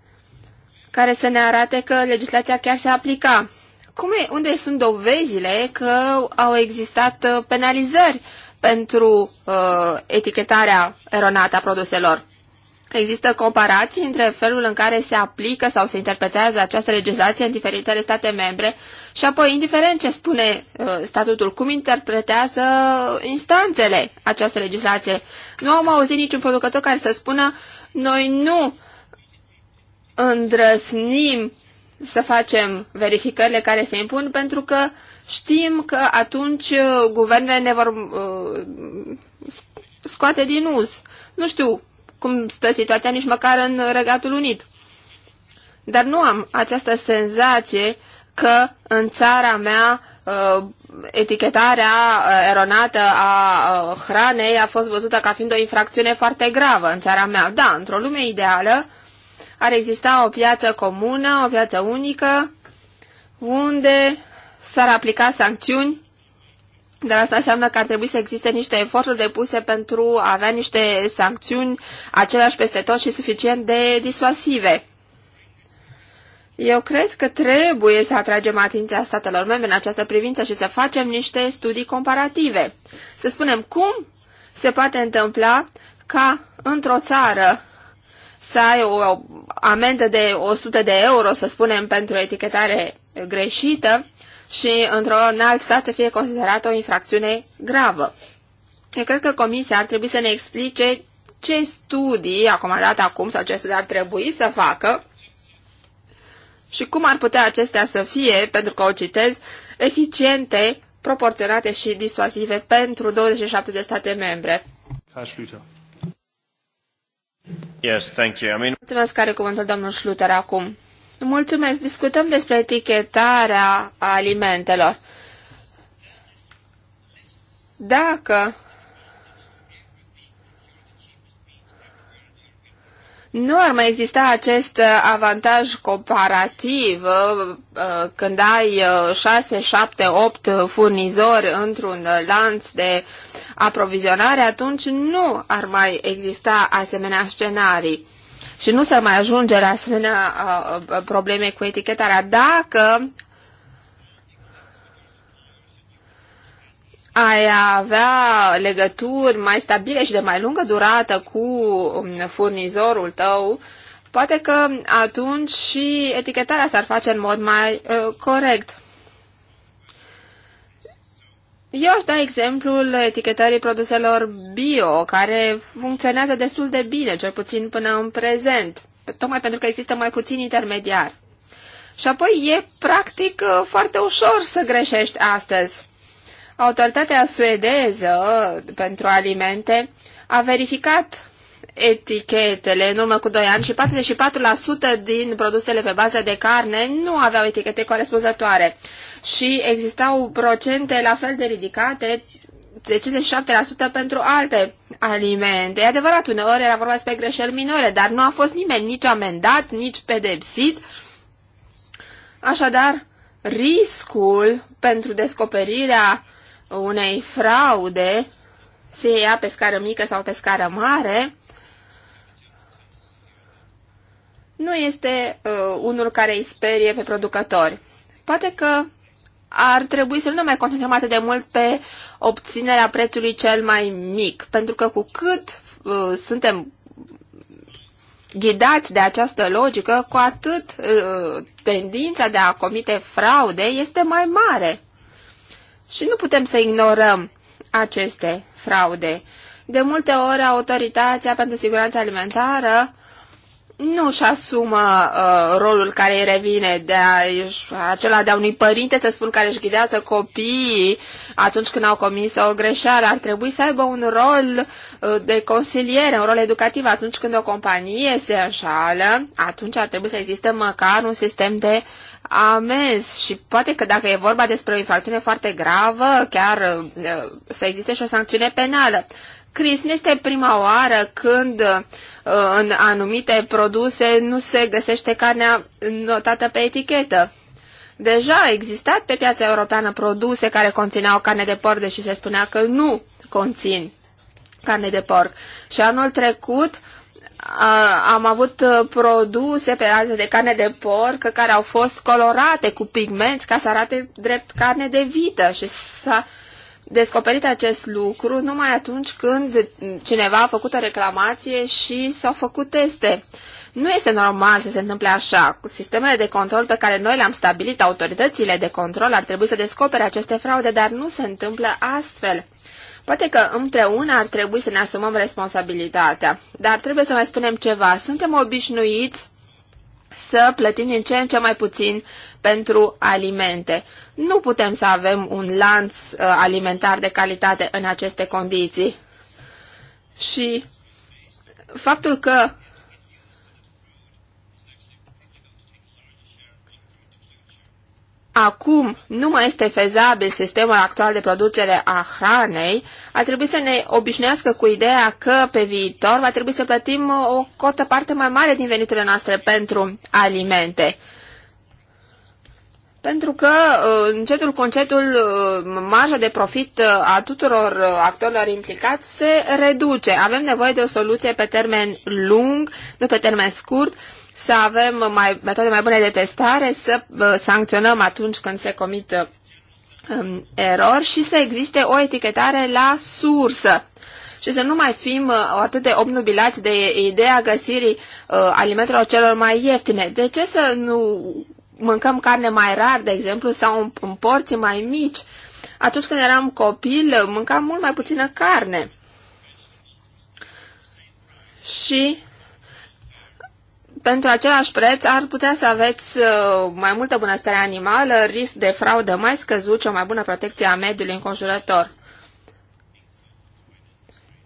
care să ne arate că legislația chiar se aplica. Cum e, unde sunt dovezile că au existat uh, penalizări pentru uh, etichetarea eronată a produselor? Există comparații între felul în care se aplică sau se interpretează această legislație în diferitele state membre și apoi, indiferent ce spune uh, statutul, cum interpretează instanțele această legislație. Nu am auzit niciun producător care să spună noi nu îndrăsnim să facem verificările care se impun, pentru că știm că atunci uh, guvernele ne vor uh, scoate din uz. Nu știu cum stă situația nici măcar în Regatul Unit. Dar nu am această senzație că în țara mea uh, etichetarea uh, eronată a uh, hranei a fost văzută ca fiind o infracțiune foarte gravă în țara mea. Da, într-o lume ideală, ar exista o piață comună, o piață unică, unde s-ar aplica sancțiuni, dar asta înseamnă că ar trebui să existe niște eforturi depuse pentru a avea niște sancțiuni aceleași peste tot și suficient de disuasive. Eu cred că trebuie să atragem atenția statelor membre în această privință și să facem niște studii comparative. Să spunem cum se poate întâmpla ca într-o țară să ai o amendă de 100 de euro, să spunem, pentru etichetare greșită și într-un alt stat să fie considerată o infracțiune gravă. Eu cred că comisia ar trebui să ne explice ce studii a comandat acum sau ce studii ar trebui să facă și cum ar putea acestea să fie, pentru că o citez, eficiente, proporționate și disuasive pentru 27 de state membre. Yes, thank you. I mean... Mulțumesc, care cuvântul domnul Schluter acum. Mulțumesc. Discutăm despre etichetarea alimentelor. Dacă nu ar mai exista acest uh, avantaj comparativ uh, uh, când ai 6, 7, 8 furnizori într-un lanț de aprovizionare, atunci nu ar mai exista asemenea scenarii și nu s-ar mai ajunge la asemenea probleme cu etichetarea dacă a avea legături mai stabile și de mai lungă durată cu um, furnizorul tău, poate că atunci și etichetarea s-ar face în mod mai uh, corect. Eu aș da exemplul etichetării produselor bio, care funcționează destul de bine, cel puțin până în prezent, tocmai pentru că există mai puțin intermediar. Și apoi e practic uh, foarte ușor să greșești astăzi. Autoritatea suedeză pentru alimente a verificat etichetele în urmă cu 2 ani și 44% din produsele pe bază de carne nu aveau etichete corespunzătoare și existau procente la fel de ridicate de 57% pentru alte alimente. E adevărat, uneori era vorba despre greșeli minore, dar nu a fost nimeni nici amendat, nici pedepsit. Așadar, riscul pentru descoperirea unei fraude, fie ea pe scară mică sau pe scară mare, nu este uh, unul care îi sperie pe producători. Poate că ar trebui să nu ne mai concentrăm atât de mult pe obținerea prețului cel mai mic, pentru că cu cât uh, suntem ghidați de această logică, cu atât uh, tendința de a comite fraude este mai mare. Și nu putem să ignorăm aceste fraude. De multe ori, autoritatea pentru siguranța alimentară nu își asumă uh, rolul care îi revine, de a, acela de a unui părinte, să spun, care își ghidează copiii atunci când au comis o greșeală. Ar trebui să aibă un rol uh, de consiliere, un rol educativ. Atunci când o companie se înșală, atunci ar trebui să existe măcar un sistem de amenzi și poate că dacă e vorba despre o infracțiune foarte gravă, chiar uh, să existe și o sancțiune penală. Cris, nu este prima oară când uh, în anumite produse nu se găsește carnea notată pe etichetă. Deja au existat pe piața europeană produse care conțineau carne de porc, deși se spunea că nu conțin carne de porc. Și anul trecut am avut uh, produse pe bază de carne de porc care au fost colorate cu pigmenți ca să arate drept carne de vită și s-a descoperit acest lucru numai atunci când cineva a făcut o reclamație și s-au făcut teste. Nu este normal să se întâmple așa. Sistemele de control pe care noi le-am stabilit, autoritățile de control ar trebui să descopere aceste fraude, dar nu se întâmplă astfel. Poate că împreună ar trebui să ne asumăm responsabilitatea, dar trebuie să mai spunem ceva. Suntem obișnuiți să plătim din ce în ce mai puțin pentru alimente. Nu putem să avem un lanț uh, alimentar de calitate în aceste condiții. Și faptul că acum nu mai este fezabil sistemul actual de producere a hranei, a trebuit să ne obișnuiască cu ideea că pe viitor va trebui să plătim o cotă parte mai mare din veniturile noastre pentru alimente. Pentru că uh, încetul cu încetul uh, marja de profit uh, a tuturor actorilor implicați se reduce. Avem nevoie de o soluție pe termen lung, nu pe termen scurt, să avem mai, metode mai bune de testare, să sancționăm atunci când se comit um, erori și să existe o etichetare la sursă și să nu mai fim uh, atât de obnubilați de ideea găsirii uh, alimentelor celor mai ieftine. De ce să nu mâncăm carne mai rar, de exemplu, sau în porții mai mici? Atunci când eram copil, mâncam mult mai puțină carne. Și pentru același preț ar putea să aveți uh, mai multă bunăstare animală, risc de fraudă mai scăzut și o mai bună protecție a mediului înconjurător.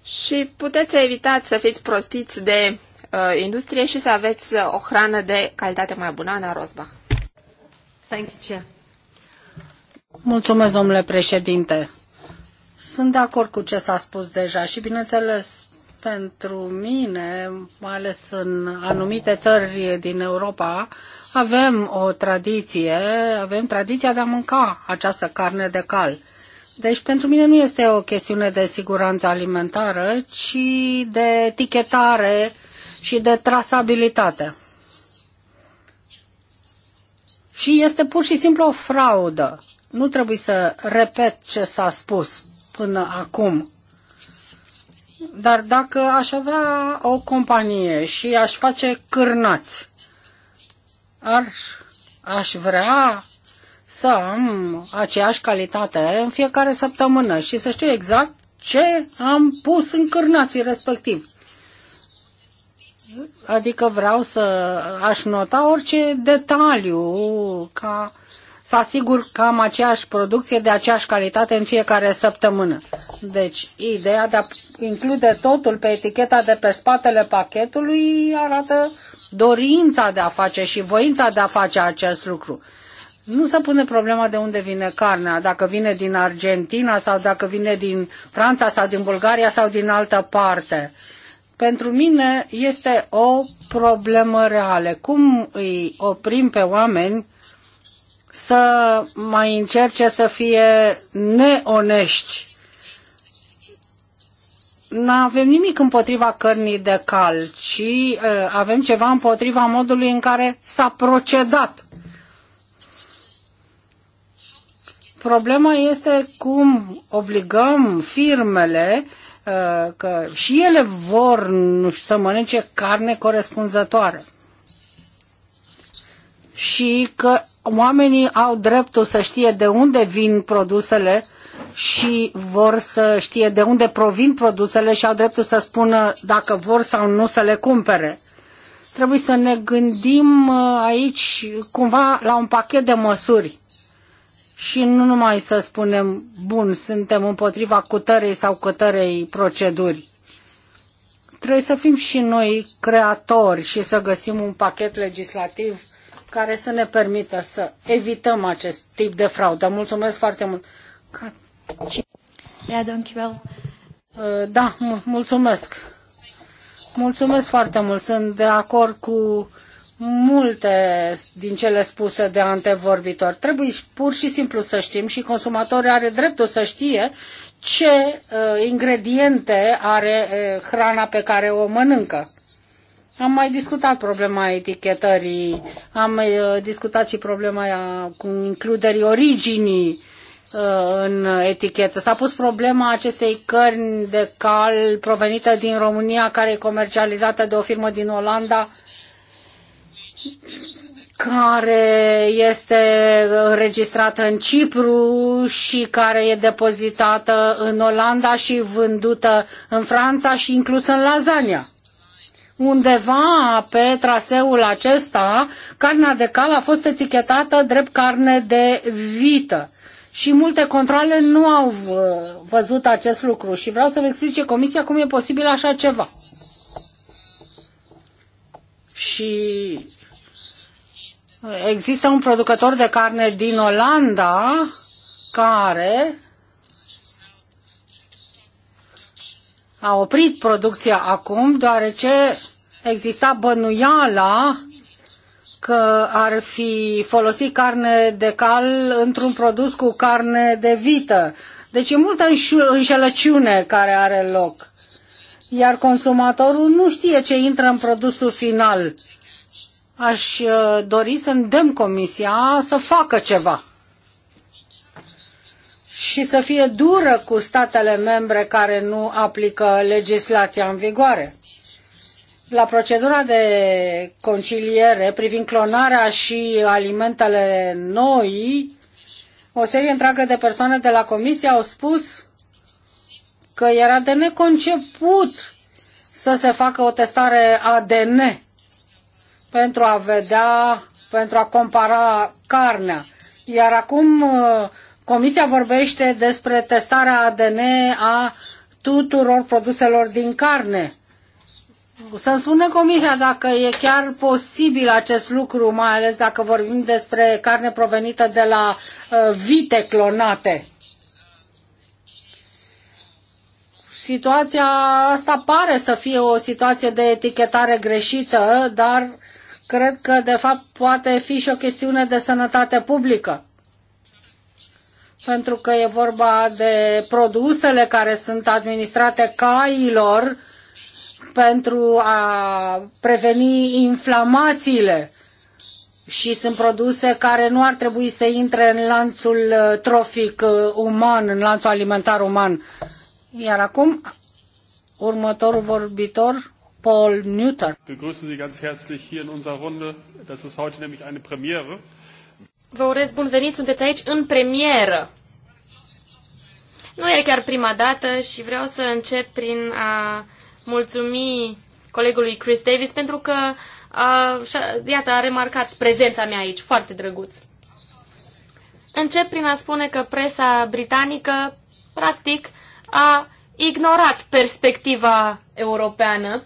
Și puteți să evitați să fiți prostiți de uh, industrie și să aveți uh, o hrană de calitate mai bună. Ana Rosbach. Thank you, Chair. Mulțumesc, domnule președinte. Sunt de acord cu ce s-a spus deja și, bineînțeles, pentru mine, mai ales în anumite țări din Europa, avem o tradiție, avem tradiția de a mânca această carne de cal. Deci pentru mine nu este o chestiune de siguranță alimentară, ci de etichetare și de trasabilitate. Și este pur și simplu o fraudă. Nu trebuie să repet ce s-a spus până acum. Dar dacă aș avea o companie și aș face cârnați, ar, aș vrea să am aceeași calitate în fiecare săptămână și să știu exact ce am pus în cârnații respectiv. Adică vreau să aș nota orice detaliu ca uh, să asigur că am aceeași producție de aceeași calitate în fiecare săptămână. Deci, ideea de a include totul pe eticheta de pe spatele pachetului arată dorința de a face și voința de a face acest lucru. Nu se pune problema de unde vine carnea, dacă vine din Argentina sau dacă vine din Franța sau din Bulgaria sau din altă parte. Pentru mine este o problemă reală. Cum îi oprim pe oameni să mai încerce să fie neonești. Nu avem nimic împotriva cărnii de cal, ci uh, avem ceva împotriva modului în care s-a procedat. Problema este cum obligăm firmele uh, că și ele vor nu știu, să mănânce carne corespunzătoare și că oamenii au dreptul să știe de unde vin produsele și vor să știe de unde provin produsele și au dreptul să spună dacă vor sau nu să le cumpere. Trebuie să ne gândim uh, aici cumva la un pachet de măsuri și nu numai să spunem, bun, suntem împotriva cutărei sau cutărei proceduri. Trebuie să fim și noi creatori și să găsim un pachet legislativ care să ne permită să evităm acest tip de fraudă. Mulțumesc foarte mult. Da, uh, Da, mulțumesc. Mulțumesc foarte mult. Sunt de acord cu multe din cele spuse de antevorbitori. Trebuie pur și simplu să știm și consumatorul are dreptul să știe ce uh, ingrediente are uh, hrana pe care o mănâncă. Am mai discutat problema etichetării, am uh, discutat și problema cu includerii originii uh, în etichetă. S-a pus problema acestei cărni de cal provenită din România, care e comercializată de o firmă din Olanda, care este înregistrată în Cipru și care e depozitată în Olanda și vândută în Franța și inclusă în lasagna undeva pe traseul acesta, carnea de cal a fost etichetată drept carne de vită. Și multe controle nu au uh, văzut acest lucru și vreau să-mi explice comisia cum e posibil așa ceva. Și există un producător de carne din Olanda care a oprit producția acum, deoarece exista bănuiala că ar fi folosit carne de cal într-un produs cu carne de vită. Deci e multă înșelăciune care are loc. Iar consumatorul nu știe ce intră în produsul final. Aș uh, dori să îndemn comisia să facă ceva și să fie dură cu statele membre care nu aplică legislația în vigoare. La procedura de conciliere privind clonarea și alimentele noi, o serie întreagă de persoane de la comisie au spus că era de neconceput să se facă o testare ADN pentru a vedea, pentru a compara carnea. Iar acum Comisia vorbește despre testarea ADN a tuturor produselor din carne. Să-mi spune Comisia dacă e chiar posibil acest lucru, mai ales dacă vorbim despre carne provenită de la uh, vite clonate. Situația asta pare să fie o situație de etichetare greșită, dar cred că de fapt poate fi și o chestiune de sănătate publică pentru că e vorba de produsele care sunt administrate cailor pentru a preveni inflamațiile și sunt produse care nu ar trebui să intre în lanțul uh, trofic uh, uman, în lanțul alimentar uman. Iar acum, următorul vorbitor, Paul Newton. Begrüßen Sie ganz herzlich hier in unserer Runde. Das ist heute nämlich eine Premiere. Vă urez bun venit, sunteți aici în premieră. Nu e chiar prima dată și vreau să încep prin a mulțumi colegului Chris Davis pentru că a, iată, a remarcat prezența mea aici, foarte drăguț. Încep prin a spune că presa britanică, practic, a ignorat perspectiva europeană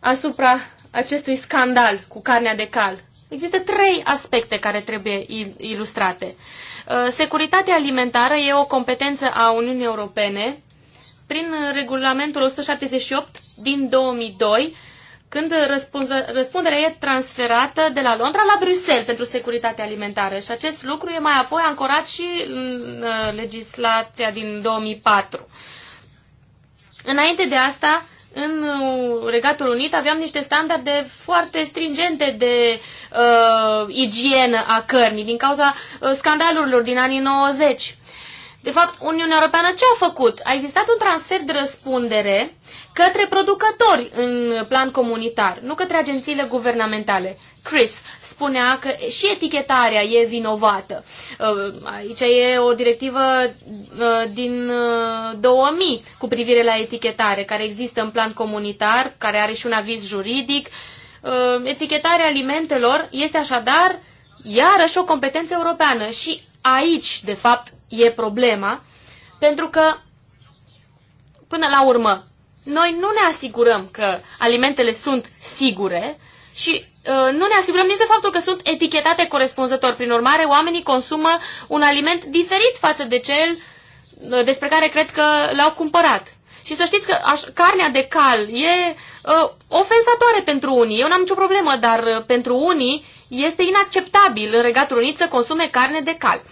asupra acestui scandal cu carnea de cal. Există trei aspecte care trebuie ilustrate. Uh, securitatea alimentară e o competență a Uniunii Europene prin regulamentul 178 din 2002, când răspunderea e transferată de la Londra la Bruxelles pentru securitatea alimentară. Și acest lucru e mai apoi ancorat și în uh, legislația din 2004. Înainte de asta, în Regatul Unit aveam niște standarde foarte stringente de uh, igienă a cărnii din cauza uh, scandalurilor din anii 90. De fapt, Uniunea Europeană ce a făcut? A existat un transfer de răspundere către producători în plan comunitar, nu către agențiile guvernamentale. Chris, spunea că și etichetarea e vinovată. Uh, aici e o directivă uh, din 2000 uh, cu privire la etichetare, care există în plan comunitar, care are și un aviz juridic. Etichetarea alimentelor este așadar iarăși o competență europeană și aici, de fapt, e problema, pentru că, până la urmă, noi nu ne asigurăm că alimentele sunt sigure și Uh, nu ne asigurăm nici de faptul că sunt etichetate corespunzător. Prin urmare, oamenii consumă un aliment diferit față de cel uh, despre care cred că l-au cumpărat. Și să știți că aș, carnea de cal e uh, ofensatoare pentru unii. Eu n-am nicio problemă, dar uh, pentru unii este inacceptabil în Regatul Unit să consume carne de cal.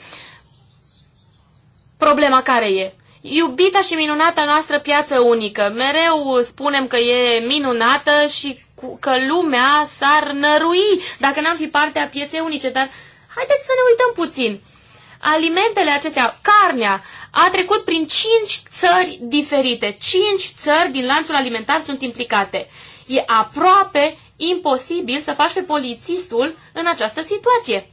Problema care e? Iubita și minunata noastră piață unică. Mereu spunem că e minunată și cu, că lumea s-ar nărui dacă n-am fi parte a pieței unice, dar haideți să ne uităm puțin. Alimentele acestea, carnea, a trecut prin cinci țări diferite. Cinci țări din lanțul alimentar sunt implicate. E aproape imposibil să faci pe polițistul în această situație.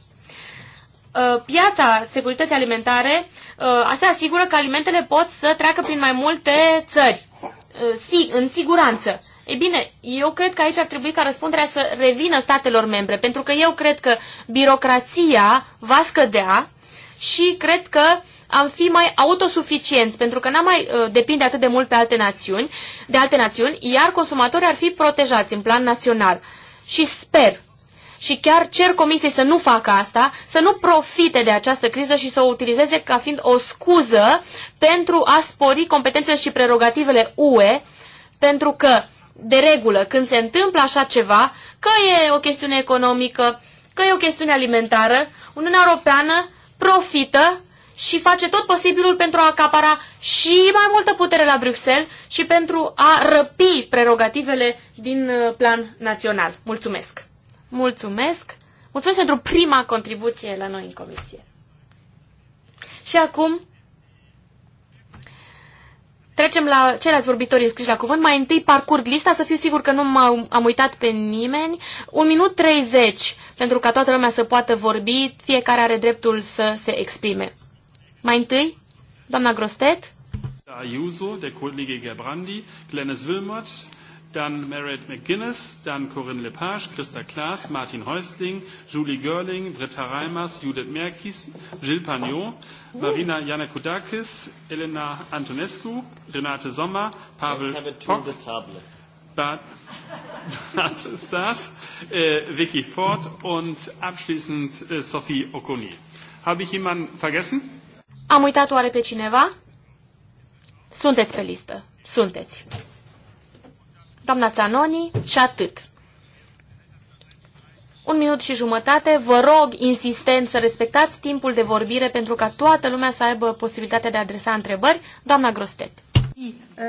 Uh, piața securității alimentare uh, se asigură că alimentele pot să treacă prin mai multe țări uh, în siguranță. E bine, eu cred că aici ar trebui ca răspunderea să revină statelor membre, pentru că eu cred că birocrația va scădea și cred că am fi mai autosuficienți, pentru că n-am mai uh, depinde atât de mult pe alte națiuni, de alte națiuni, iar consumatorii ar fi protejați în plan național. Și sper și chiar cer comisiei să nu facă asta, să nu profite de această criză și să o utilizeze ca fiind o scuză pentru a spori competențele și prerogativele UE, pentru că de regulă, când se întâmplă așa ceva, că e o chestiune economică, că e o chestiune alimentară, Uniunea Europeană profită și face tot posibilul pentru a acapara și mai multă putere la Bruxelles și pentru a răpi prerogativele din uh, plan național. Mulțumesc! Mulțumesc! Mulțumesc pentru prima contribuție la noi în comisie. Și acum Trecem la ceilalți vorbitori înscriși la cuvânt. Mai întâi parcurg lista să fiu sigur că nu m-am uitat pe nimeni. Un minut 30 pentru ca toată lumea să poată vorbi. Fiecare are dreptul să se exprime. Mai întâi, doamna Grostet. Ayuso, da, der Kollege Gerbrandi, Glenis Wilmot, dann Meredith McGuinness, dann Corinne Lepage, Christa Klaas, Martin Häusling, Julie Görling, Britta Reimers, Judith Merkis, Gilles Pagnot, Marina Janakudakis, Elena Antonescu, Renate Sommer, Pavel Pock, Bart, Bart Stas, äh, Vicky Ford und abschließend äh, Sophie Okoni. Habe ich jemanden vergessen? Am uitat oare pe cineva? Sunteți pe listă. Sunteți doamna Țanoni și atât. Un minut și jumătate, vă rog insistent să respectați timpul de vorbire pentru ca toată lumea să aibă posibilitatea de a adresa întrebări. Doamna Grostet. Euh,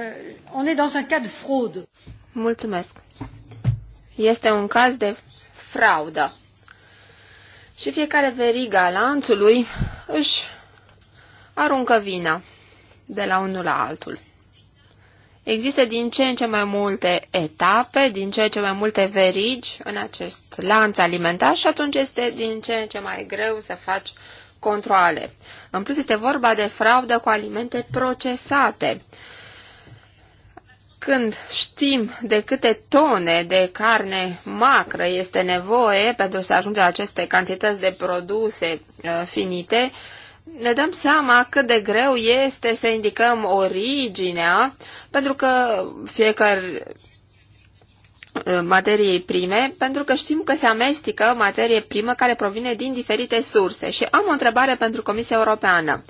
on est dans un cas de fraude. Mulțumesc. Este un caz de fraudă. Și fiecare veriga lanțului își aruncă vina de la unul la altul. Există din ce în ce mai multe etape, din ce în ce mai multe verigi în acest lanț alimentar și atunci este din ce în ce mai greu să faci controle. În plus este vorba de fraudă cu alimente procesate. Când știm de câte tone de carne macră este nevoie pentru să ajungă aceste cantități de produse uh, finite, uh, ne dăm seama cât de greu este să indicăm originea, pentru că fiecare uh, materiei prime, pentru că știm că se amestecă materie primă care provine din diferite surse. Și am o întrebare pentru Comisia Europeană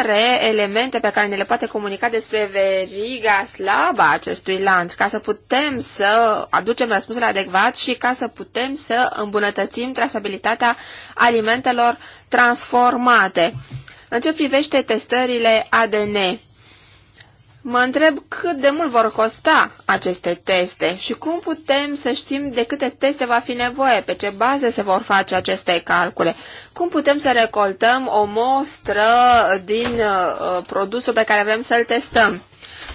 are elemente pe care ne le poate comunica despre veriga slabă a acestui lanț, ca să putem să aducem răspunsul adecvat și ca să putem să îmbunătățim trasabilitatea alimentelor transformate. În ce privește testările ADN, Mă întreb cât de mult vor costa aceste teste și cum putem să știm de câte teste va fi nevoie, pe ce baze se vor face aceste calcule, cum putem să recoltăm o mostră din uh, uh, produsul pe care vrem să-l testăm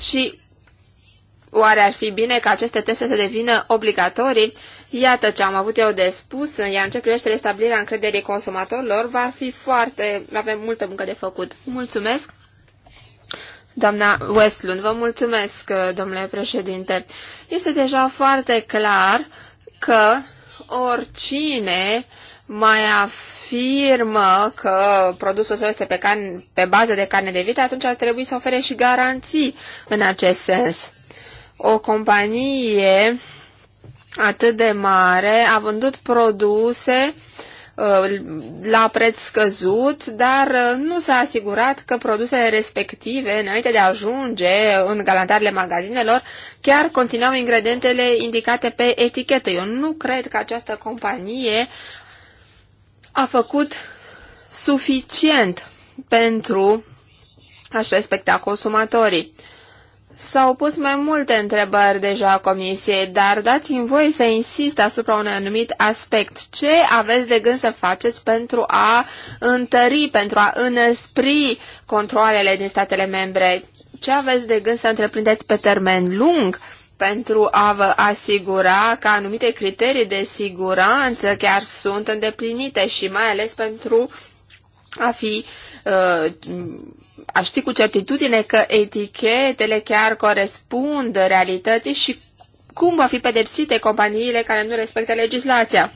și oare ar fi bine ca aceste teste să devină obligatorii? Iată ce am avut eu de spus, iar în ce privește restabilirea încrederii consumatorilor, va fi foarte, avem multă muncă de făcut. Mulțumesc! Doamna Westlund, vă mulțumesc, domnule președinte. Este deja foarte clar că oricine mai afirmă că produsul său este pe, carne, pe bază de carne de vită, atunci ar trebui să ofere și garanții în acest sens. O companie atât de mare a vândut produse uh, la preț scăzut, dar uh, nu s-a asigurat că produsele respective, înainte de a ajunge în galantarele magazinelor, chiar conțineau ingredientele indicate pe etichetă. Eu nu cred că această companie a făcut suficient pentru a-și respecta consumatorii. S-au pus mai multe întrebări deja comisiei, dar dați-mi voi să insist asupra unui anumit aspect. Ce aveți de gând să faceți pentru a întări, pentru a înăspri controlele din statele membre? Ce aveți de gând să întreprindeți pe termen lung? pentru a vă asigura că anumite criterii de siguranță chiar sunt îndeplinite și mai ales pentru a fi uh, a ști cu certitudine că etichetele chiar corespund realității și cum va fi pedepsite companiile care nu respectă legislația.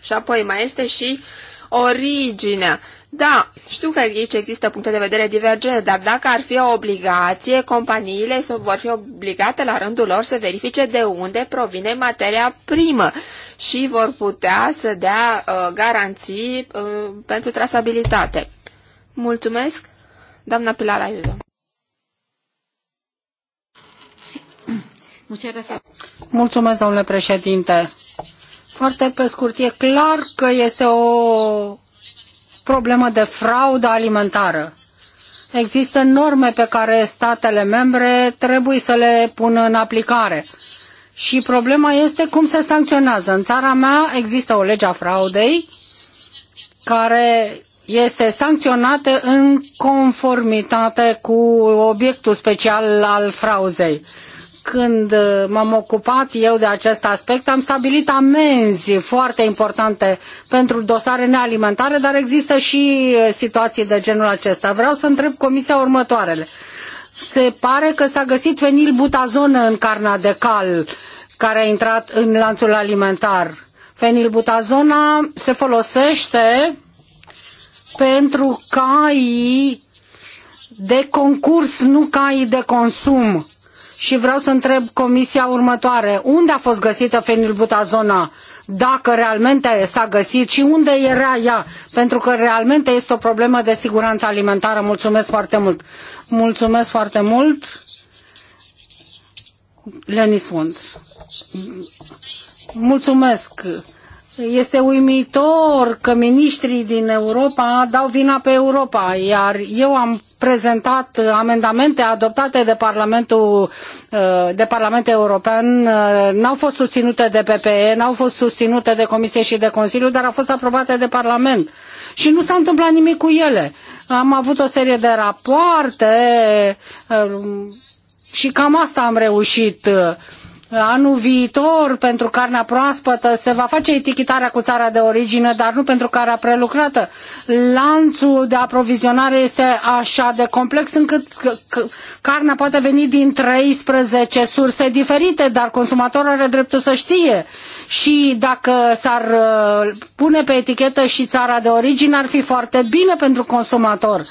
Și apoi mai este și originea. Da, știu că aici există puncte de vedere divergente, dar dacă ar fi o obligație, companiile vor fi obligate la rândul lor să verifice de unde provine materia primă și vor putea să dea uh, garanții uh, pentru trasabilitate. Mulțumesc! Doamna Pilar Ayuso. Mulțumesc, domnule președinte. Foarte pe scurt, e clar că este o problemă de fraudă alimentară. Există norme pe care statele membre trebuie să le pună în aplicare. Și problema este cum se sancționează. În țara mea există o lege a fraudei care este sancționată în conformitate cu obiectul special al frauzei. Când uh, m-am ocupat eu de acest aspect, am stabilit amenzi foarte importante pentru dosare nealimentare, dar există și uh, situații de genul acesta. Vreau să întreb Comisia următoarele. Se pare că s-a găsit fenilbutazonă în carnea de cal care a intrat în lanțul alimentar. Fenilbutazona se folosește pentru caii de concurs, nu caii de consum. Și vreau să întreb comisia următoare. Unde a fost găsită fenilbutazona? Dacă realmente s-a găsit și unde era ea? Pentru că realmente este o problemă de siguranță alimentară. Mulțumesc foarte mult. Mulțumesc foarte mult. Lenis Fund. Mulțumesc. Este uimitor că ministrii din Europa dau vina pe Europa, iar eu am prezentat amendamente adoptate de Parlamentul, uh, de Parlamentul European, uh, n-au fost susținute de PPE, n-au fost susținute de Comisie și de Consiliu, dar au fost aprobate de Parlament. Și nu s-a întâmplat nimic cu ele. Am avut o serie de rapoarte uh, și cam asta am reușit anul viitor pentru carnea proaspătă se va face etichetarea cu țara de origine, dar nu pentru carnea prelucrată. Lanțul de aprovizionare este așa de complex încât carnea poate veni din 13 surse diferite, dar consumatorul are dreptul să știe. Și dacă s-ar uh, pune pe etichetă și țara de origine, ar fi foarte bine pentru consumator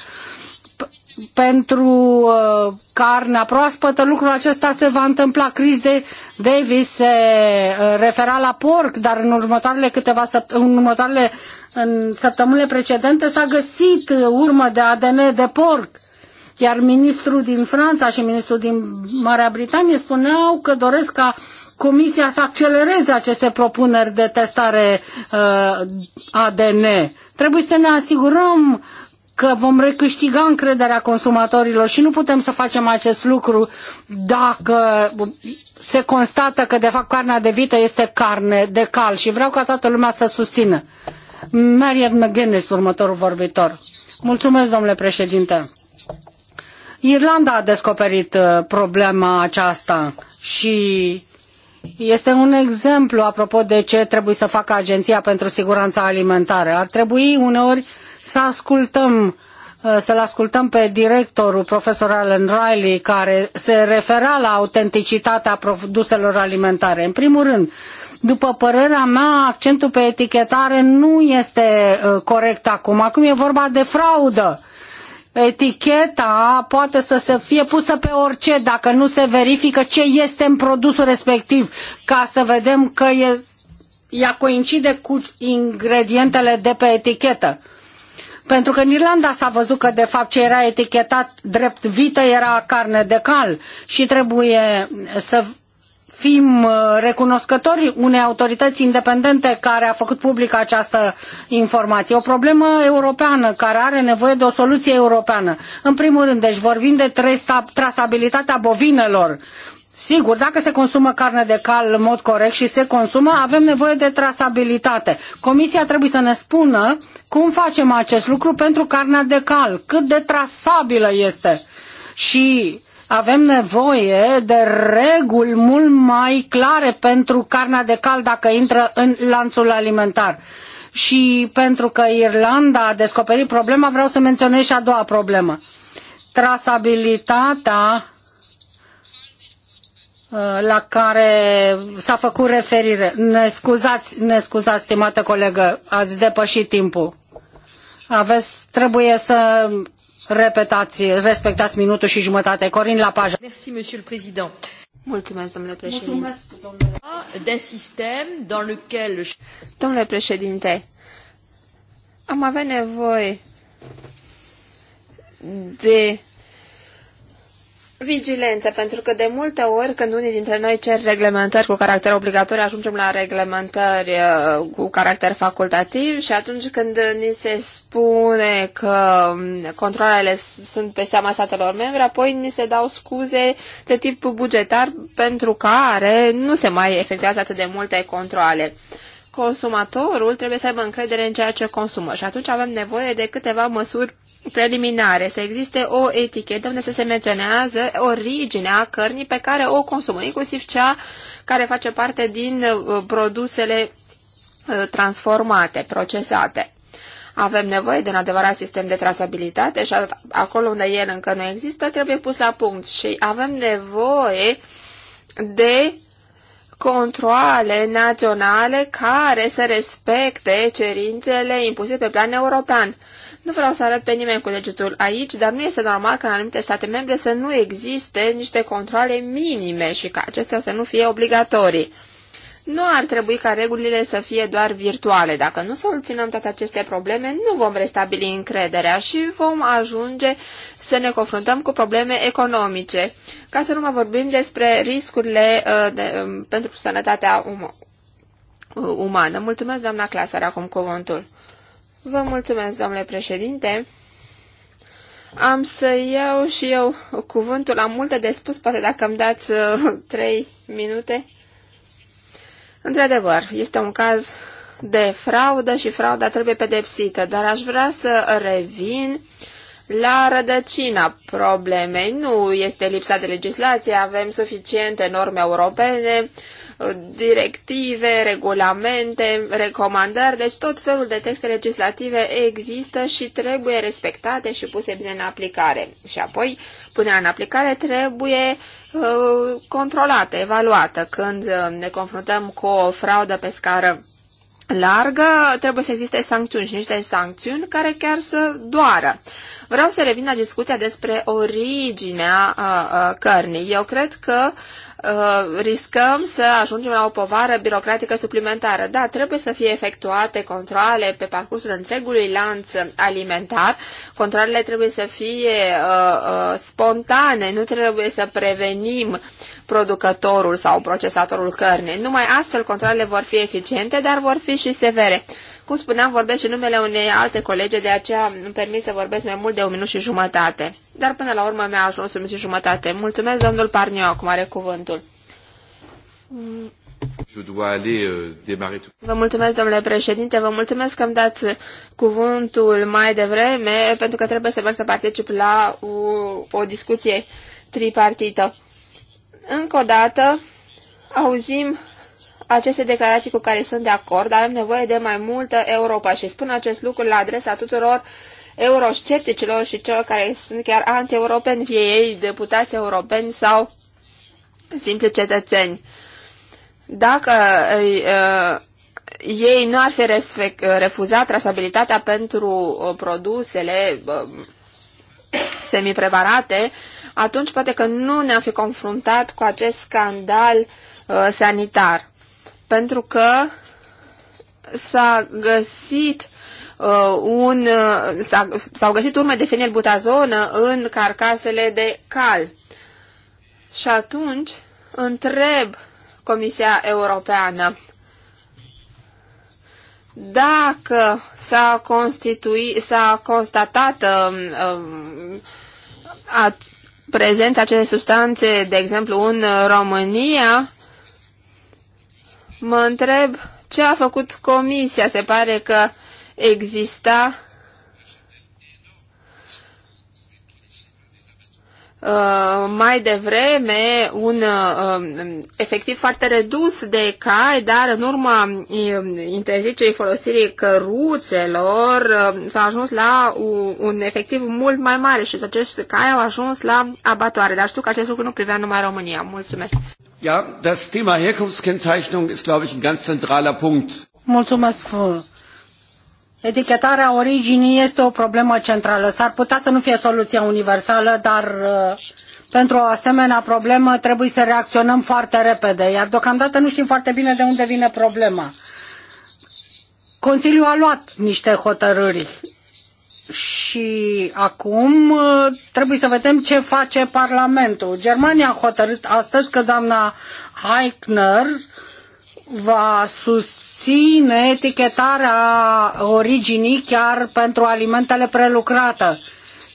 pentru uh, carnea proaspătă, lucrul acesta se va întâmpla. Chris de Davis se uh, refera la porc, dar în următoarele câteva săpt- în următoarele în săptămânile precedente s-a găsit uh, urmă de ADN de porc. Iar ministrul din Franța și ministrul din Marea Britanie spuneau că doresc ca Comisia să accelereze aceste propuneri de testare uh, ADN. Trebuie să ne asigurăm că vom recâștiga încrederea consumatorilor și nu putem să facem acest lucru dacă se constată că de fapt carnea de vită este carne de cal și vreau ca toată lumea să susțină. Marian McGuinness, următorul vorbitor. Mulțumesc, domnule președinte. Irlanda a descoperit uh, problema aceasta și este un exemplu apropo de ce trebuie să facă Agenția pentru Siguranța Alimentară. Ar trebui uneori să ascultăm uh, să-l ascultăm pe directorul, profesor Alan Riley, care se refera la autenticitatea produselor alimentare. În primul rând, după părerea mea, accentul pe etichetare nu este uh, corect acum. Acum e vorba de fraudă. Eticheta poate să se fie pusă pe orice dacă nu se verifică ce este în produsul respectiv, ca să vedem că e, ea coincide cu ingredientele de pe etichetă pentru că în Irlanda s-a văzut că de fapt ce era etichetat drept vită era carne de cal și trebuie să fim uh, recunoscători unei autorități independente care a făcut publică această informație. O problemă europeană care are nevoie de o soluție europeană. În primul rând, deci vorbim de trasabilitatea bovinelor, Sigur, dacă se consumă carne de cal în mod corect și se consumă, avem nevoie de trasabilitate. Comisia trebuie să ne spună cum facem acest lucru pentru carnea de cal, cât de trasabilă este. Și avem nevoie de reguli mult mai clare pentru carnea de cal dacă intră în lanțul alimentar. Și pentru că Irlanda a descoperit problema, vreau să menționez și a doua problemă. Trasabilitatea Uh, la care s-a făcut referire. Ne scuzați, ne scuzați, stimată colegă, ați depășit timpul. Aveți, trebuie să repetați, respectați minutul și jumătate. Corin pajă. Merci, monsieur le président. Mulțumesc, domnule președinte. Mulțumesc, sistem dans lequel... Domnule președinte, am avea nevoie de vigilență, pentru că de multe ori când unii dintre noi cer reglementări cu caracter obligatoriu, ajungem la reglementări uh, cu caracter facultativ și atunci când ni se spune că um, controlele sunt pe seama statelor membre, apoi ni se dau scuze de tip bugetar pentru care nu se mai efectuează atât de multe controle consumatorul trebuie să aibă încredere în ceea ce consumă și atunci avem nevoie de câteva măsuri preliminare, să existe o etichetă unde să se menționează originea cărnii pe care o consumă, inclusiv cea care face parte din uh, produsele uh, transformate, procesate. Avem nevoie de un adevărat sistem de trasabilitate și acolo unde el încă nu există, trebuie pus la punct și avem nevoie de controle naționale care să respecte cerințele impuse pe plan european. Nu vreau să arăt pe nimeni cu degetul aici, dar nu este normal ca în anumite state membre să nu existe niște controle minime și ca acestea să nu fie obligatorii. Nu ar trebui ca regulile să fie doar virtuale. Dacă nu soluționăm toate aceste probleme, nu vom restabili încrederea și vom ajunge să ne confruntăm cu probleme economice, ca să nu mai vorbim despre riscurile uh, de, um, pentru sănătatea um, uh, umană. Mulțumesc, doamna Clasar, acum cuvântul. Vă mulțumesc, domnule președinte. Am să iau și eu cuvântul. Am multe de spus, poate dacă îmi dați uh, minute. Într-adevăr, este un caz de fraudă și frauda trebuie pedepsită, dar aș vrea să revin la rădăcina problemei. Nu este lipsa de legislație, avem suficiente norme europene, directive, regulamente, recomandări, deci tot felul de texte legislative există și trebuie respectate și puse bine în aplicare. Și apoi, punerea în aplicare trebuie uh, controlată, evaluată. Când uh, ne confruntăm cu o fraudă pe scară largă, trebuie să existe sancțiuni și niște sancțiuni care chiar să doară. Vreau să revin la discuția despre originea uh, uh, cărnii. Eu cred că Uh, riscăm să ajungem la o povară birocratică suplimentară. Da, trebuie să fie efectuate controle pe parcursul întregului lanț alimentar. Controlele trebuie să fie uh, uh, spontane, nu trebuie să prevenim producătorul sau procesatorul cărnii. Numai astfel controlele vor fi eficiente, dar vor fi și severe. Cum spuneam, vorbesc și numele unei alte colege, de aceea îmi permis să vorbesc mai mult de un minut și jumătate. Dar până la urmă mi-a ajuns un minut și jumătate. Mulțumesc, domnul Parnio, acum are cuvântul. Euh, vă mulțumesc, domnule președinte, vă mulțumesc că îmi dați cuvântul mai devreme, pentru că trebuie să merg să particip la o, o discuție tripartită. Încă o dată, auzim aceste declarații cu care sunt de acord, dar avem nevoie de mai multă Europa și spun acest lucru la adresa tuturor euroscepticilor și celor care sunt chiar anti-europeni, fie ei deputați europeni sau simpli cetățeni. Dacă uh, ei nu ar fi respect, refuzat trasabilitatea pentru uh, produsele uh, semipreparate, atunci poate că nu ne-am fi confruntat cu acest scandal uh, sanitar pentru că s-a găsit uh, un, uh, s-au găsit urme de fenilbutazonă în carcasele de cal. Și atunci întreb Comisia Europeană dacă s-a constituit, s-a constatat uh, um, um, a, prezența acelei substanțe, de exemplu, în România, Mă întreb ce a făcut comisia. Se pare că exista Uh, mai devreme un uh, efectiv foarte redus de cai, dar în urma um, interzicerii folosirii căruțelor uh, s-a ajuns la un, un efectiv mult mai mare și acești cai au ajuns la abatoare. Dar știu că acest lucru nu privea numai România. Mulțumesc! Ja, das Thema Herkunftskennzeichnung ist, glaube ich, ein ganz zentraler Punkt. Mulțumesc. Etichetarea originii este o problemă centrală. S-ar putea să nu fie soluția universală, dar uh, pentru o asemenea problemă trebuie să reacționăm foarte repede, iar deocamdată nu știm foarte bine de unde vine problema. Consiliul a luat niște hotărâri și acum uh, trebuie să vedem ce face Parlamentul. Germania a hotărât astăzi că doamna Eichner va susține etichetarea originii chiar pentru alimentele prelucrate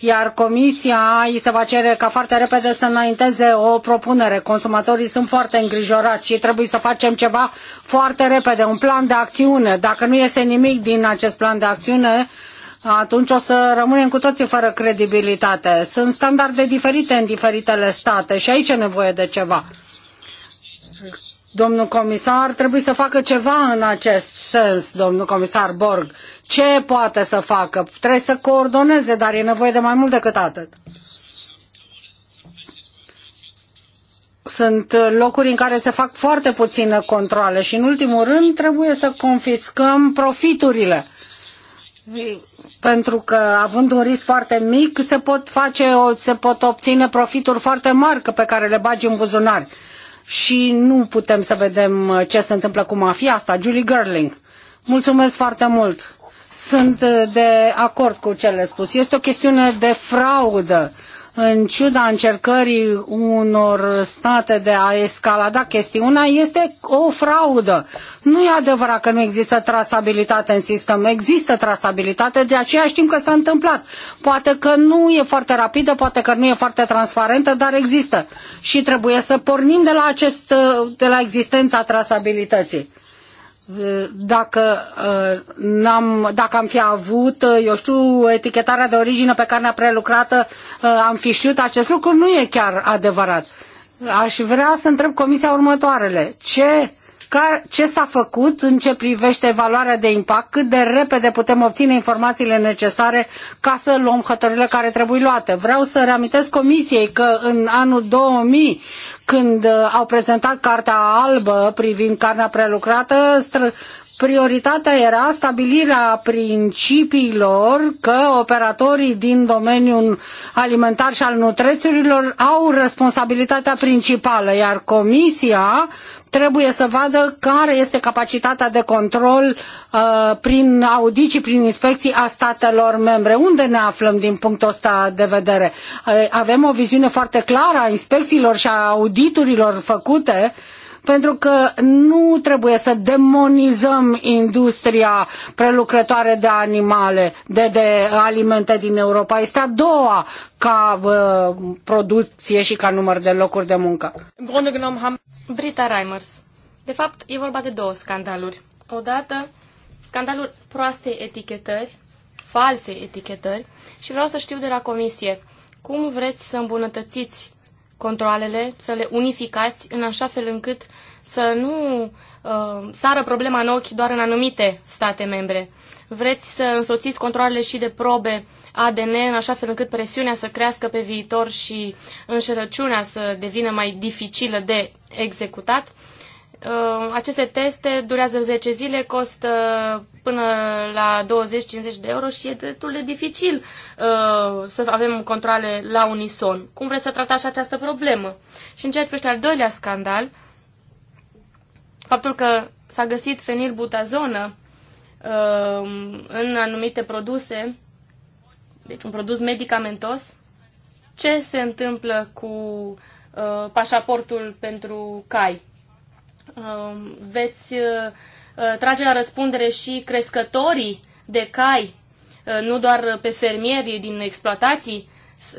iar comisia îi se va cere ca foarte repede să înainteze o propunere. Consumatorii sunt foarte îngrijorați și trebuie să facem ceva foarte repede, un plan de acțiune. Dacă nu iese nimic din acest plan de acțiune, atunci o să rămânem cu toții fără credibilitate. Sunt standarde diferite în diferitele state și aici e nevoie de ceva. Domnul comisar trebuie să facă ceva în acest sens, domnul comisar Borg. Ce poate să facă? Trebuie să coordoneze, dar e nevoie de mai mult decât atât. Sunt locuri în care se fac foarte puține controle și, în ultimul rând, trebuie să confiscăm profiturile pentru că având un risc foarte mic se pot face, se pot obține profituri foarte mari pe care le bagi în buzunar. Și nu putem să vedem uh, ce se întâmplă cu mafia asta, Julie Gerling. Mulțumesc foarte mult. Sunt uh, de acord cu cele spus. Este o chestiune de fraudă în ciuda încercării unor state de a escalada chestiunea, este o fraudă. Nu e adevărat că nu există trasabilitate în sistem. Există trasabilitate, de aceea știm că s-a întâmplat. Poate că nu e foarte rapidă, poate că nu e foarte transparentă, dar există. Și trebuie să pornim de la, acest, de la existența trasabilității dacă, uh, n-am, dacă am fi avut, uh, eu știu, etichetarea de origine pe carnea prelucrată, uh, am fi știut acest lucru, nu e chiar adevărat. Aș vrea să întreb Comisia următoarele. Ce ca, ce s-a făcut în ce privește evaluarea de impact, cât de repede putem obține informațiile necesare ca să luăm hotărârile care trebuie luate. Vreau să reamintesc Comisiei că în anul 2000, când uh, au prezentat Cartea Albă privind carnea prelucrată, prioritatea era stabilirea principiilor că operatorii din domeniul alimentar și al nutrețurilor au responsabilitatea principală, iar Comisia trebuie să vadă care este capacitatea de control uh, prin audiții, prin inspecții a statelor membre. Unde ne aflăm din punctul ăsta de vedere? Uh, avem o viziune foarte clară a inspecțiilor și a auditurilor făcute uh, pentru că nu trebuie să demonizăm industria prelucrătoare de animale, de, de alimente din Europa. Este a doua ca uh, producție și ca număr de locuri de muncă. Brita Reimers. De fapt, e vorba de două scandaluri. Odată, scandalul proastei etichetări, false etichetări, și vreau să știu de la comisie, cum vreți să îmbunătățiți controlele, să le unificați în așa fel încât să nu uh, sară problema în ochi doar în anumite state membre. Vreți să însoțiți controlele și de probe ADN în așa fel încât presiunea să crească pe viitor și înșelăciunea să devină mai dificilă de executat. Uh, aceste teste durează 10 zile, costă până la 20-50 de euro și e destul de dificil uh, să avem controle la unison. Cum vreți să tratați această problemă? Și în ceea ce privește al doilea scandal, faptul că s-a găsit fenilbutazonă uh, în anumite produse, deci un produs medicamentos, ce se întâmplă cu pașaportul pentru cai? Um, veți uh, uh, trage la răspundere și crescătorii de cai, uh, nu doar pe fermierii din exploatații,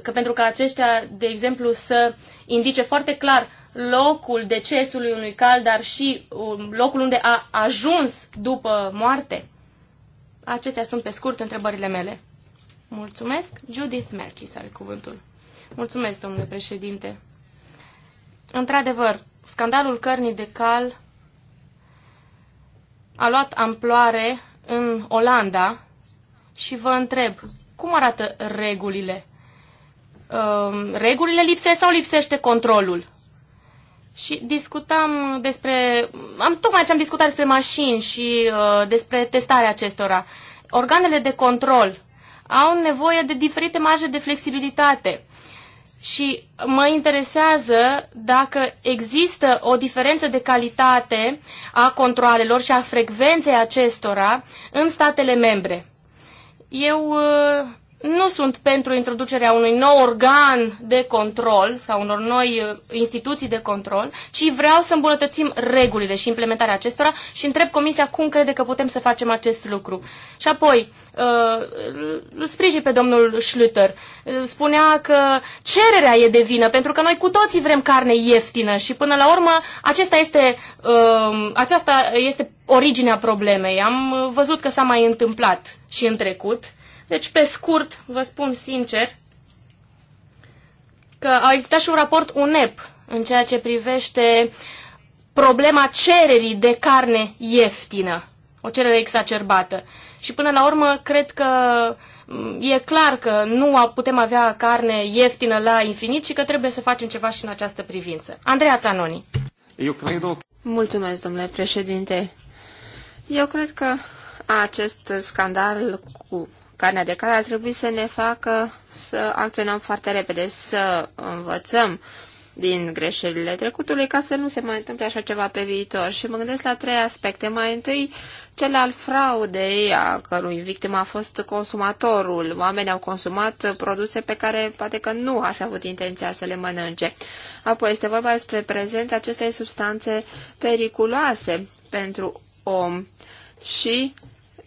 că pentru că aceștia, de exemplu, să indice foarte clar locul decesului unui cal, dar și um, locul unde a ajuns după moarte? Acestea sunt pe scurt întrebările mele. Mulțumesc. Judith Merkis are cuvântul. Mulțumesc, domnule președinte. Într-adevăr, Scandalul cărnii de cal a luat amploare în Olanda și vă întreb, cum arată regulile? Uh, regulile lipsesc sau lipsește controlul? Și discutam despre... Am tocmai ce am discutat despre mașini și uh, despre testarea acestora. Organele de control au nevoie de diferite marje de flexibilitate și mă interesează dacă există o diferență de calitate a controalelor și a frecvenței acestora în statele membre. Eu nu sunt pentru introducerea unui nou organ de control sau unor noi uh, instituții de control, ci vreau să îmbunătățim regulile și implementarea acestora și întreb Comisia cum crede că putem să facem acest lucru. Și apoi, uh, îl sprijin pe domnul Schlüter. Uh, spunea că cererea e de vină, pentru că noi cu toții vrem carne ieftină și până la urmă acesta este, aceasta este originea problemei. Am văzut că s-a mai întâmplat și în trecut. Deci, pe scurt, vă spun sincer că a existat și un raport UNEP în ceea ce privește problema cererii de carne ieftină, o cerere exacerbată. Și până la urmă, cred că mm, e clar că nu putem avea carne ieftină la infinit și că trebuie să facem ceva și în această privință. Andreea Zanoni. Eu cred că... Mulțumesc, domnule președinte. Eu cred că acest scandal cu carnea de care ar trebui să ne facă să acționăm foarte repede, să învățăm din greșelile trecutului ca să nu se mai întâmple așa ceva pe viitor. Și mă gândesc la trei aspecte. Mai întâi, cel al fraudei, a cărui victimă a fost consumatorul. Oamenii au consumat produse pe care poate că nu aș avut intenția să le mănânce. Apoi este vorba despre prezența acestei substanțe periculoase pentru om. Și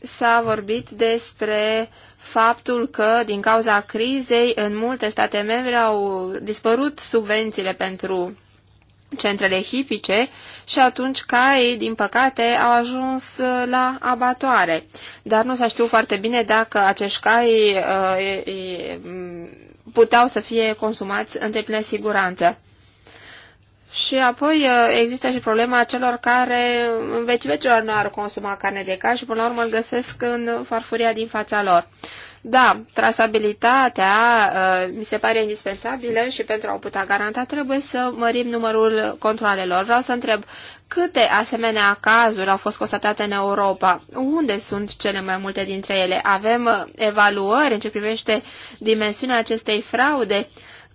s-a vorbit despre uh, faptul că, din cauza crizei, în multe state membre au dispărut subvențiile pentru centrele hipice și atunci caii, din păcate, au ajuns la abatoare. Dar nu s-a știut foarte bine dacă acești cai uh, puteau să fie consumați în deplină siguranță. Și apoi uh, există și problema celor care în vecii vecilor nu ar consuma carne de cal și până la urmă îl găsesc în farfuria din fața lor. Da, trasabilitatea uh, mi se pare indispensabilă și pentru a o putea garanta trebuie să mărim numărul controalelor. Vreau să întreb câte asemenea cazuri au fost constatate în Europa? Unde sunt cele mai multe dintre ele? Avem uh, evaluări în ce privește dimensiunea acestei fraude?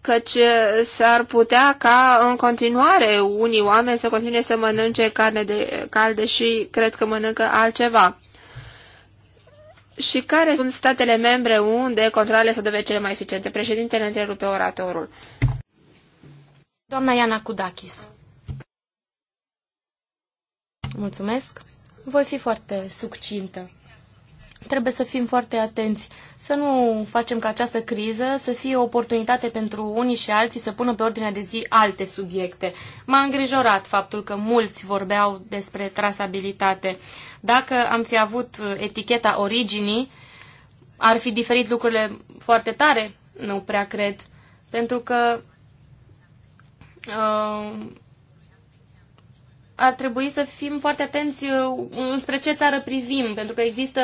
căci s-ar putea ca în continuare unii oameni să continue să mănânce carne de calde și cred că mănâncă altceva. Și care sunt statele membre unde controlele să dovede cele mai eficiente? Președintele întrerupe oratorul. Doamna Iana Kudakis. Mulțumesc. Voi fi foarte succintă. Trebuie să fim foarte atenți să nu facem ca această criză să fie o oportunitate pentru unii și alții să pună pe ordinea de zi alte subiecte. M-a îngrijorat faptul că mulți vorbeau despre trasabilitate. Dacă am fi avut eticheta originii, ar fi diferit lucrurile foarte tare? Nu prea cred, pentru că uh, ar trebui să fim foarte atenți uh, spre ce țară privim, pentru că există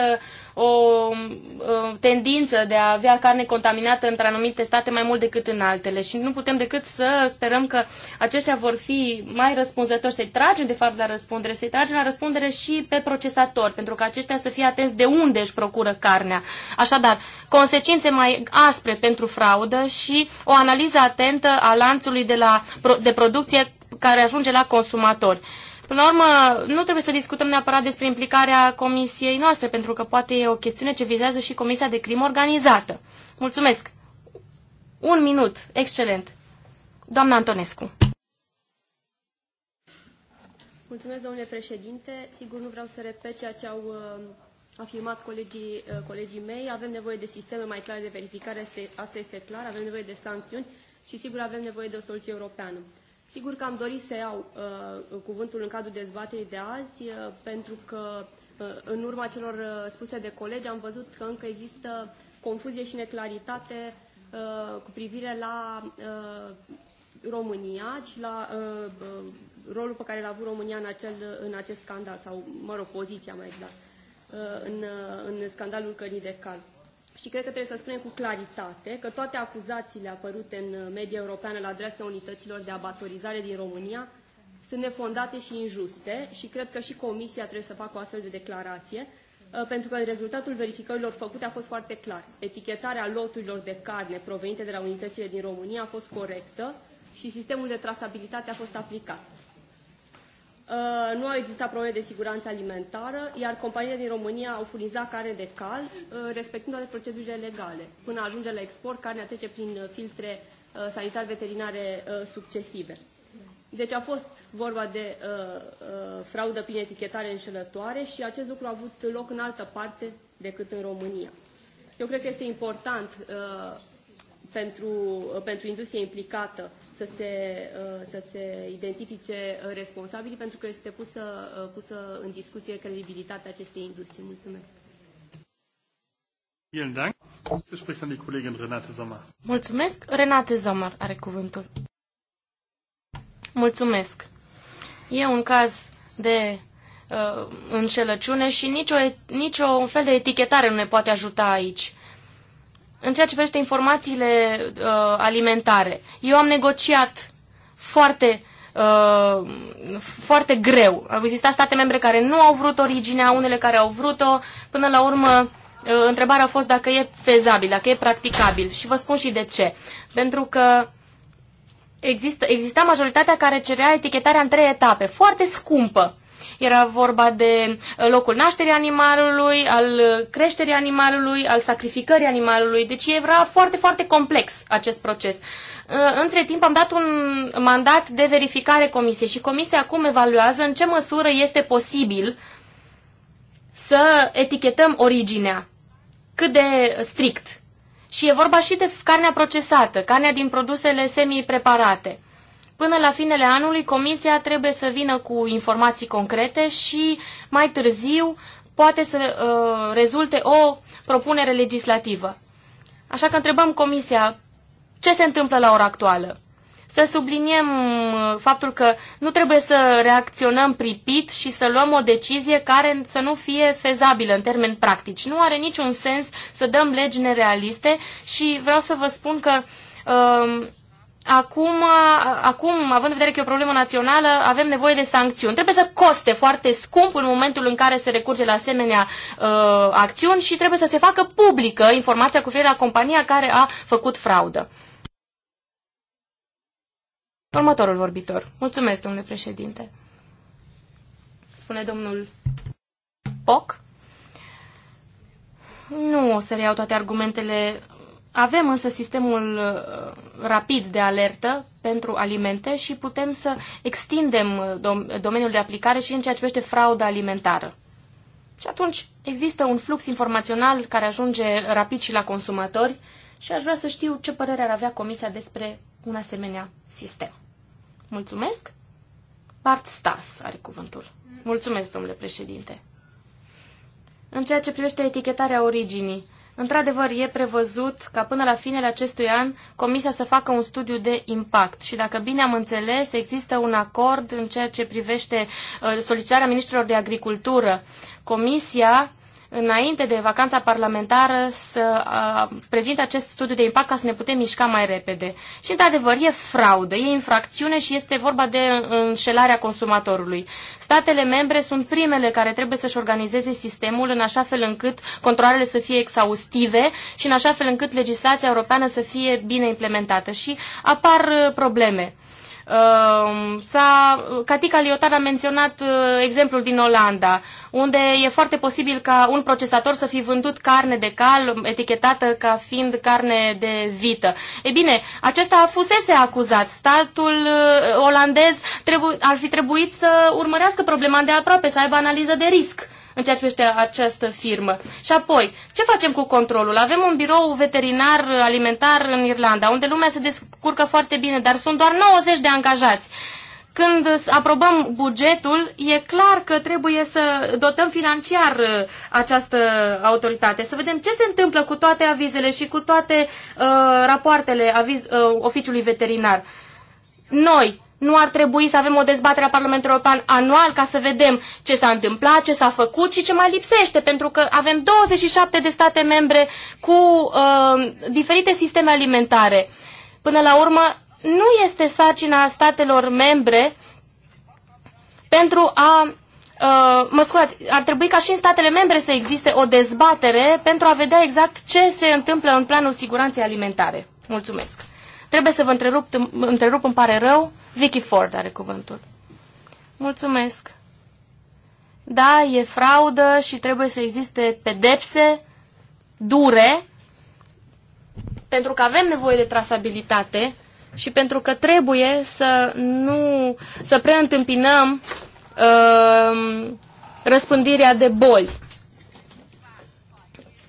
o uh, tendință de a avea carne contaminată între anumite state mai mult decât în altele și nu putem decât să sperăm că aceștia vor fi mai răspunzători, să-i tragem de fapt la răspundere, să-i tragem la răspundere și pe procesator, pentru că aceștia să fie atenți de unde își procură carnea. Așadar, consecințe mai aspre pentru fraudă și o analiză atentă a lanțului de, la, de producție care ajunge la consumatori. Până la urmă, nu trebuie să discutăm neapărat despre implicarea comisiei noastre, pentru că poate e o chestiune ce vizează și Comisia de Crimă Organizată. Mulțumesc! Un minut, excelent! Doamna Antonescu. Mulțumesc, domnule președinte. Sigur nu vreau să repet ceea ce au uh, afirmat colegii, uh, colegii mei. Avem nevoie de sisteme mai clare de verificare, asta este clar, avem nevoie de sancțiuni și sigur avem nevoie de o soluție europeană. Sigur că am dorit să iau uh, cuvântul în cadrul dezbaterii de azi, uh, pentru că uh, în urma celor uh, spuse de colegi am văzut că încă există confuzie și neclaritate uh, cu privire la uh, România și la uh, uh, rolul pe care l-a avut România în, acel, în acest scandal, sau, mă rog, poziția mai exact, uh, în, uh, în scandalul cărnii de cal. Uh, și cred că trebuie să spunem cu claritate că toate acuzațiile apărute în media europeană la adresa unităților de abatorizare din România sunt nefondate și injuste și cred că și Comisia trebuie să facă o astfel de declarație, uh, pentru că rezultatul verificărilor făcute a fost foarte clar. Etichetarea loturilor de carne provenite de la unitățile din România a fost corectă și sistemul de trasabilitate a fost aplicat. Uh, nu au existat probleme de siguranță alimentară, iar companiile din România au furnizat carne de cal, uh, respectând toate procedurile legale. Până ajunge la export, carnea trece prin uh, filtre sanitar-veterinare succesive. Deci a fost vorba de uh, uh, fraudă prin etichetare înșelătoare și acest lucru a avut loc în altă parte decât în România. Eu cred că este important uh, pentru, uh, pentru industria implicată să se, uh, să se identifice uh, responsabili pentru că este pusă, uh, pusă în discuție credibilitatea acestei industrie. Mulțumesc! Mulțumesc. Renate Zamar are cuvântul. Mulțumesc. E un caz de uh, înșelăciune și nicio, nicio un fel de etichetare nu ne poate ajuta aici în ceea ce privește informațiile uh, alimentare, eu am negociat foarte Uh, foarte greu. Au existat state membre care nu au vrut originea, unele care au vrut-o. Până la urmă, uh, întrebarea a fost dacă e fezabil, dacă e practicabil. Și vă spun și de ce. Pentru că există, exista majoritatea care cerea etichetarea în trei etape, foarte scumpă. Era vorba de uh, locul nașterii animalului, al uh, creșterii animalului, al sacrificării animalului. Deci era foarte, foarte complex acest proces. Uh, între timp am dat un mandat de verificare comisiei și comisia acum evaluează în ce măsură este posibil să etichetăm originea cât de strict. Și e vorba și de carnea procesată, carnea din produsele semi-preparate. Până la finele anului, comisia trebuie să vină cu informații concrete și mai târziu poate să uh, rezulte o propunere legislativă. Așa că întrebăm comisia ce se întâmplă la ora actuală. Să subliniem uh, faptul că nu trebuie să reacționăm pripit și să luăm o decizie care să nu fie fezabilă în termeni practici. Nu are niciun sens să dăm legi nerealiste și vreau să vă spun că uh, Acum, acum, având în vedere că e o problemă națională, avem nevoie de sancțiuni. Trebuie să coste foarte scump în momentul în care se recurge la asemenea uh, acțiuni și trebuie să se facă publică informația cu privire la compania care a făcut fraudă. Următorul vorbitor. Mulțumesc, domnule președinte. Spune domnul Poc. Nu o să reiau toate argumentele avem însă sistemul uh, rapid de alertă pentru alimente și putem să extindem uh, dom- domeniul de aplicare și în ceea ce privește frauda alimentară. Și atunci există un flux informațional care ajunge rapid și la consumatori și aș vrea să știu ce părere ar avea Comisia despre un asemenea sistem. Mulțumesc. Bart Stas are cuvântul. Mulțumesc, domnule președinte. În ceea ce privește etichetarea originii, Într-adevăr, e prevăzut ca până la finele acestui an Comisia să facă un studiu de impact și dacă bine am înțeles, există un acord în ceea ce privește uh, solicitarea ministrilor de agricultură. Comisia înainte de vacanța parlamentară să prezinte acest studiu de impact ca să ne putem mișca mai repede. Și, într-adevăr, e fraudă, e infracțiune și este vorba de înșelarea consumatorului. Statele membre sunt primele care trebuie să-și organizeze sistemul în așa fel încât controlele să fie exhaustive și în așa fel încât legislația europeană să fie bine implementată. Și apar uh, probleme. Ehm, s-a, Catica Liotar a menționat eh, exemplul din Olanda, unde e foarte posibil ca un procesator să fi vândut carne de cal etichetată ca fiind carne de vită. E bine, acesta a fusese acuzat. Statul eh, olandez trebu- ar fi trebuit să urmărească problema de aproape, să aibă analiză de risc în ceea ce privește această firmă. Și apoi, ce facem cu controlul? Avem un birou veterinar alimentar în Irlanda, unde lumea se descurcă foarte bine, dar sunt doar 90 de angajați când aprobăm bugetul, e clar că trebuie să dotăm financiar uh, această autoritate, să vedem ce se întâmplă cu toate avizele și cu toate uh, rapoartele aviz, uh, oficiului veterinar. Noi, nu ar trebui să avem o dezbatere a Parlamentului European anual ca să vedem ce s-a întâmplat, ce s-a făcut și ce mai lipsește, pentru că avem 27 de state membre cu uh, diferite sisteme alimentare. Până la urmă, nu este sarcina statelor membre pentru a Uh, mă scuzați, ar trebui ca și în statele membre să existe o dezbatere pentru a vedea exact ce se întâmplă în planul siguranței alimentare. Mulțumesc. Trebuie să vă întrerup, întrerup îmi pare rău. Vicky Ford are cuvântul. Mulțumesc. Da, e fraudă și trebuie să existe pedepse dure pentru că avem nevoie de trasabilitate și pentru că trebuie să nu să preîntâmpinăm uh, răspândirea de boli.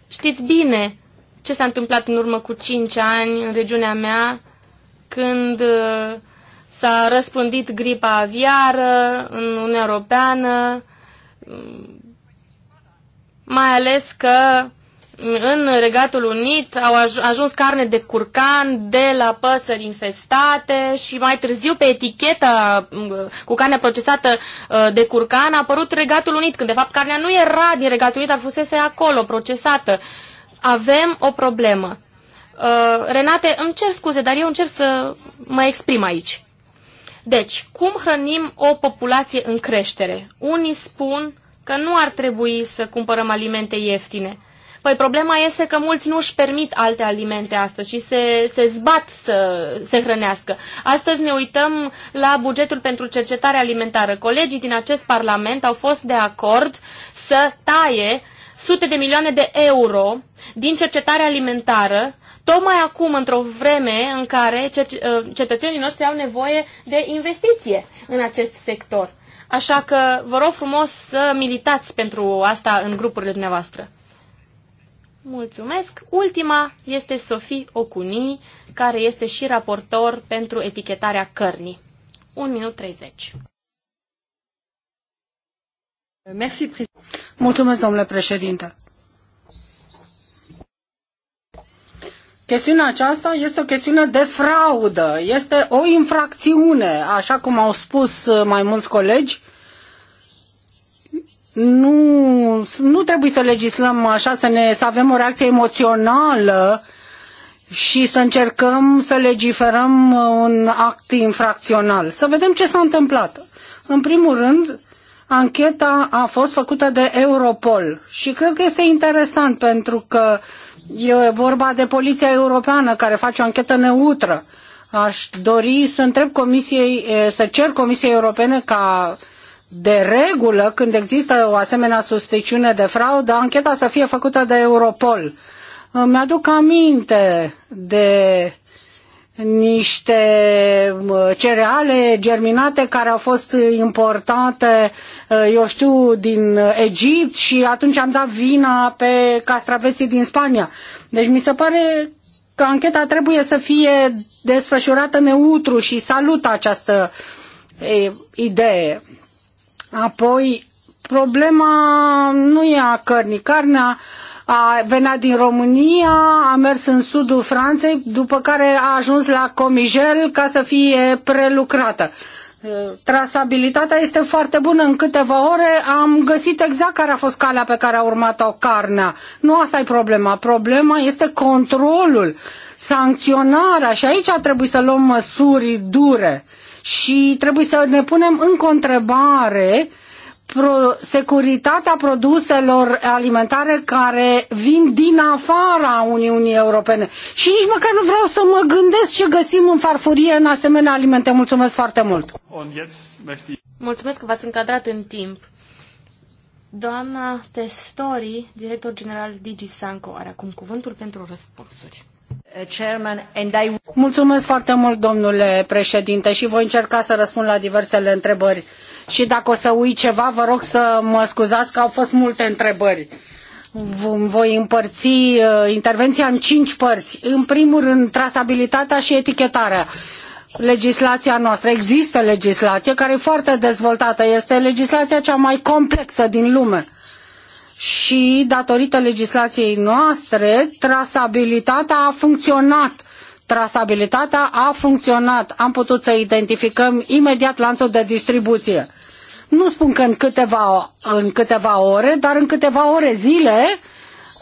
Știți bine ce s-a întâmplat în urmă cu 5 ani în regiunea mea când uh, S-a răspândit gripa aviară în Uniunea Europeană, mai ales că în Regatul Unit au ajuns carne de curcan de la păsări infestate și mai târziu pe eticheta uh, cu carne procesată uh, de curcan a apărut Regatul Unit, când de fapt carnea nu era din Regatul Unit, dar fusese acolo, procesată. Avem o problemă. Uh, Renate, îmi cer scuze, dar eu încerc să mă exprim aici. Deci, cum hrănim o populație în creștere? Unii spun că nu ar trebui să cumpărăm alimente ieftine. Păi problema este că mulți nu își permit alte alimente astăzi și se, se zbat să se hrănească. Astăzi ne uităm la bugetul pentru cercetare alimentară. Colegii din acest parlament au fost de acord să taie sute de milioane de euro din cercetare alimentară tocmai acum, într-o vreme în care ă, cetățenii noștri au nevoie de investiție în acest sector. Așa că vă rog frumos să militați pentru asta în grupurile dumneavoastră. Mulțumesc! Ultima este Sofie Ocuni, care este și raportor pentru etichetarea cărnii. 1 minut 30. Mulțumesc, domnule președinte. Chestiunea aceasta este o chestiune de fraudă, este o infracțiune, așa cum au spus uh, mai mulți colegi. Nu, nu trebuie să legislăm așa, să, ne, să avem o reacție emoțională și să încercăm să legiferăm uh, un act infracțional. Să vedem ce s-a întâmplat. În primul rând, ancheta a fost făcută de Europol și cred că este interesant pentru că uh, E vorba de Poliția Europeană care face o anchetă neutră. Aș dori să întreb comisiei, să cer Comisiei Europene ca de regulă, când există o asemenea suspiciune de fraudă, ancheta să fie făcută de Europol. Mi-aduc aminte de niște cereale germinate care au fost importate, eh, eu știu, din Egipt și atunci am dat vina pe castraveții din Spania. Deci mi se pare că ancheta trebuie să fie desfășurată neutru și salut această eh, idee. Apoi, problema nu e a cărnii. Carnea a venit din România, a mers în sudul Franței, după care a ajuns la Comijel ca să fie prelucrată. Trasabilitatea este foarte bună. În câteva ore am găsit exact care a fost calea pe care a urmat-o carnea. Nu asta e problema. Problema este controlul, sancționarea și aici trebuie să luăm măsuri dure și trebuie să ne punem în întrebare uh, pro, securitatea produselor alimentare care vin din afara Uniunii Europene. Și nici măcar nu vreau să mă gândesc ce găsim în farfurie în asemenea alimente. Mulțumesc foarte mult! Mulțumesc că v-ați încadrat în timp. Doamna Testori, director general DigiSanco, are acum cuvântul pentru răspunsuri. Mulțumesc foarte mult, domnule președinte, și voi încerca să răspund la diversele întrebări. Și dacă o să uit ceva, vă rog să mă scuzați că au fost multe întrebări. Voi împărți uh, intervenția în cinci părți. În primul rând, trasabilitatea și etichetarea legislația noastră. Există legislație care e foarte dezvoltată, este legislația cea mai complexă din lume și datorită legislației noastre, trasabilitatea a funcționat. Trasabilitatea a funcționat. Am putut să identificăm imediat lanțul de distribuție. Nu spun că în câteva, în câteva ore, dar în câteva ore zile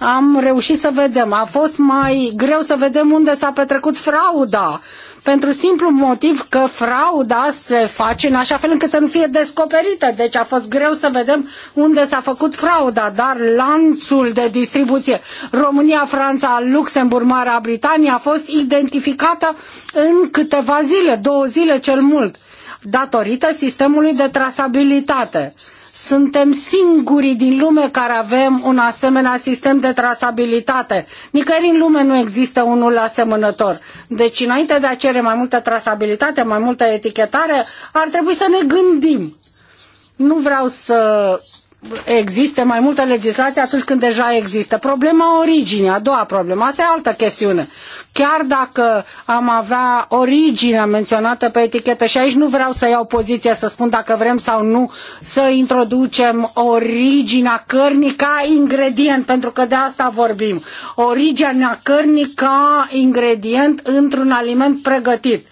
am reușit să vedem. A fost mai greu să vedem unde s-a petrecut frauda, pentru simplu motiv că frauda se face în așa fel încât să nu fie descoperită. Deci a fost greu să vedem unde s-a făcut frauda, dar lanțul de distribuție România, Franța, Luxemburg, Marea Britanie a fost identificată în câteva zile, două zile cel mult datorită sistemului de trasabilitate. Suntem singurii din lume care avem un asemenea sistem de trasabilitate. Nicăieri în lume nu există unul asemănător. Deci, înainte de a cere mai multă trasabilitate, mai multă etichetare, ar trebui să ne gândim. Nu vreau să existe mai multă legislație atunci când deja există. Problema originii, a doua problemă, asta e altă chestiune. Chiar dacă am avea originea menționată pe etichetă și aici nu vreau să iau poziție să spun dacă vrem sau nu să introducem originea cărnii ca ingredient, pentru că de asta vorbim. Originea cărnii ca ingredient într-un aliment pregătit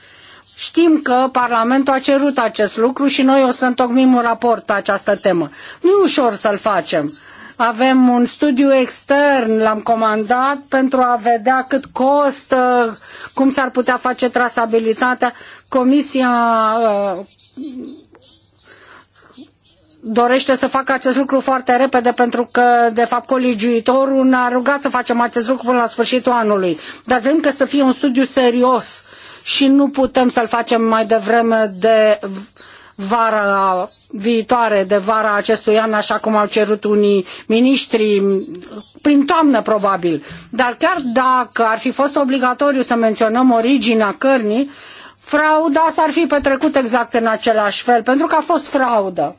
Știm că Parlamentul a cerut acest lucru și noi o să întocmim un raport pe această temă. Nu e ușor să-l facem. Avem un studiu extern, l-am comandat pentru a vedea cât costă, cum s-ar putea face trasabilitatea. Comisia uh, dorește să facă acest lucru foarte repede pentru că, de fapt, colegiuitorul ne-a rugat să facem acest lucru până la sfârșitul anului. Dar vrem că să fie un studiu serios și nu putem să-l facem mai devreme de vara viitoare, de vara acestui an, așa cum au cerut unii miniștri, prin toamnă probabil. Dar chiar dacă ar fi fost obligatoriu să menționăm originea cărnii, frauda s-ar fi petrecut exact în același fel, pentru că a fost fraudă.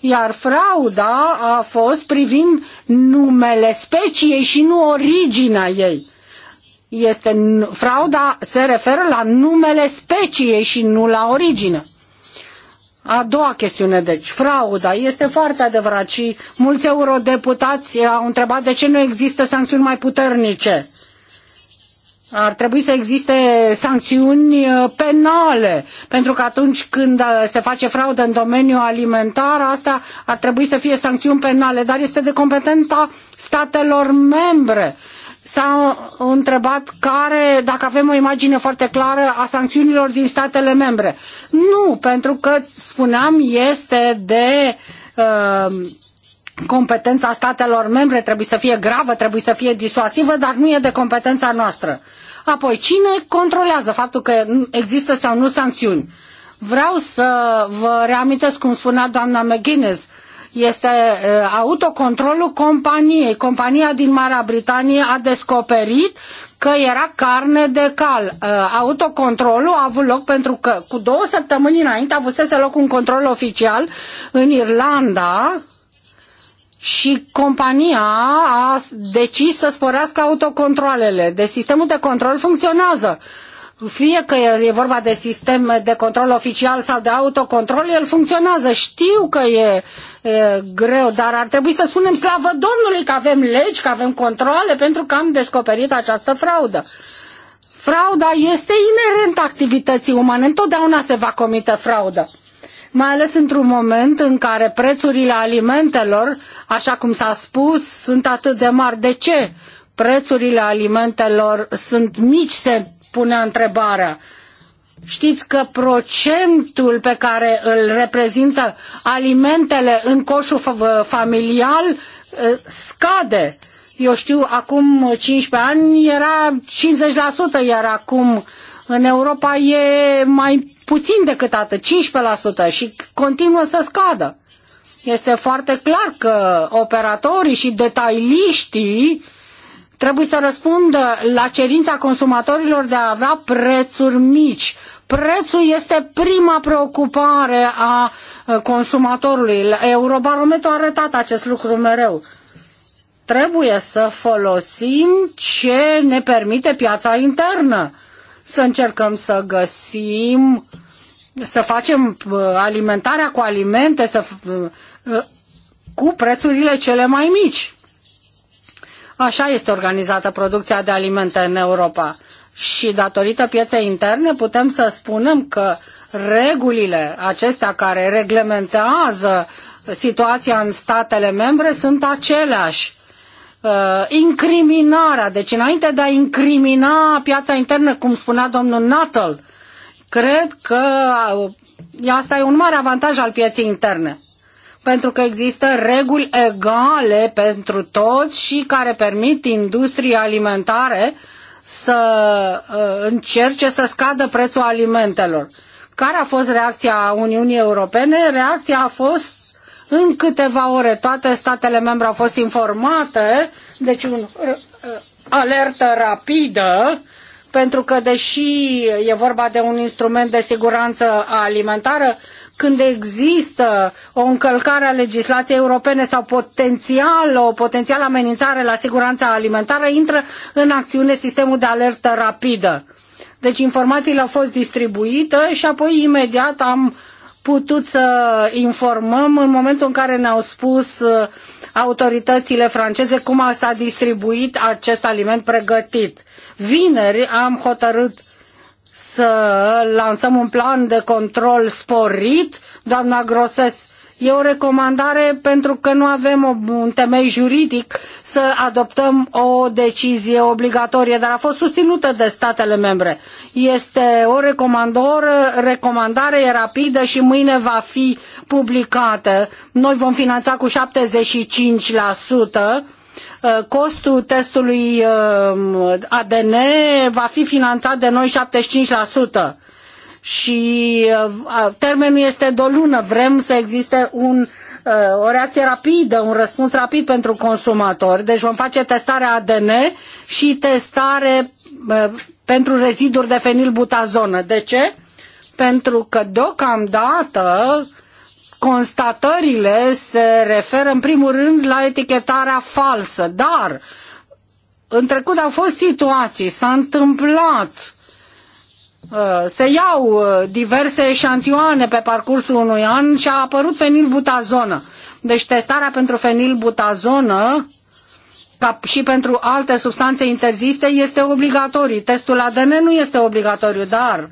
Iar frauda a fost privind numele speciei și nu originea ei este frauda se referă la numele speciei și nu la origine. A doua chestiune, deci, frauda. Este foarte adevărat și mulți eurodeputați au întrebat de ce nu există sancțiuni mai puternice. Ar trebui să existe sancțiuni uh, penale, pentru că atunci când uh, se face fraudă în domeniul alimentar, asta ar trebui să fie sancțiuni penale, dar este de competența statelor membre s-a întrebat care, dacă avem o imagine foarte clară a sancțiunilor din statele membre. Nu, pentru că, spuneam, este de uh, competența statelor membre, trebuie să fie gravă, trebuie să fie disuasivă, dar nu e de competența noastră. Apoi, cine controlează faptul că există sau nu sancțiuni? Vreau să vă reamintesc cum spunea doamna McGuinness, uh, este uh, autocontrolul companiei. Compania din Marea Britanie a descoperit că era carne de cal. Uh, autocontrolul a avut loc pentru că cu două săptămâni înainte avusese loc un control oficial în Irlanda și compania a decis să sporească autocontrolele. Deci sistemul de control funcționează. Uh, fie că e vorba de sistem de control oficial sau de autocontrol, el funcționează. Știu că e, e greu, dar ar trebui să spunem slavă Domnului că avem legi, că avem controle, pentru că am descoperit această fraudă. Frauda este inerentă activității umane, întotdeauna se va comite fraudă. Mai ales într-un moment în care prețurile alimentelor, așa cum s-a spus, sunt atât de mari. De ce? prețurile alimentelor sunt mici, se pune întrebarea. Știți că procentul pe care îl reprezintă alimentele în coșul familial scade. Eu știu, acum 15 ani era 50%, iar acum în Europa e mai puțin decât atât, 15% și continuă să scadă. Este foarte clar că operatorii și detailiștii uh, trebuie să răspundă la cerința consumatorilor de a avea prețuri mici. Prețul este prima preocupare a consumatorului. Eurobarometru a arătat acest lucru mereu. Trebuie să folosim ce ne permite piața internă. Să încercăm să găsim, să facem uh, alimentarea cu alimente, să, uh, uh, cu prețurile cele mai mici Așa este organizată producția de alimente în Europa. Și datorită pieței interne putem să spunem că regulile acestea care reglementează situația în statele membre sunt aceleași. Uh, incriminarea, deci înainte de a incrimina piața internă, cum spunea domnul Nuttall, cred că uh, asta e un mare avantaj al pieței interne pentru că există reguli egale pentru toți și care permit industriei alimentare să uh, încerce să scadă prețul alimentelor. Care a fost reacția Uniunii Europene? Reacția a fost în câteva ore toate statele membre au fost informate, deci un uh, uh, alertă rapidă, pentru că deși e vorba de un instrument de siguranță alimentară, când există o încălcare a legislației europene sau potențial, o potențială amenințare la siguranța alimentară, intră în acțiune sistemul de alertă rapidă. Deci informațiile au fost distribuite și apoi imediat am putut să informăm în momentul în care ne-au spus uh, autoritățile franceze cum s-a distribuit acest aliment pregătit. Vineri am hotărât să lansăm un plan de control sporit, doamna Groses? E o recomandare pentru că nu avem un temei juridic să adoptăm o decizie obligatorie, dar a fost susținută de statele membre. Este o recomandare, recomandare e rapidă și mâine va fi publicată. Noi vom finanța cu 75% Uh, costul testului uh, ADN va fi finanțat de noi 75% și uh, termenul este de o lună. Vrem să existe un, o reacție rapidă, un răspuns rapid pentru consumatori. Deci vom face testare ADN și testare pentru reziduri de fenilbutazonă. De ce? Pentru că deocamdată constatările se referă în primul rând la etichetarea falsă, dar în trecut au fost situații, s-a întâmplat uh, se iau uh, diverse eșantioane pe parcursul unui an și a apărut fenilbutazonă. Deci testarea pentru fenilbutazonă ca și pentru alte substanțe interziste este obligatorie. Testul ADN nu este obligatoriu, dar uh,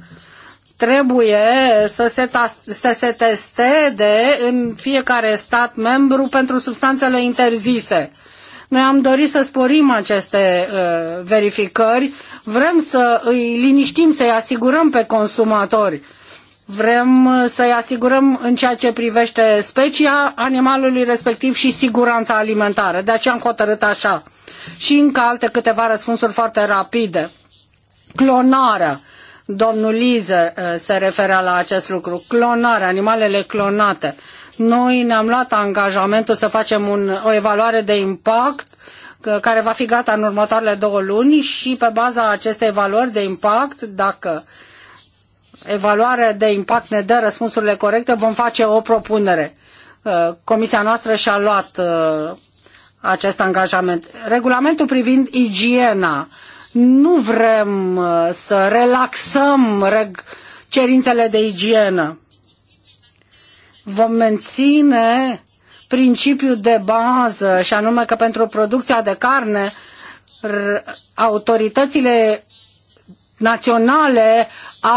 trebuie să se, să se testeze în fiecare stat membru pentru substanțele interzise. Noi am dorit să sporim aceste uh, verificări, vrem să îi liniștim, să-i asigurăm pe consumatori. Vrem uh, să-i asigurăm în ceea ce privește specia animalului respectiv și siguranța alimentară. De aceea am hotărât așa. Și încă alte câteva răspunsuri foarte rapide. Clonarea Domnul Liză uh, se referea la acest lucru. Clonare, animalele clonate. Noi ne-am luat angajamentul să facem un, o evaluare de impact uh, care va fi gata în următoarele două luni și pe baza acestei evaluări de impact, dacă evaluarea de impact ne dă răspunsurile corecte, vom face o propunere. Uh, comisia noastră și-a luat acest angajament. Regulamentul privind igiena nu vrem uh, să relaxăm cerințele de igienă. Vom menține principiul de bază și anume că pentru producția de carne autoritățile naționale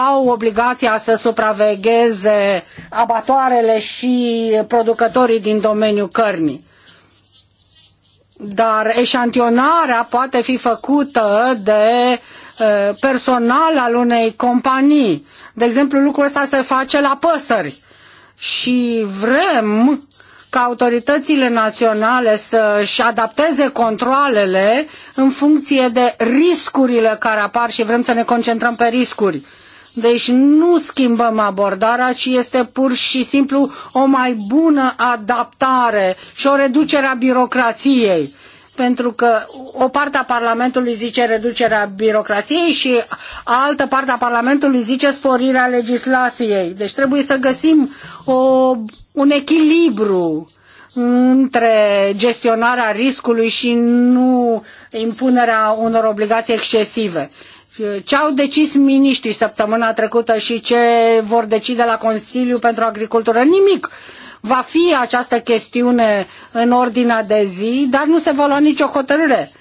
au obligația să supravegheze abatoarele și producătorii din domeniul cărnii dar eșantionarea poate fi făcută de personal al unei companii. De exemplu, lucrul ăsta se face la păsări și vrem ca autoritățile naționale să-și adapteze controlele în funcție de riscurile care apar și vrem să ne concentrăm pe riscuri. Deci nu schimbăm abordarea, ci este pur și simplu o mai bună adaptare și o reducere a birocrației pentru că o parte a Parlamentului zice reducerea birocrației și altă parte a Parlamentului zice sporirea legislației. Deci trebuie să găsim o, un echilibru între gestionarea riscului și nu impunerea unor obligații excesive ce au decis miniștrii săptămâna trecută și ce vor decide la Consiliu pentru Agricultură. Nimic. Va fi această chestiune în ordinea de zi, dar nu se va lua nicio hotărâre.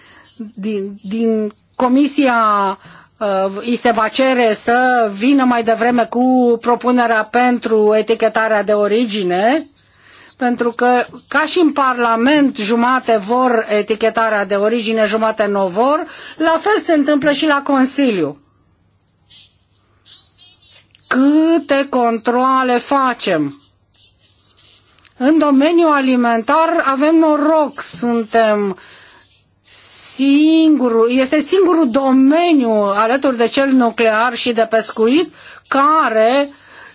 Din, din Comisia uh, îi se va cere să vină mai devreme cu propunerea pentru etichetarea de origine pentru că, ca și în Parlament, jumate vor etichetarea de origine, jumate nu vor, la fel se întâmplă și la Consiliu. Câte controle facem? În domeniul alimentar avem noroc, suntem singurul, este singurul domeniu alături de cel nuclear și de pescuit care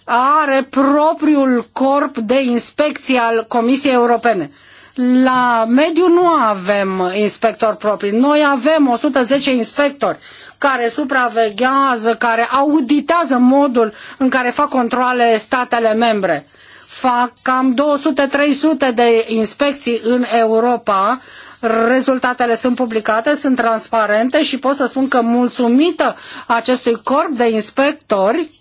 are propriul corp de inspecție al Comisiei Europene. La mediu nu avem inspectori proprii. Noi avem 110 inspectori care supraveghează, care auditează modul în care fac controle statele membre. Fac cam 200-300 de inspecții în Europa, rezultatele sunt publicate, sunt transparente și pot să spun că mulțumită acestui corp de inspectori,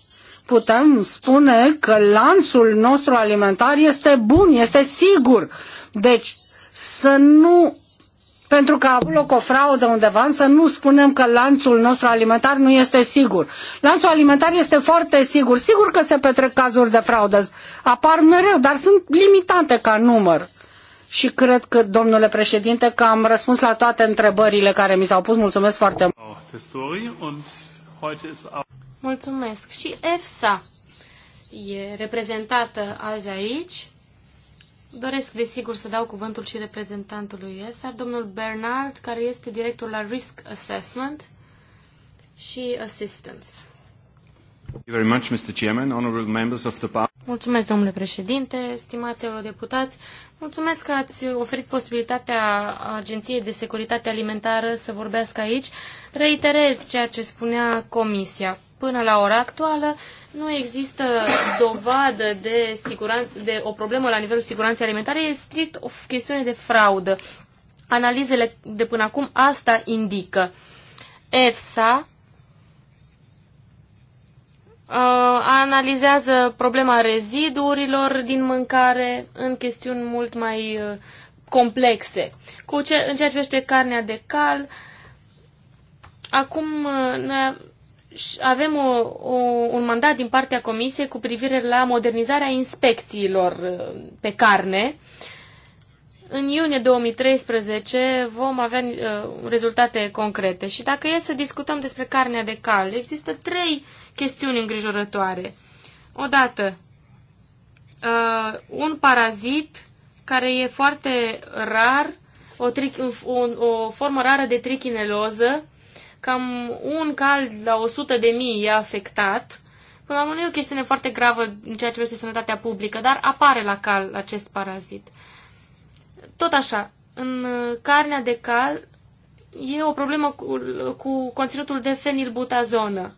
putem spune că lanțul nostru alimentar este bun, este sigur. Deci să nu pentru că a avut loc o fraudă undeva, să nu spunem că lanțul nostru alimentar nu este sigur. Lanțul alimentar este foarte sigur. Sigur că se petrec cazuri de fraudă. Apar mereu, dar sunt limitante ca număr. Și cred că, domnule președinte, că am răspuns la toate întrebările care mi s-au pus. Mulțumesc foarte mult. Mulțumesc. Și EFSA e reprezentată azi aici. Doresc, desigur, să dau cuvântul și reprezentantului EFSA, domnul Bernard, care este director la Risk Assessment și Assistance. Very much, Mr. Chairman, members of the Mulțumesc, domnule președinte, stimați eurodeputați. Mulțumesc că ați oferit posibilitatea Agenției de Securitate Alimentară să vorbească aici. Reiterez ceea ce spunea Comisia până la ora actuală nu există dovadă de, siguran- de o problemă la nivelul siguranței alimentare, e strict o chestiune de fraudă. Analizele de până acum asta indică. EFSA uh, analizează problema rezidurilor din mâncare în chestiuni mult mai uh, complexe. Cu ce, în ceea ce privește carnea de cal, acum uh, noi avem o, o, un mandat din partea Comisiei cu privire la modernizarea inspecțiilor uh, pe carne. În iunie 2013 vom avea uh, rezultate concrete și dacă e să discutăm despre carnea de cal, există trei chestiuni îngrijorătoare. Odată, uh, un parazit care e foarte rar, o, tri- o, o formă rară de trichineloză, cam un cal la 100 de mii e afectat. Până la urmă, nu e o chestiune foarte gravă în ceea ce privește sănătatea publică, dar apare la cal acest parazit. Tot așa, în uh, carnea de cal e o problemă cu, cu conținutul de fenilbutazonă.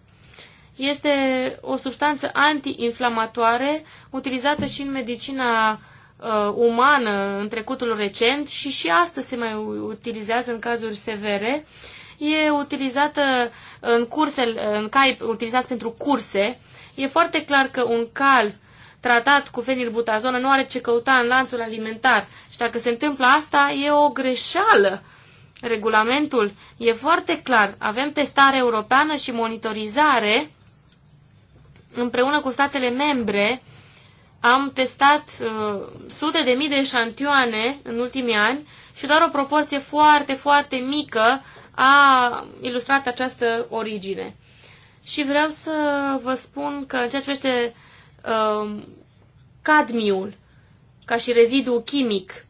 Este o substanță antiinflamatoare utilizată și în medicina uh, umană în trecutul recent și și astăzi se mai utilizează în cazuri severe. Uh, e utilizată în curse, în cai utilizați pentru curse. E foarte clar că un cal tratat cu fenilbutazonă nu are ce căuta în lanțul alimentar. Și dacă se întâmplă asta, e o greșeală. Regulamentul e foarte clar. Avem testare europeană și monitorizare împreună cu statele membre. Am testat uh, sute de mii de eșantioane în ultimii ani și doar o proporție foarte, foarte mică a ilustrat această origine. Și vreau să vă spun că în ceea ce vește um, cadmiul, ca și rezidu chimic,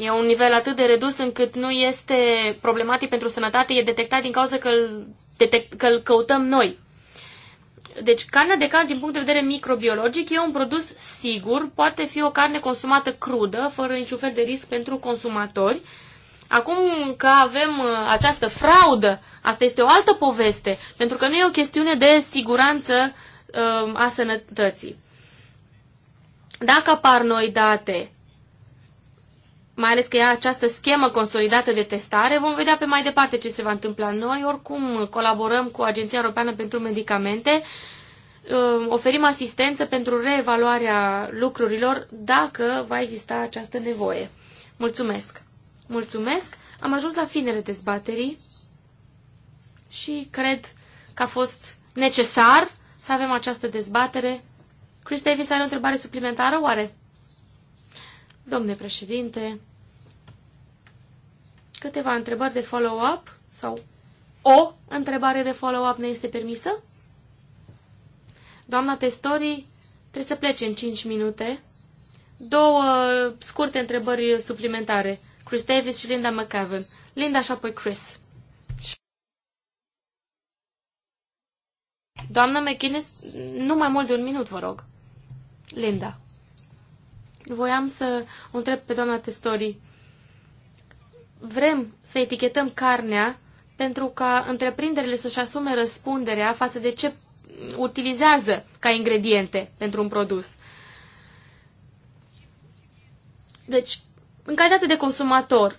e un nivel atât de redus încât nu este problematic pentru sănătate, e detectat din cauza că îl, detect, că îl căutăm noi. Deci, carnea de cal, din punct de vedere microbiologic, e un produs sigur, poate fi o carne consumată crudă, fără niciun fel de risc pentru consumatori, uh, Acum că avem uh, această fraudă, asta este o altă poveste, pentru că nu e o chestiune de siguranță uh, a sănătății. Dacă apar noi date, mai ales că e această schemă consolidată de testare, vom vedea pe mai departe ce se va întâmpla. Noi oricum colaborăm cu Agenția Europeană pentru Medicamente, uh, oferim asistență pentru reevaluarea lucrurilor dacă va exista această nevoie. Mulțumesc! Mulțumesc! Am ajuns la finele dezbaterii și cred că a fost necesar să avem această dezbatere. Chris Davis are o întrebare suplimentară, oare? Domnule președinte, câteva întrebări de follow-up sau o întrebare de follow-up ne este permisă? Doamna Testori trebuie să plece în 5 minute. Două scurte întrebări suplimentare. Chris Davis și Linda McAvan. Linda și apoi Chris. Doamna McInnes, nu mai mult de un minut, vă rog. Linda. Voiam să o întreb pe doamna Testori. Vrem să etichetăm carnea pentru ca întreprinderile să-și asume răspunderea față de ce utilizează ca ingrediente pentru un produs. Deci, în calitate de consumator,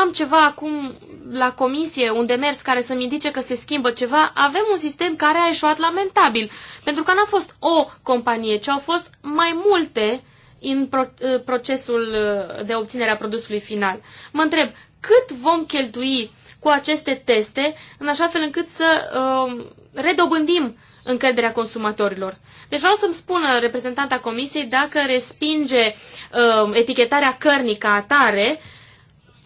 am ceva acum la comisie, un demers care să-mi indice că se schimbă ceva, avem un sistem care a eșuat lamentabil. Pentru că n-a fost o companie, ci au fost mai multe în pro- ă, procesul ă, de obținere a produsului final. Mă întreb, cât vom cheltui cu aceste teste, în așa fel încât să uh, redobândim încrederea consumatorilor. Deci vreau să-mi spună reprezentanta comisiei dacă respinge uh, etichetarea cărnii ca atare,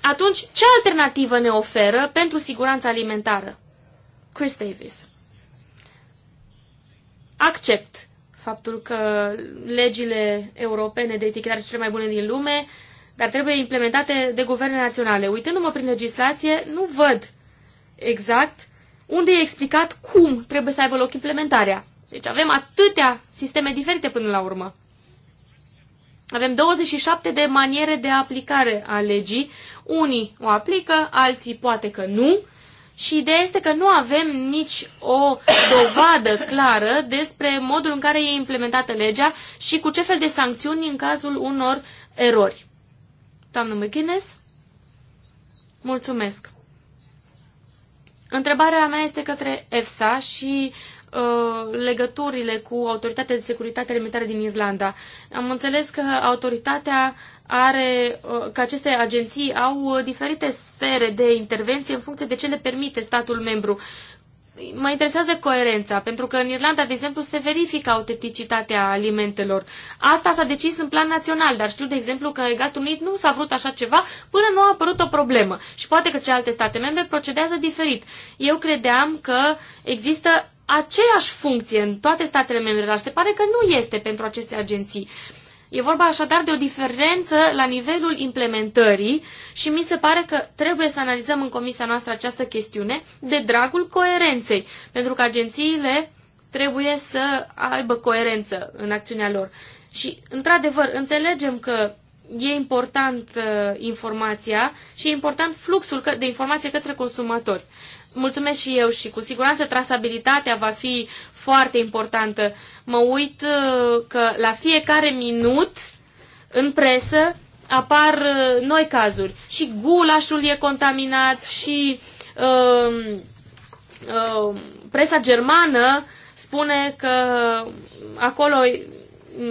atunci ce alternativă ne oferă pentru siguranța alimentară? Chris Davis. Accept faptul că legile europene de etichetare sunt cele mai bune din lume, dar trebuie implementate de guverne naționale. Uitându-mă prin legislație, nu văd exact unde e explicat cum trebuie să aibă loc implementarea. Deci avem atâtea sisteme diferite până la urmă. Avem 27 de maniere de aplicare a legii. Unii o aplică, alții poate că nu. Și ideea este că nu avem nici o dovadă clară despre modul în care e implementată legea și cu ce fel de sancțiuni în cazul unor erori. Doamnă McGuinness, mulțumesc. Întrebarea mea este către EFSA și uh, legăturile cu Autoritatea de Securitate Alimentară din Irlanda. Am înțeles că autoritatea are, uh, că aceste agenții au uh, diferite sfere de intervenție în funcție de ce le permite statul membru mă interesează coerența, pentru că în Irlanda, de exemplu, se verifică autenticitatea alimentelor. Asta s-a decis în plan național, dar știu, de exemplu, că în Regatul Unit nu s-a vrut așa ceva până nu a apărut o problemă. Și poate că celelalte state membre procedează diferit. Eu credeam că există aceeași funcție în toate statele membre, dar se pare că nu este pentru aceste agenții. Uh, E vorba așadar de o diferență la nivelul implementării și mi se pare că trebuie să analizăm în comisia noastră această chestiune de dragul coerenței, pentru că agențiile trebuie să aibă coerență în acțiunea lor. Și, într-adevăr, înțelegem că e important uh, informația și e important fluxul de informație către consumatori. Mulțumesc și eu și cu siguranță trasabilitatea va fi foarte importantă. Mă uit uh, că la fiecare minut în presă apar uh, noi cazuri. Și gulașul e contaminat și uh, uh, presa germană spune că acolo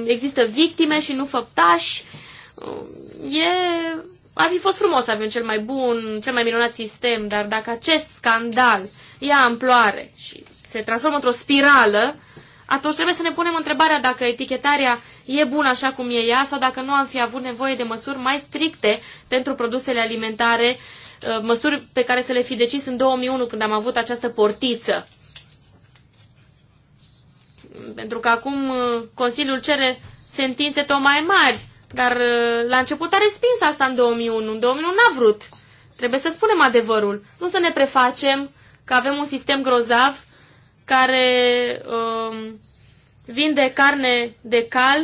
există victime și nu făptași. Uh, e ar fi fost frumos să avem cel mai bun, cel mai minunat sistem, dar dacă acest scandal ia amploare și se transformă într-o spirală, atunci trebuie să ne punem întrebarea dacă etichetarea e bună așa cum e ea sau dacă nu am fi avut nevoie de măsuri mai stricte pentru produsele alimentare, uh, măsuri pe care să le fi decis în 2001 când am avut această portiță. Pentru că acum uh, Consiliul cere sentințe tot mai mari dar uh, la început a respins asta în 2001. În 2001 n-a vrut. Trebuie să spunem adevărul. Nu să ne prefacem că avem un sistem grozav care um, vinde carne de cal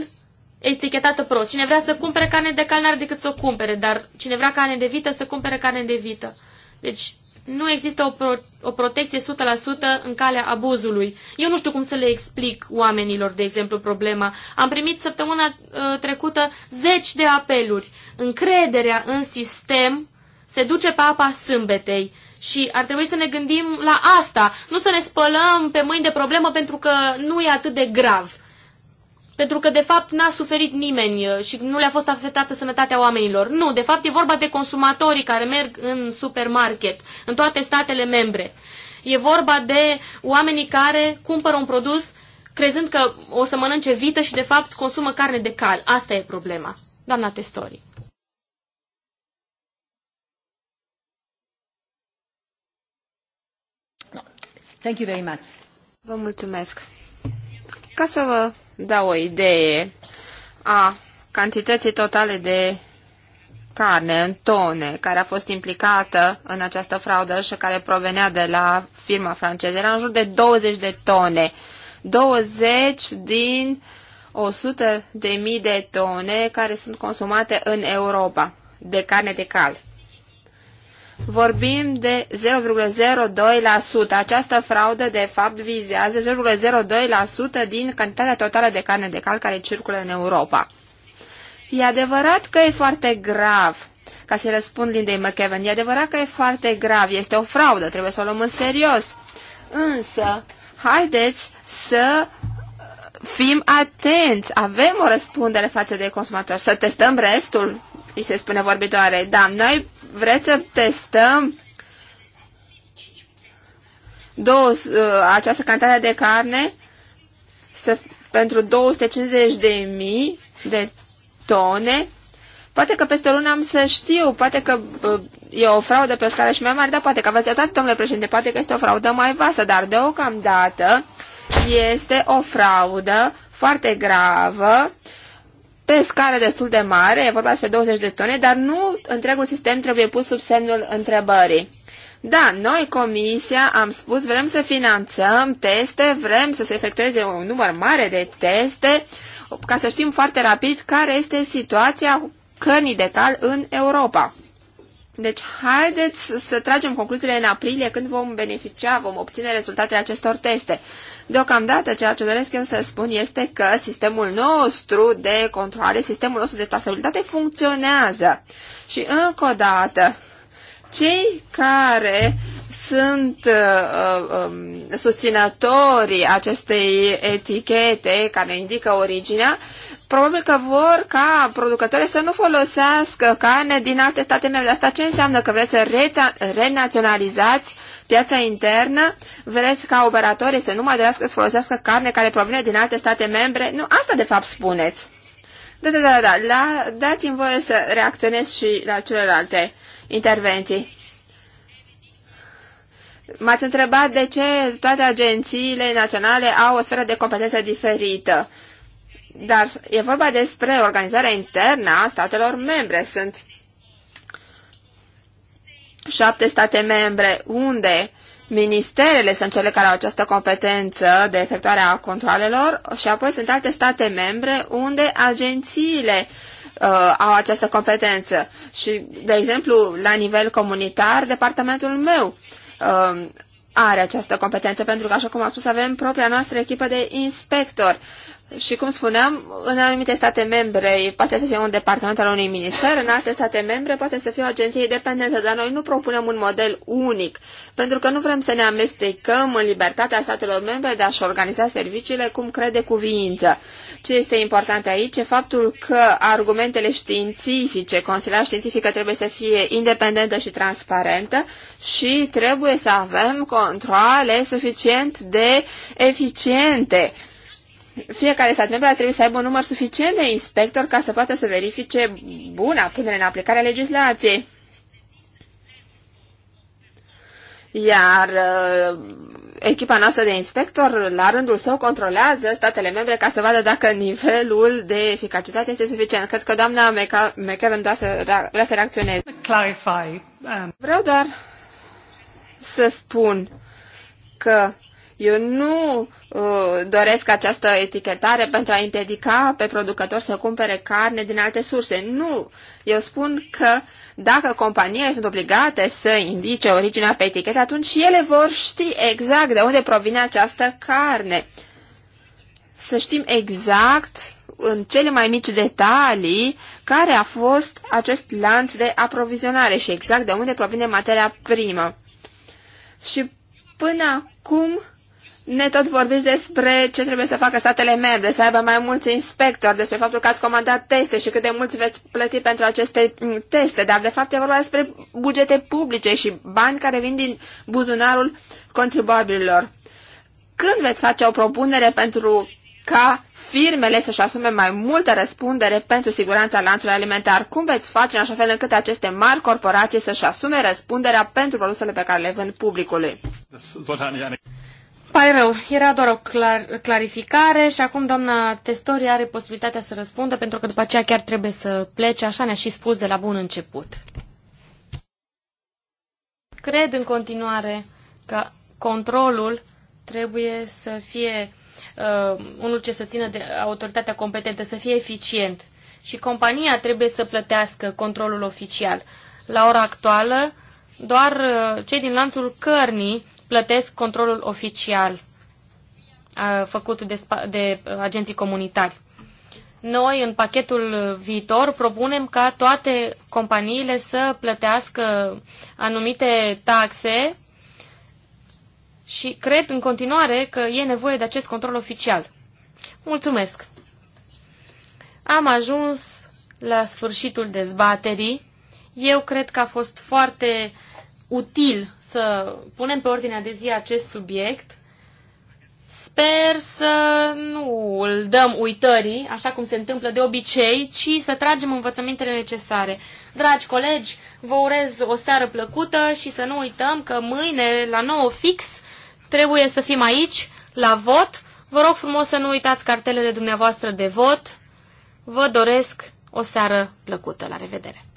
etichetată prost. Cine vrea să cumpere carne de cal n-are decât să o cumpere, dar cine vrea carne de vită să cumpere carne de vită. Deci nu există o, pro o protecție 100% în calea abuzului. Eu nu știu cum să le explic oamenilor, de exemplu, problema. Am primit săptămâna uh, trecută zeci de apeluri. Încrederea în sistem se duce pe apa sâmbetei. Și ar trebui să ne gândim la asta, nu să ne spălăm pe mâini de problemă pentru că nu e atât de grav pentru că de fapt n-a suferit nimeni uh, și nu le-a fost afectată sănătatea oamenilor. Nu, de fapt e vorba de consumatorii care merg în supermarket, în toate statele membre. E vorba de oamenii care cumpără un produs crezând că o să mănânce vită și de fapt consumă carne de cal. Asta e problema. Doamna Testori. Thank you very much. Vă mulțumesc. Ca să vă da o idee a cantității totale de carne în tone care a fost implicată în această fraudă și care provenea de la firma franceză. Era în jur de 20 de tone. 20 din 100 de mii de tone care sunt consumate în Europa de carne de cal vorbim de 0,02%. Această fraudă, de fapt, vizează 0,02% din cantitatea totală de carne de cal care circulă în Europa. E adevărat că e foarte grav, ca să-i răspund Lindei McKevin, e adevărat că e foarte grav, este o fraudă, trebuie să o luăm în serios. Însă, haideți să fim atenți, avem o răspundere față de consumatori, să testăm restul îi se spune vorbitoare. Da, noi vreți să testăm două, uh, această cantitate de carne să, pentru 250 de mii de tone. Poate că peste o lună am să știu, poate că uh, e o fraudă pe o scară și mai mare, dar poate că aveți dreptate, domnule președinte, poate că este o fraudă mai vastă, dar deocamdată este o fraudă foarte gravă pe scară destul de mare, e vorba despre 20 de tone, dar nu întregul sistem trebuie pus sub semnul întrebării. Da, noi, comisia, am spus, vrem să finanțăm teste, vrem să se efectueze un număr mare de teste, ca să știm foarte rapid care este situația cărnii de cal în Europa. Deci, haideți să tragem concluziile în aprilie, când vom beneficia, vom obține rezultatele acestor teste. Deocamdată ceea ce doresc eu să spun este că sistemul nostru de controle, sistemul nostru de trasabilitate funcționează. Și încă o dată, cei care sunt uh, uh, um, susținătorii acestei etichete care indică originea, Probabil că vor ca producătorii să nu folosească carne din alte state membre. Asta ce înseamnă? Că vreți să renaționalizați piața internă? Vreți ca operatorii să nu mai dorească să folosească carne care provine din alte state membre? Nu, asta de fapt spuneți. Da, da, da, da, da. la, dați-mi voie să reacționez și la celelalte intervenții. M-ați întrebat de ce toate agențiile naționale au o sferă de competență diferită. Dar e vorba despre organizarea internă a statelor membre. Sunt șapte state membre unde ministerele sunt cele care au această competență de efectuare a controlelor și apoi sunt alte state membre unde agențiile uh, au această competență. Și, de exemplu, la nivel comunitar, departamentul meu uh, are această competență pentru că, așa cum am spus, avem propria noastră echipă de inspectori și cum spuneam, în anumite state membre poate să fie un departament al unui minister, în alte state membre poate să fie o agenție independentă, dar noi nu propunem un model unic, pentru că nu vrem să ne amestecăm în libertatea statelor membre de a-și organiza serviciile cum crede cuviință. Ce este important aici e faptul că argumentele științifice, consiliul științifică trebuie să fie independentă și transparentă și trebuie să avem controle suficient de eficiente fiecare stat membru ar trebui să aibă un număr suficient de inspectori ca să poată să verifice buna punere în aplicare a legislației. Iar uh, echipa noastră de inspector, la rândul său, controlează statele membre ca să vadă dacă nivelul de eficacitate este suficient. Cred că doamna McKevin vrea să, vrea să reacționeze. Um, Vreau doar să spun că eu nu Uh, doresc această etichetare pentru a împiedica pe producători să cumpere carne din alte surse. Nu! Eu spun că dacă companiile sunt obligate să indice originea pe etichetă, atunci ele vor ști exact de unde provine această carne. Să știm exact în cele mai mici detalii care a fost acest lanț de aprovizionare și exact de unde provine materia primă. Și până acum ne tot vorbiți despre ce trebuie să facă statele membre, să aibă mai mulți inspectori, despre faptul că ați comandat teste și cât de mulți veți plăti pentru aceste mm, teste, dar de fapt e vorba despre bugete publice și bani care vin din buzunarul contribuabililor. Când veți face o propunere pentru ca firmele să-și asume mai multă răspundere pentru siguranța lanțului alimentar? Cum veți face în așa fel încât aceste mari corporații să-și asume răspunderea pentru produsele pe care le vând publicului? pare rău, era doar o clar, clarificare și acum doamna Testori are posibilitatea să răspundă pentru că după aceea chiar trebuie să plece, așa ne-a și spus de la bun început. Cred în continuare că controlul trebuie să fie uh, unul ce să țină de autoritatea competentă, să fie eficient și compania trebuie să plătească controlul oficial. La ora actuală, doar uh, cei din lanțul cărnii plătesc controlul oficial făcut de, de agenții comunitari. Noi, în pachetul viitor, propunem ca toate companiile să plătească anumite taxe și cred în continuare că e nevoie de acest control oficial. Mulțumesc! Am ajuns la sfârșitul dezbaterii. Eu cred că a fost foarte util să punem pe ordinea de zi acest subiect. Sper să nu îl dăm uitării, așa cum se întâmplă de obicei, ci să tragem învățămintele necesare. Dragi colegi, vă urez o seară plăcută și să nu uităm că mâine, la 9 fix, trebuie să fim aici, la vot. Vă rog frumos să nu uitați cartelele dumneavoastră de vot. Vă doresc o seară plăcută. La revedere!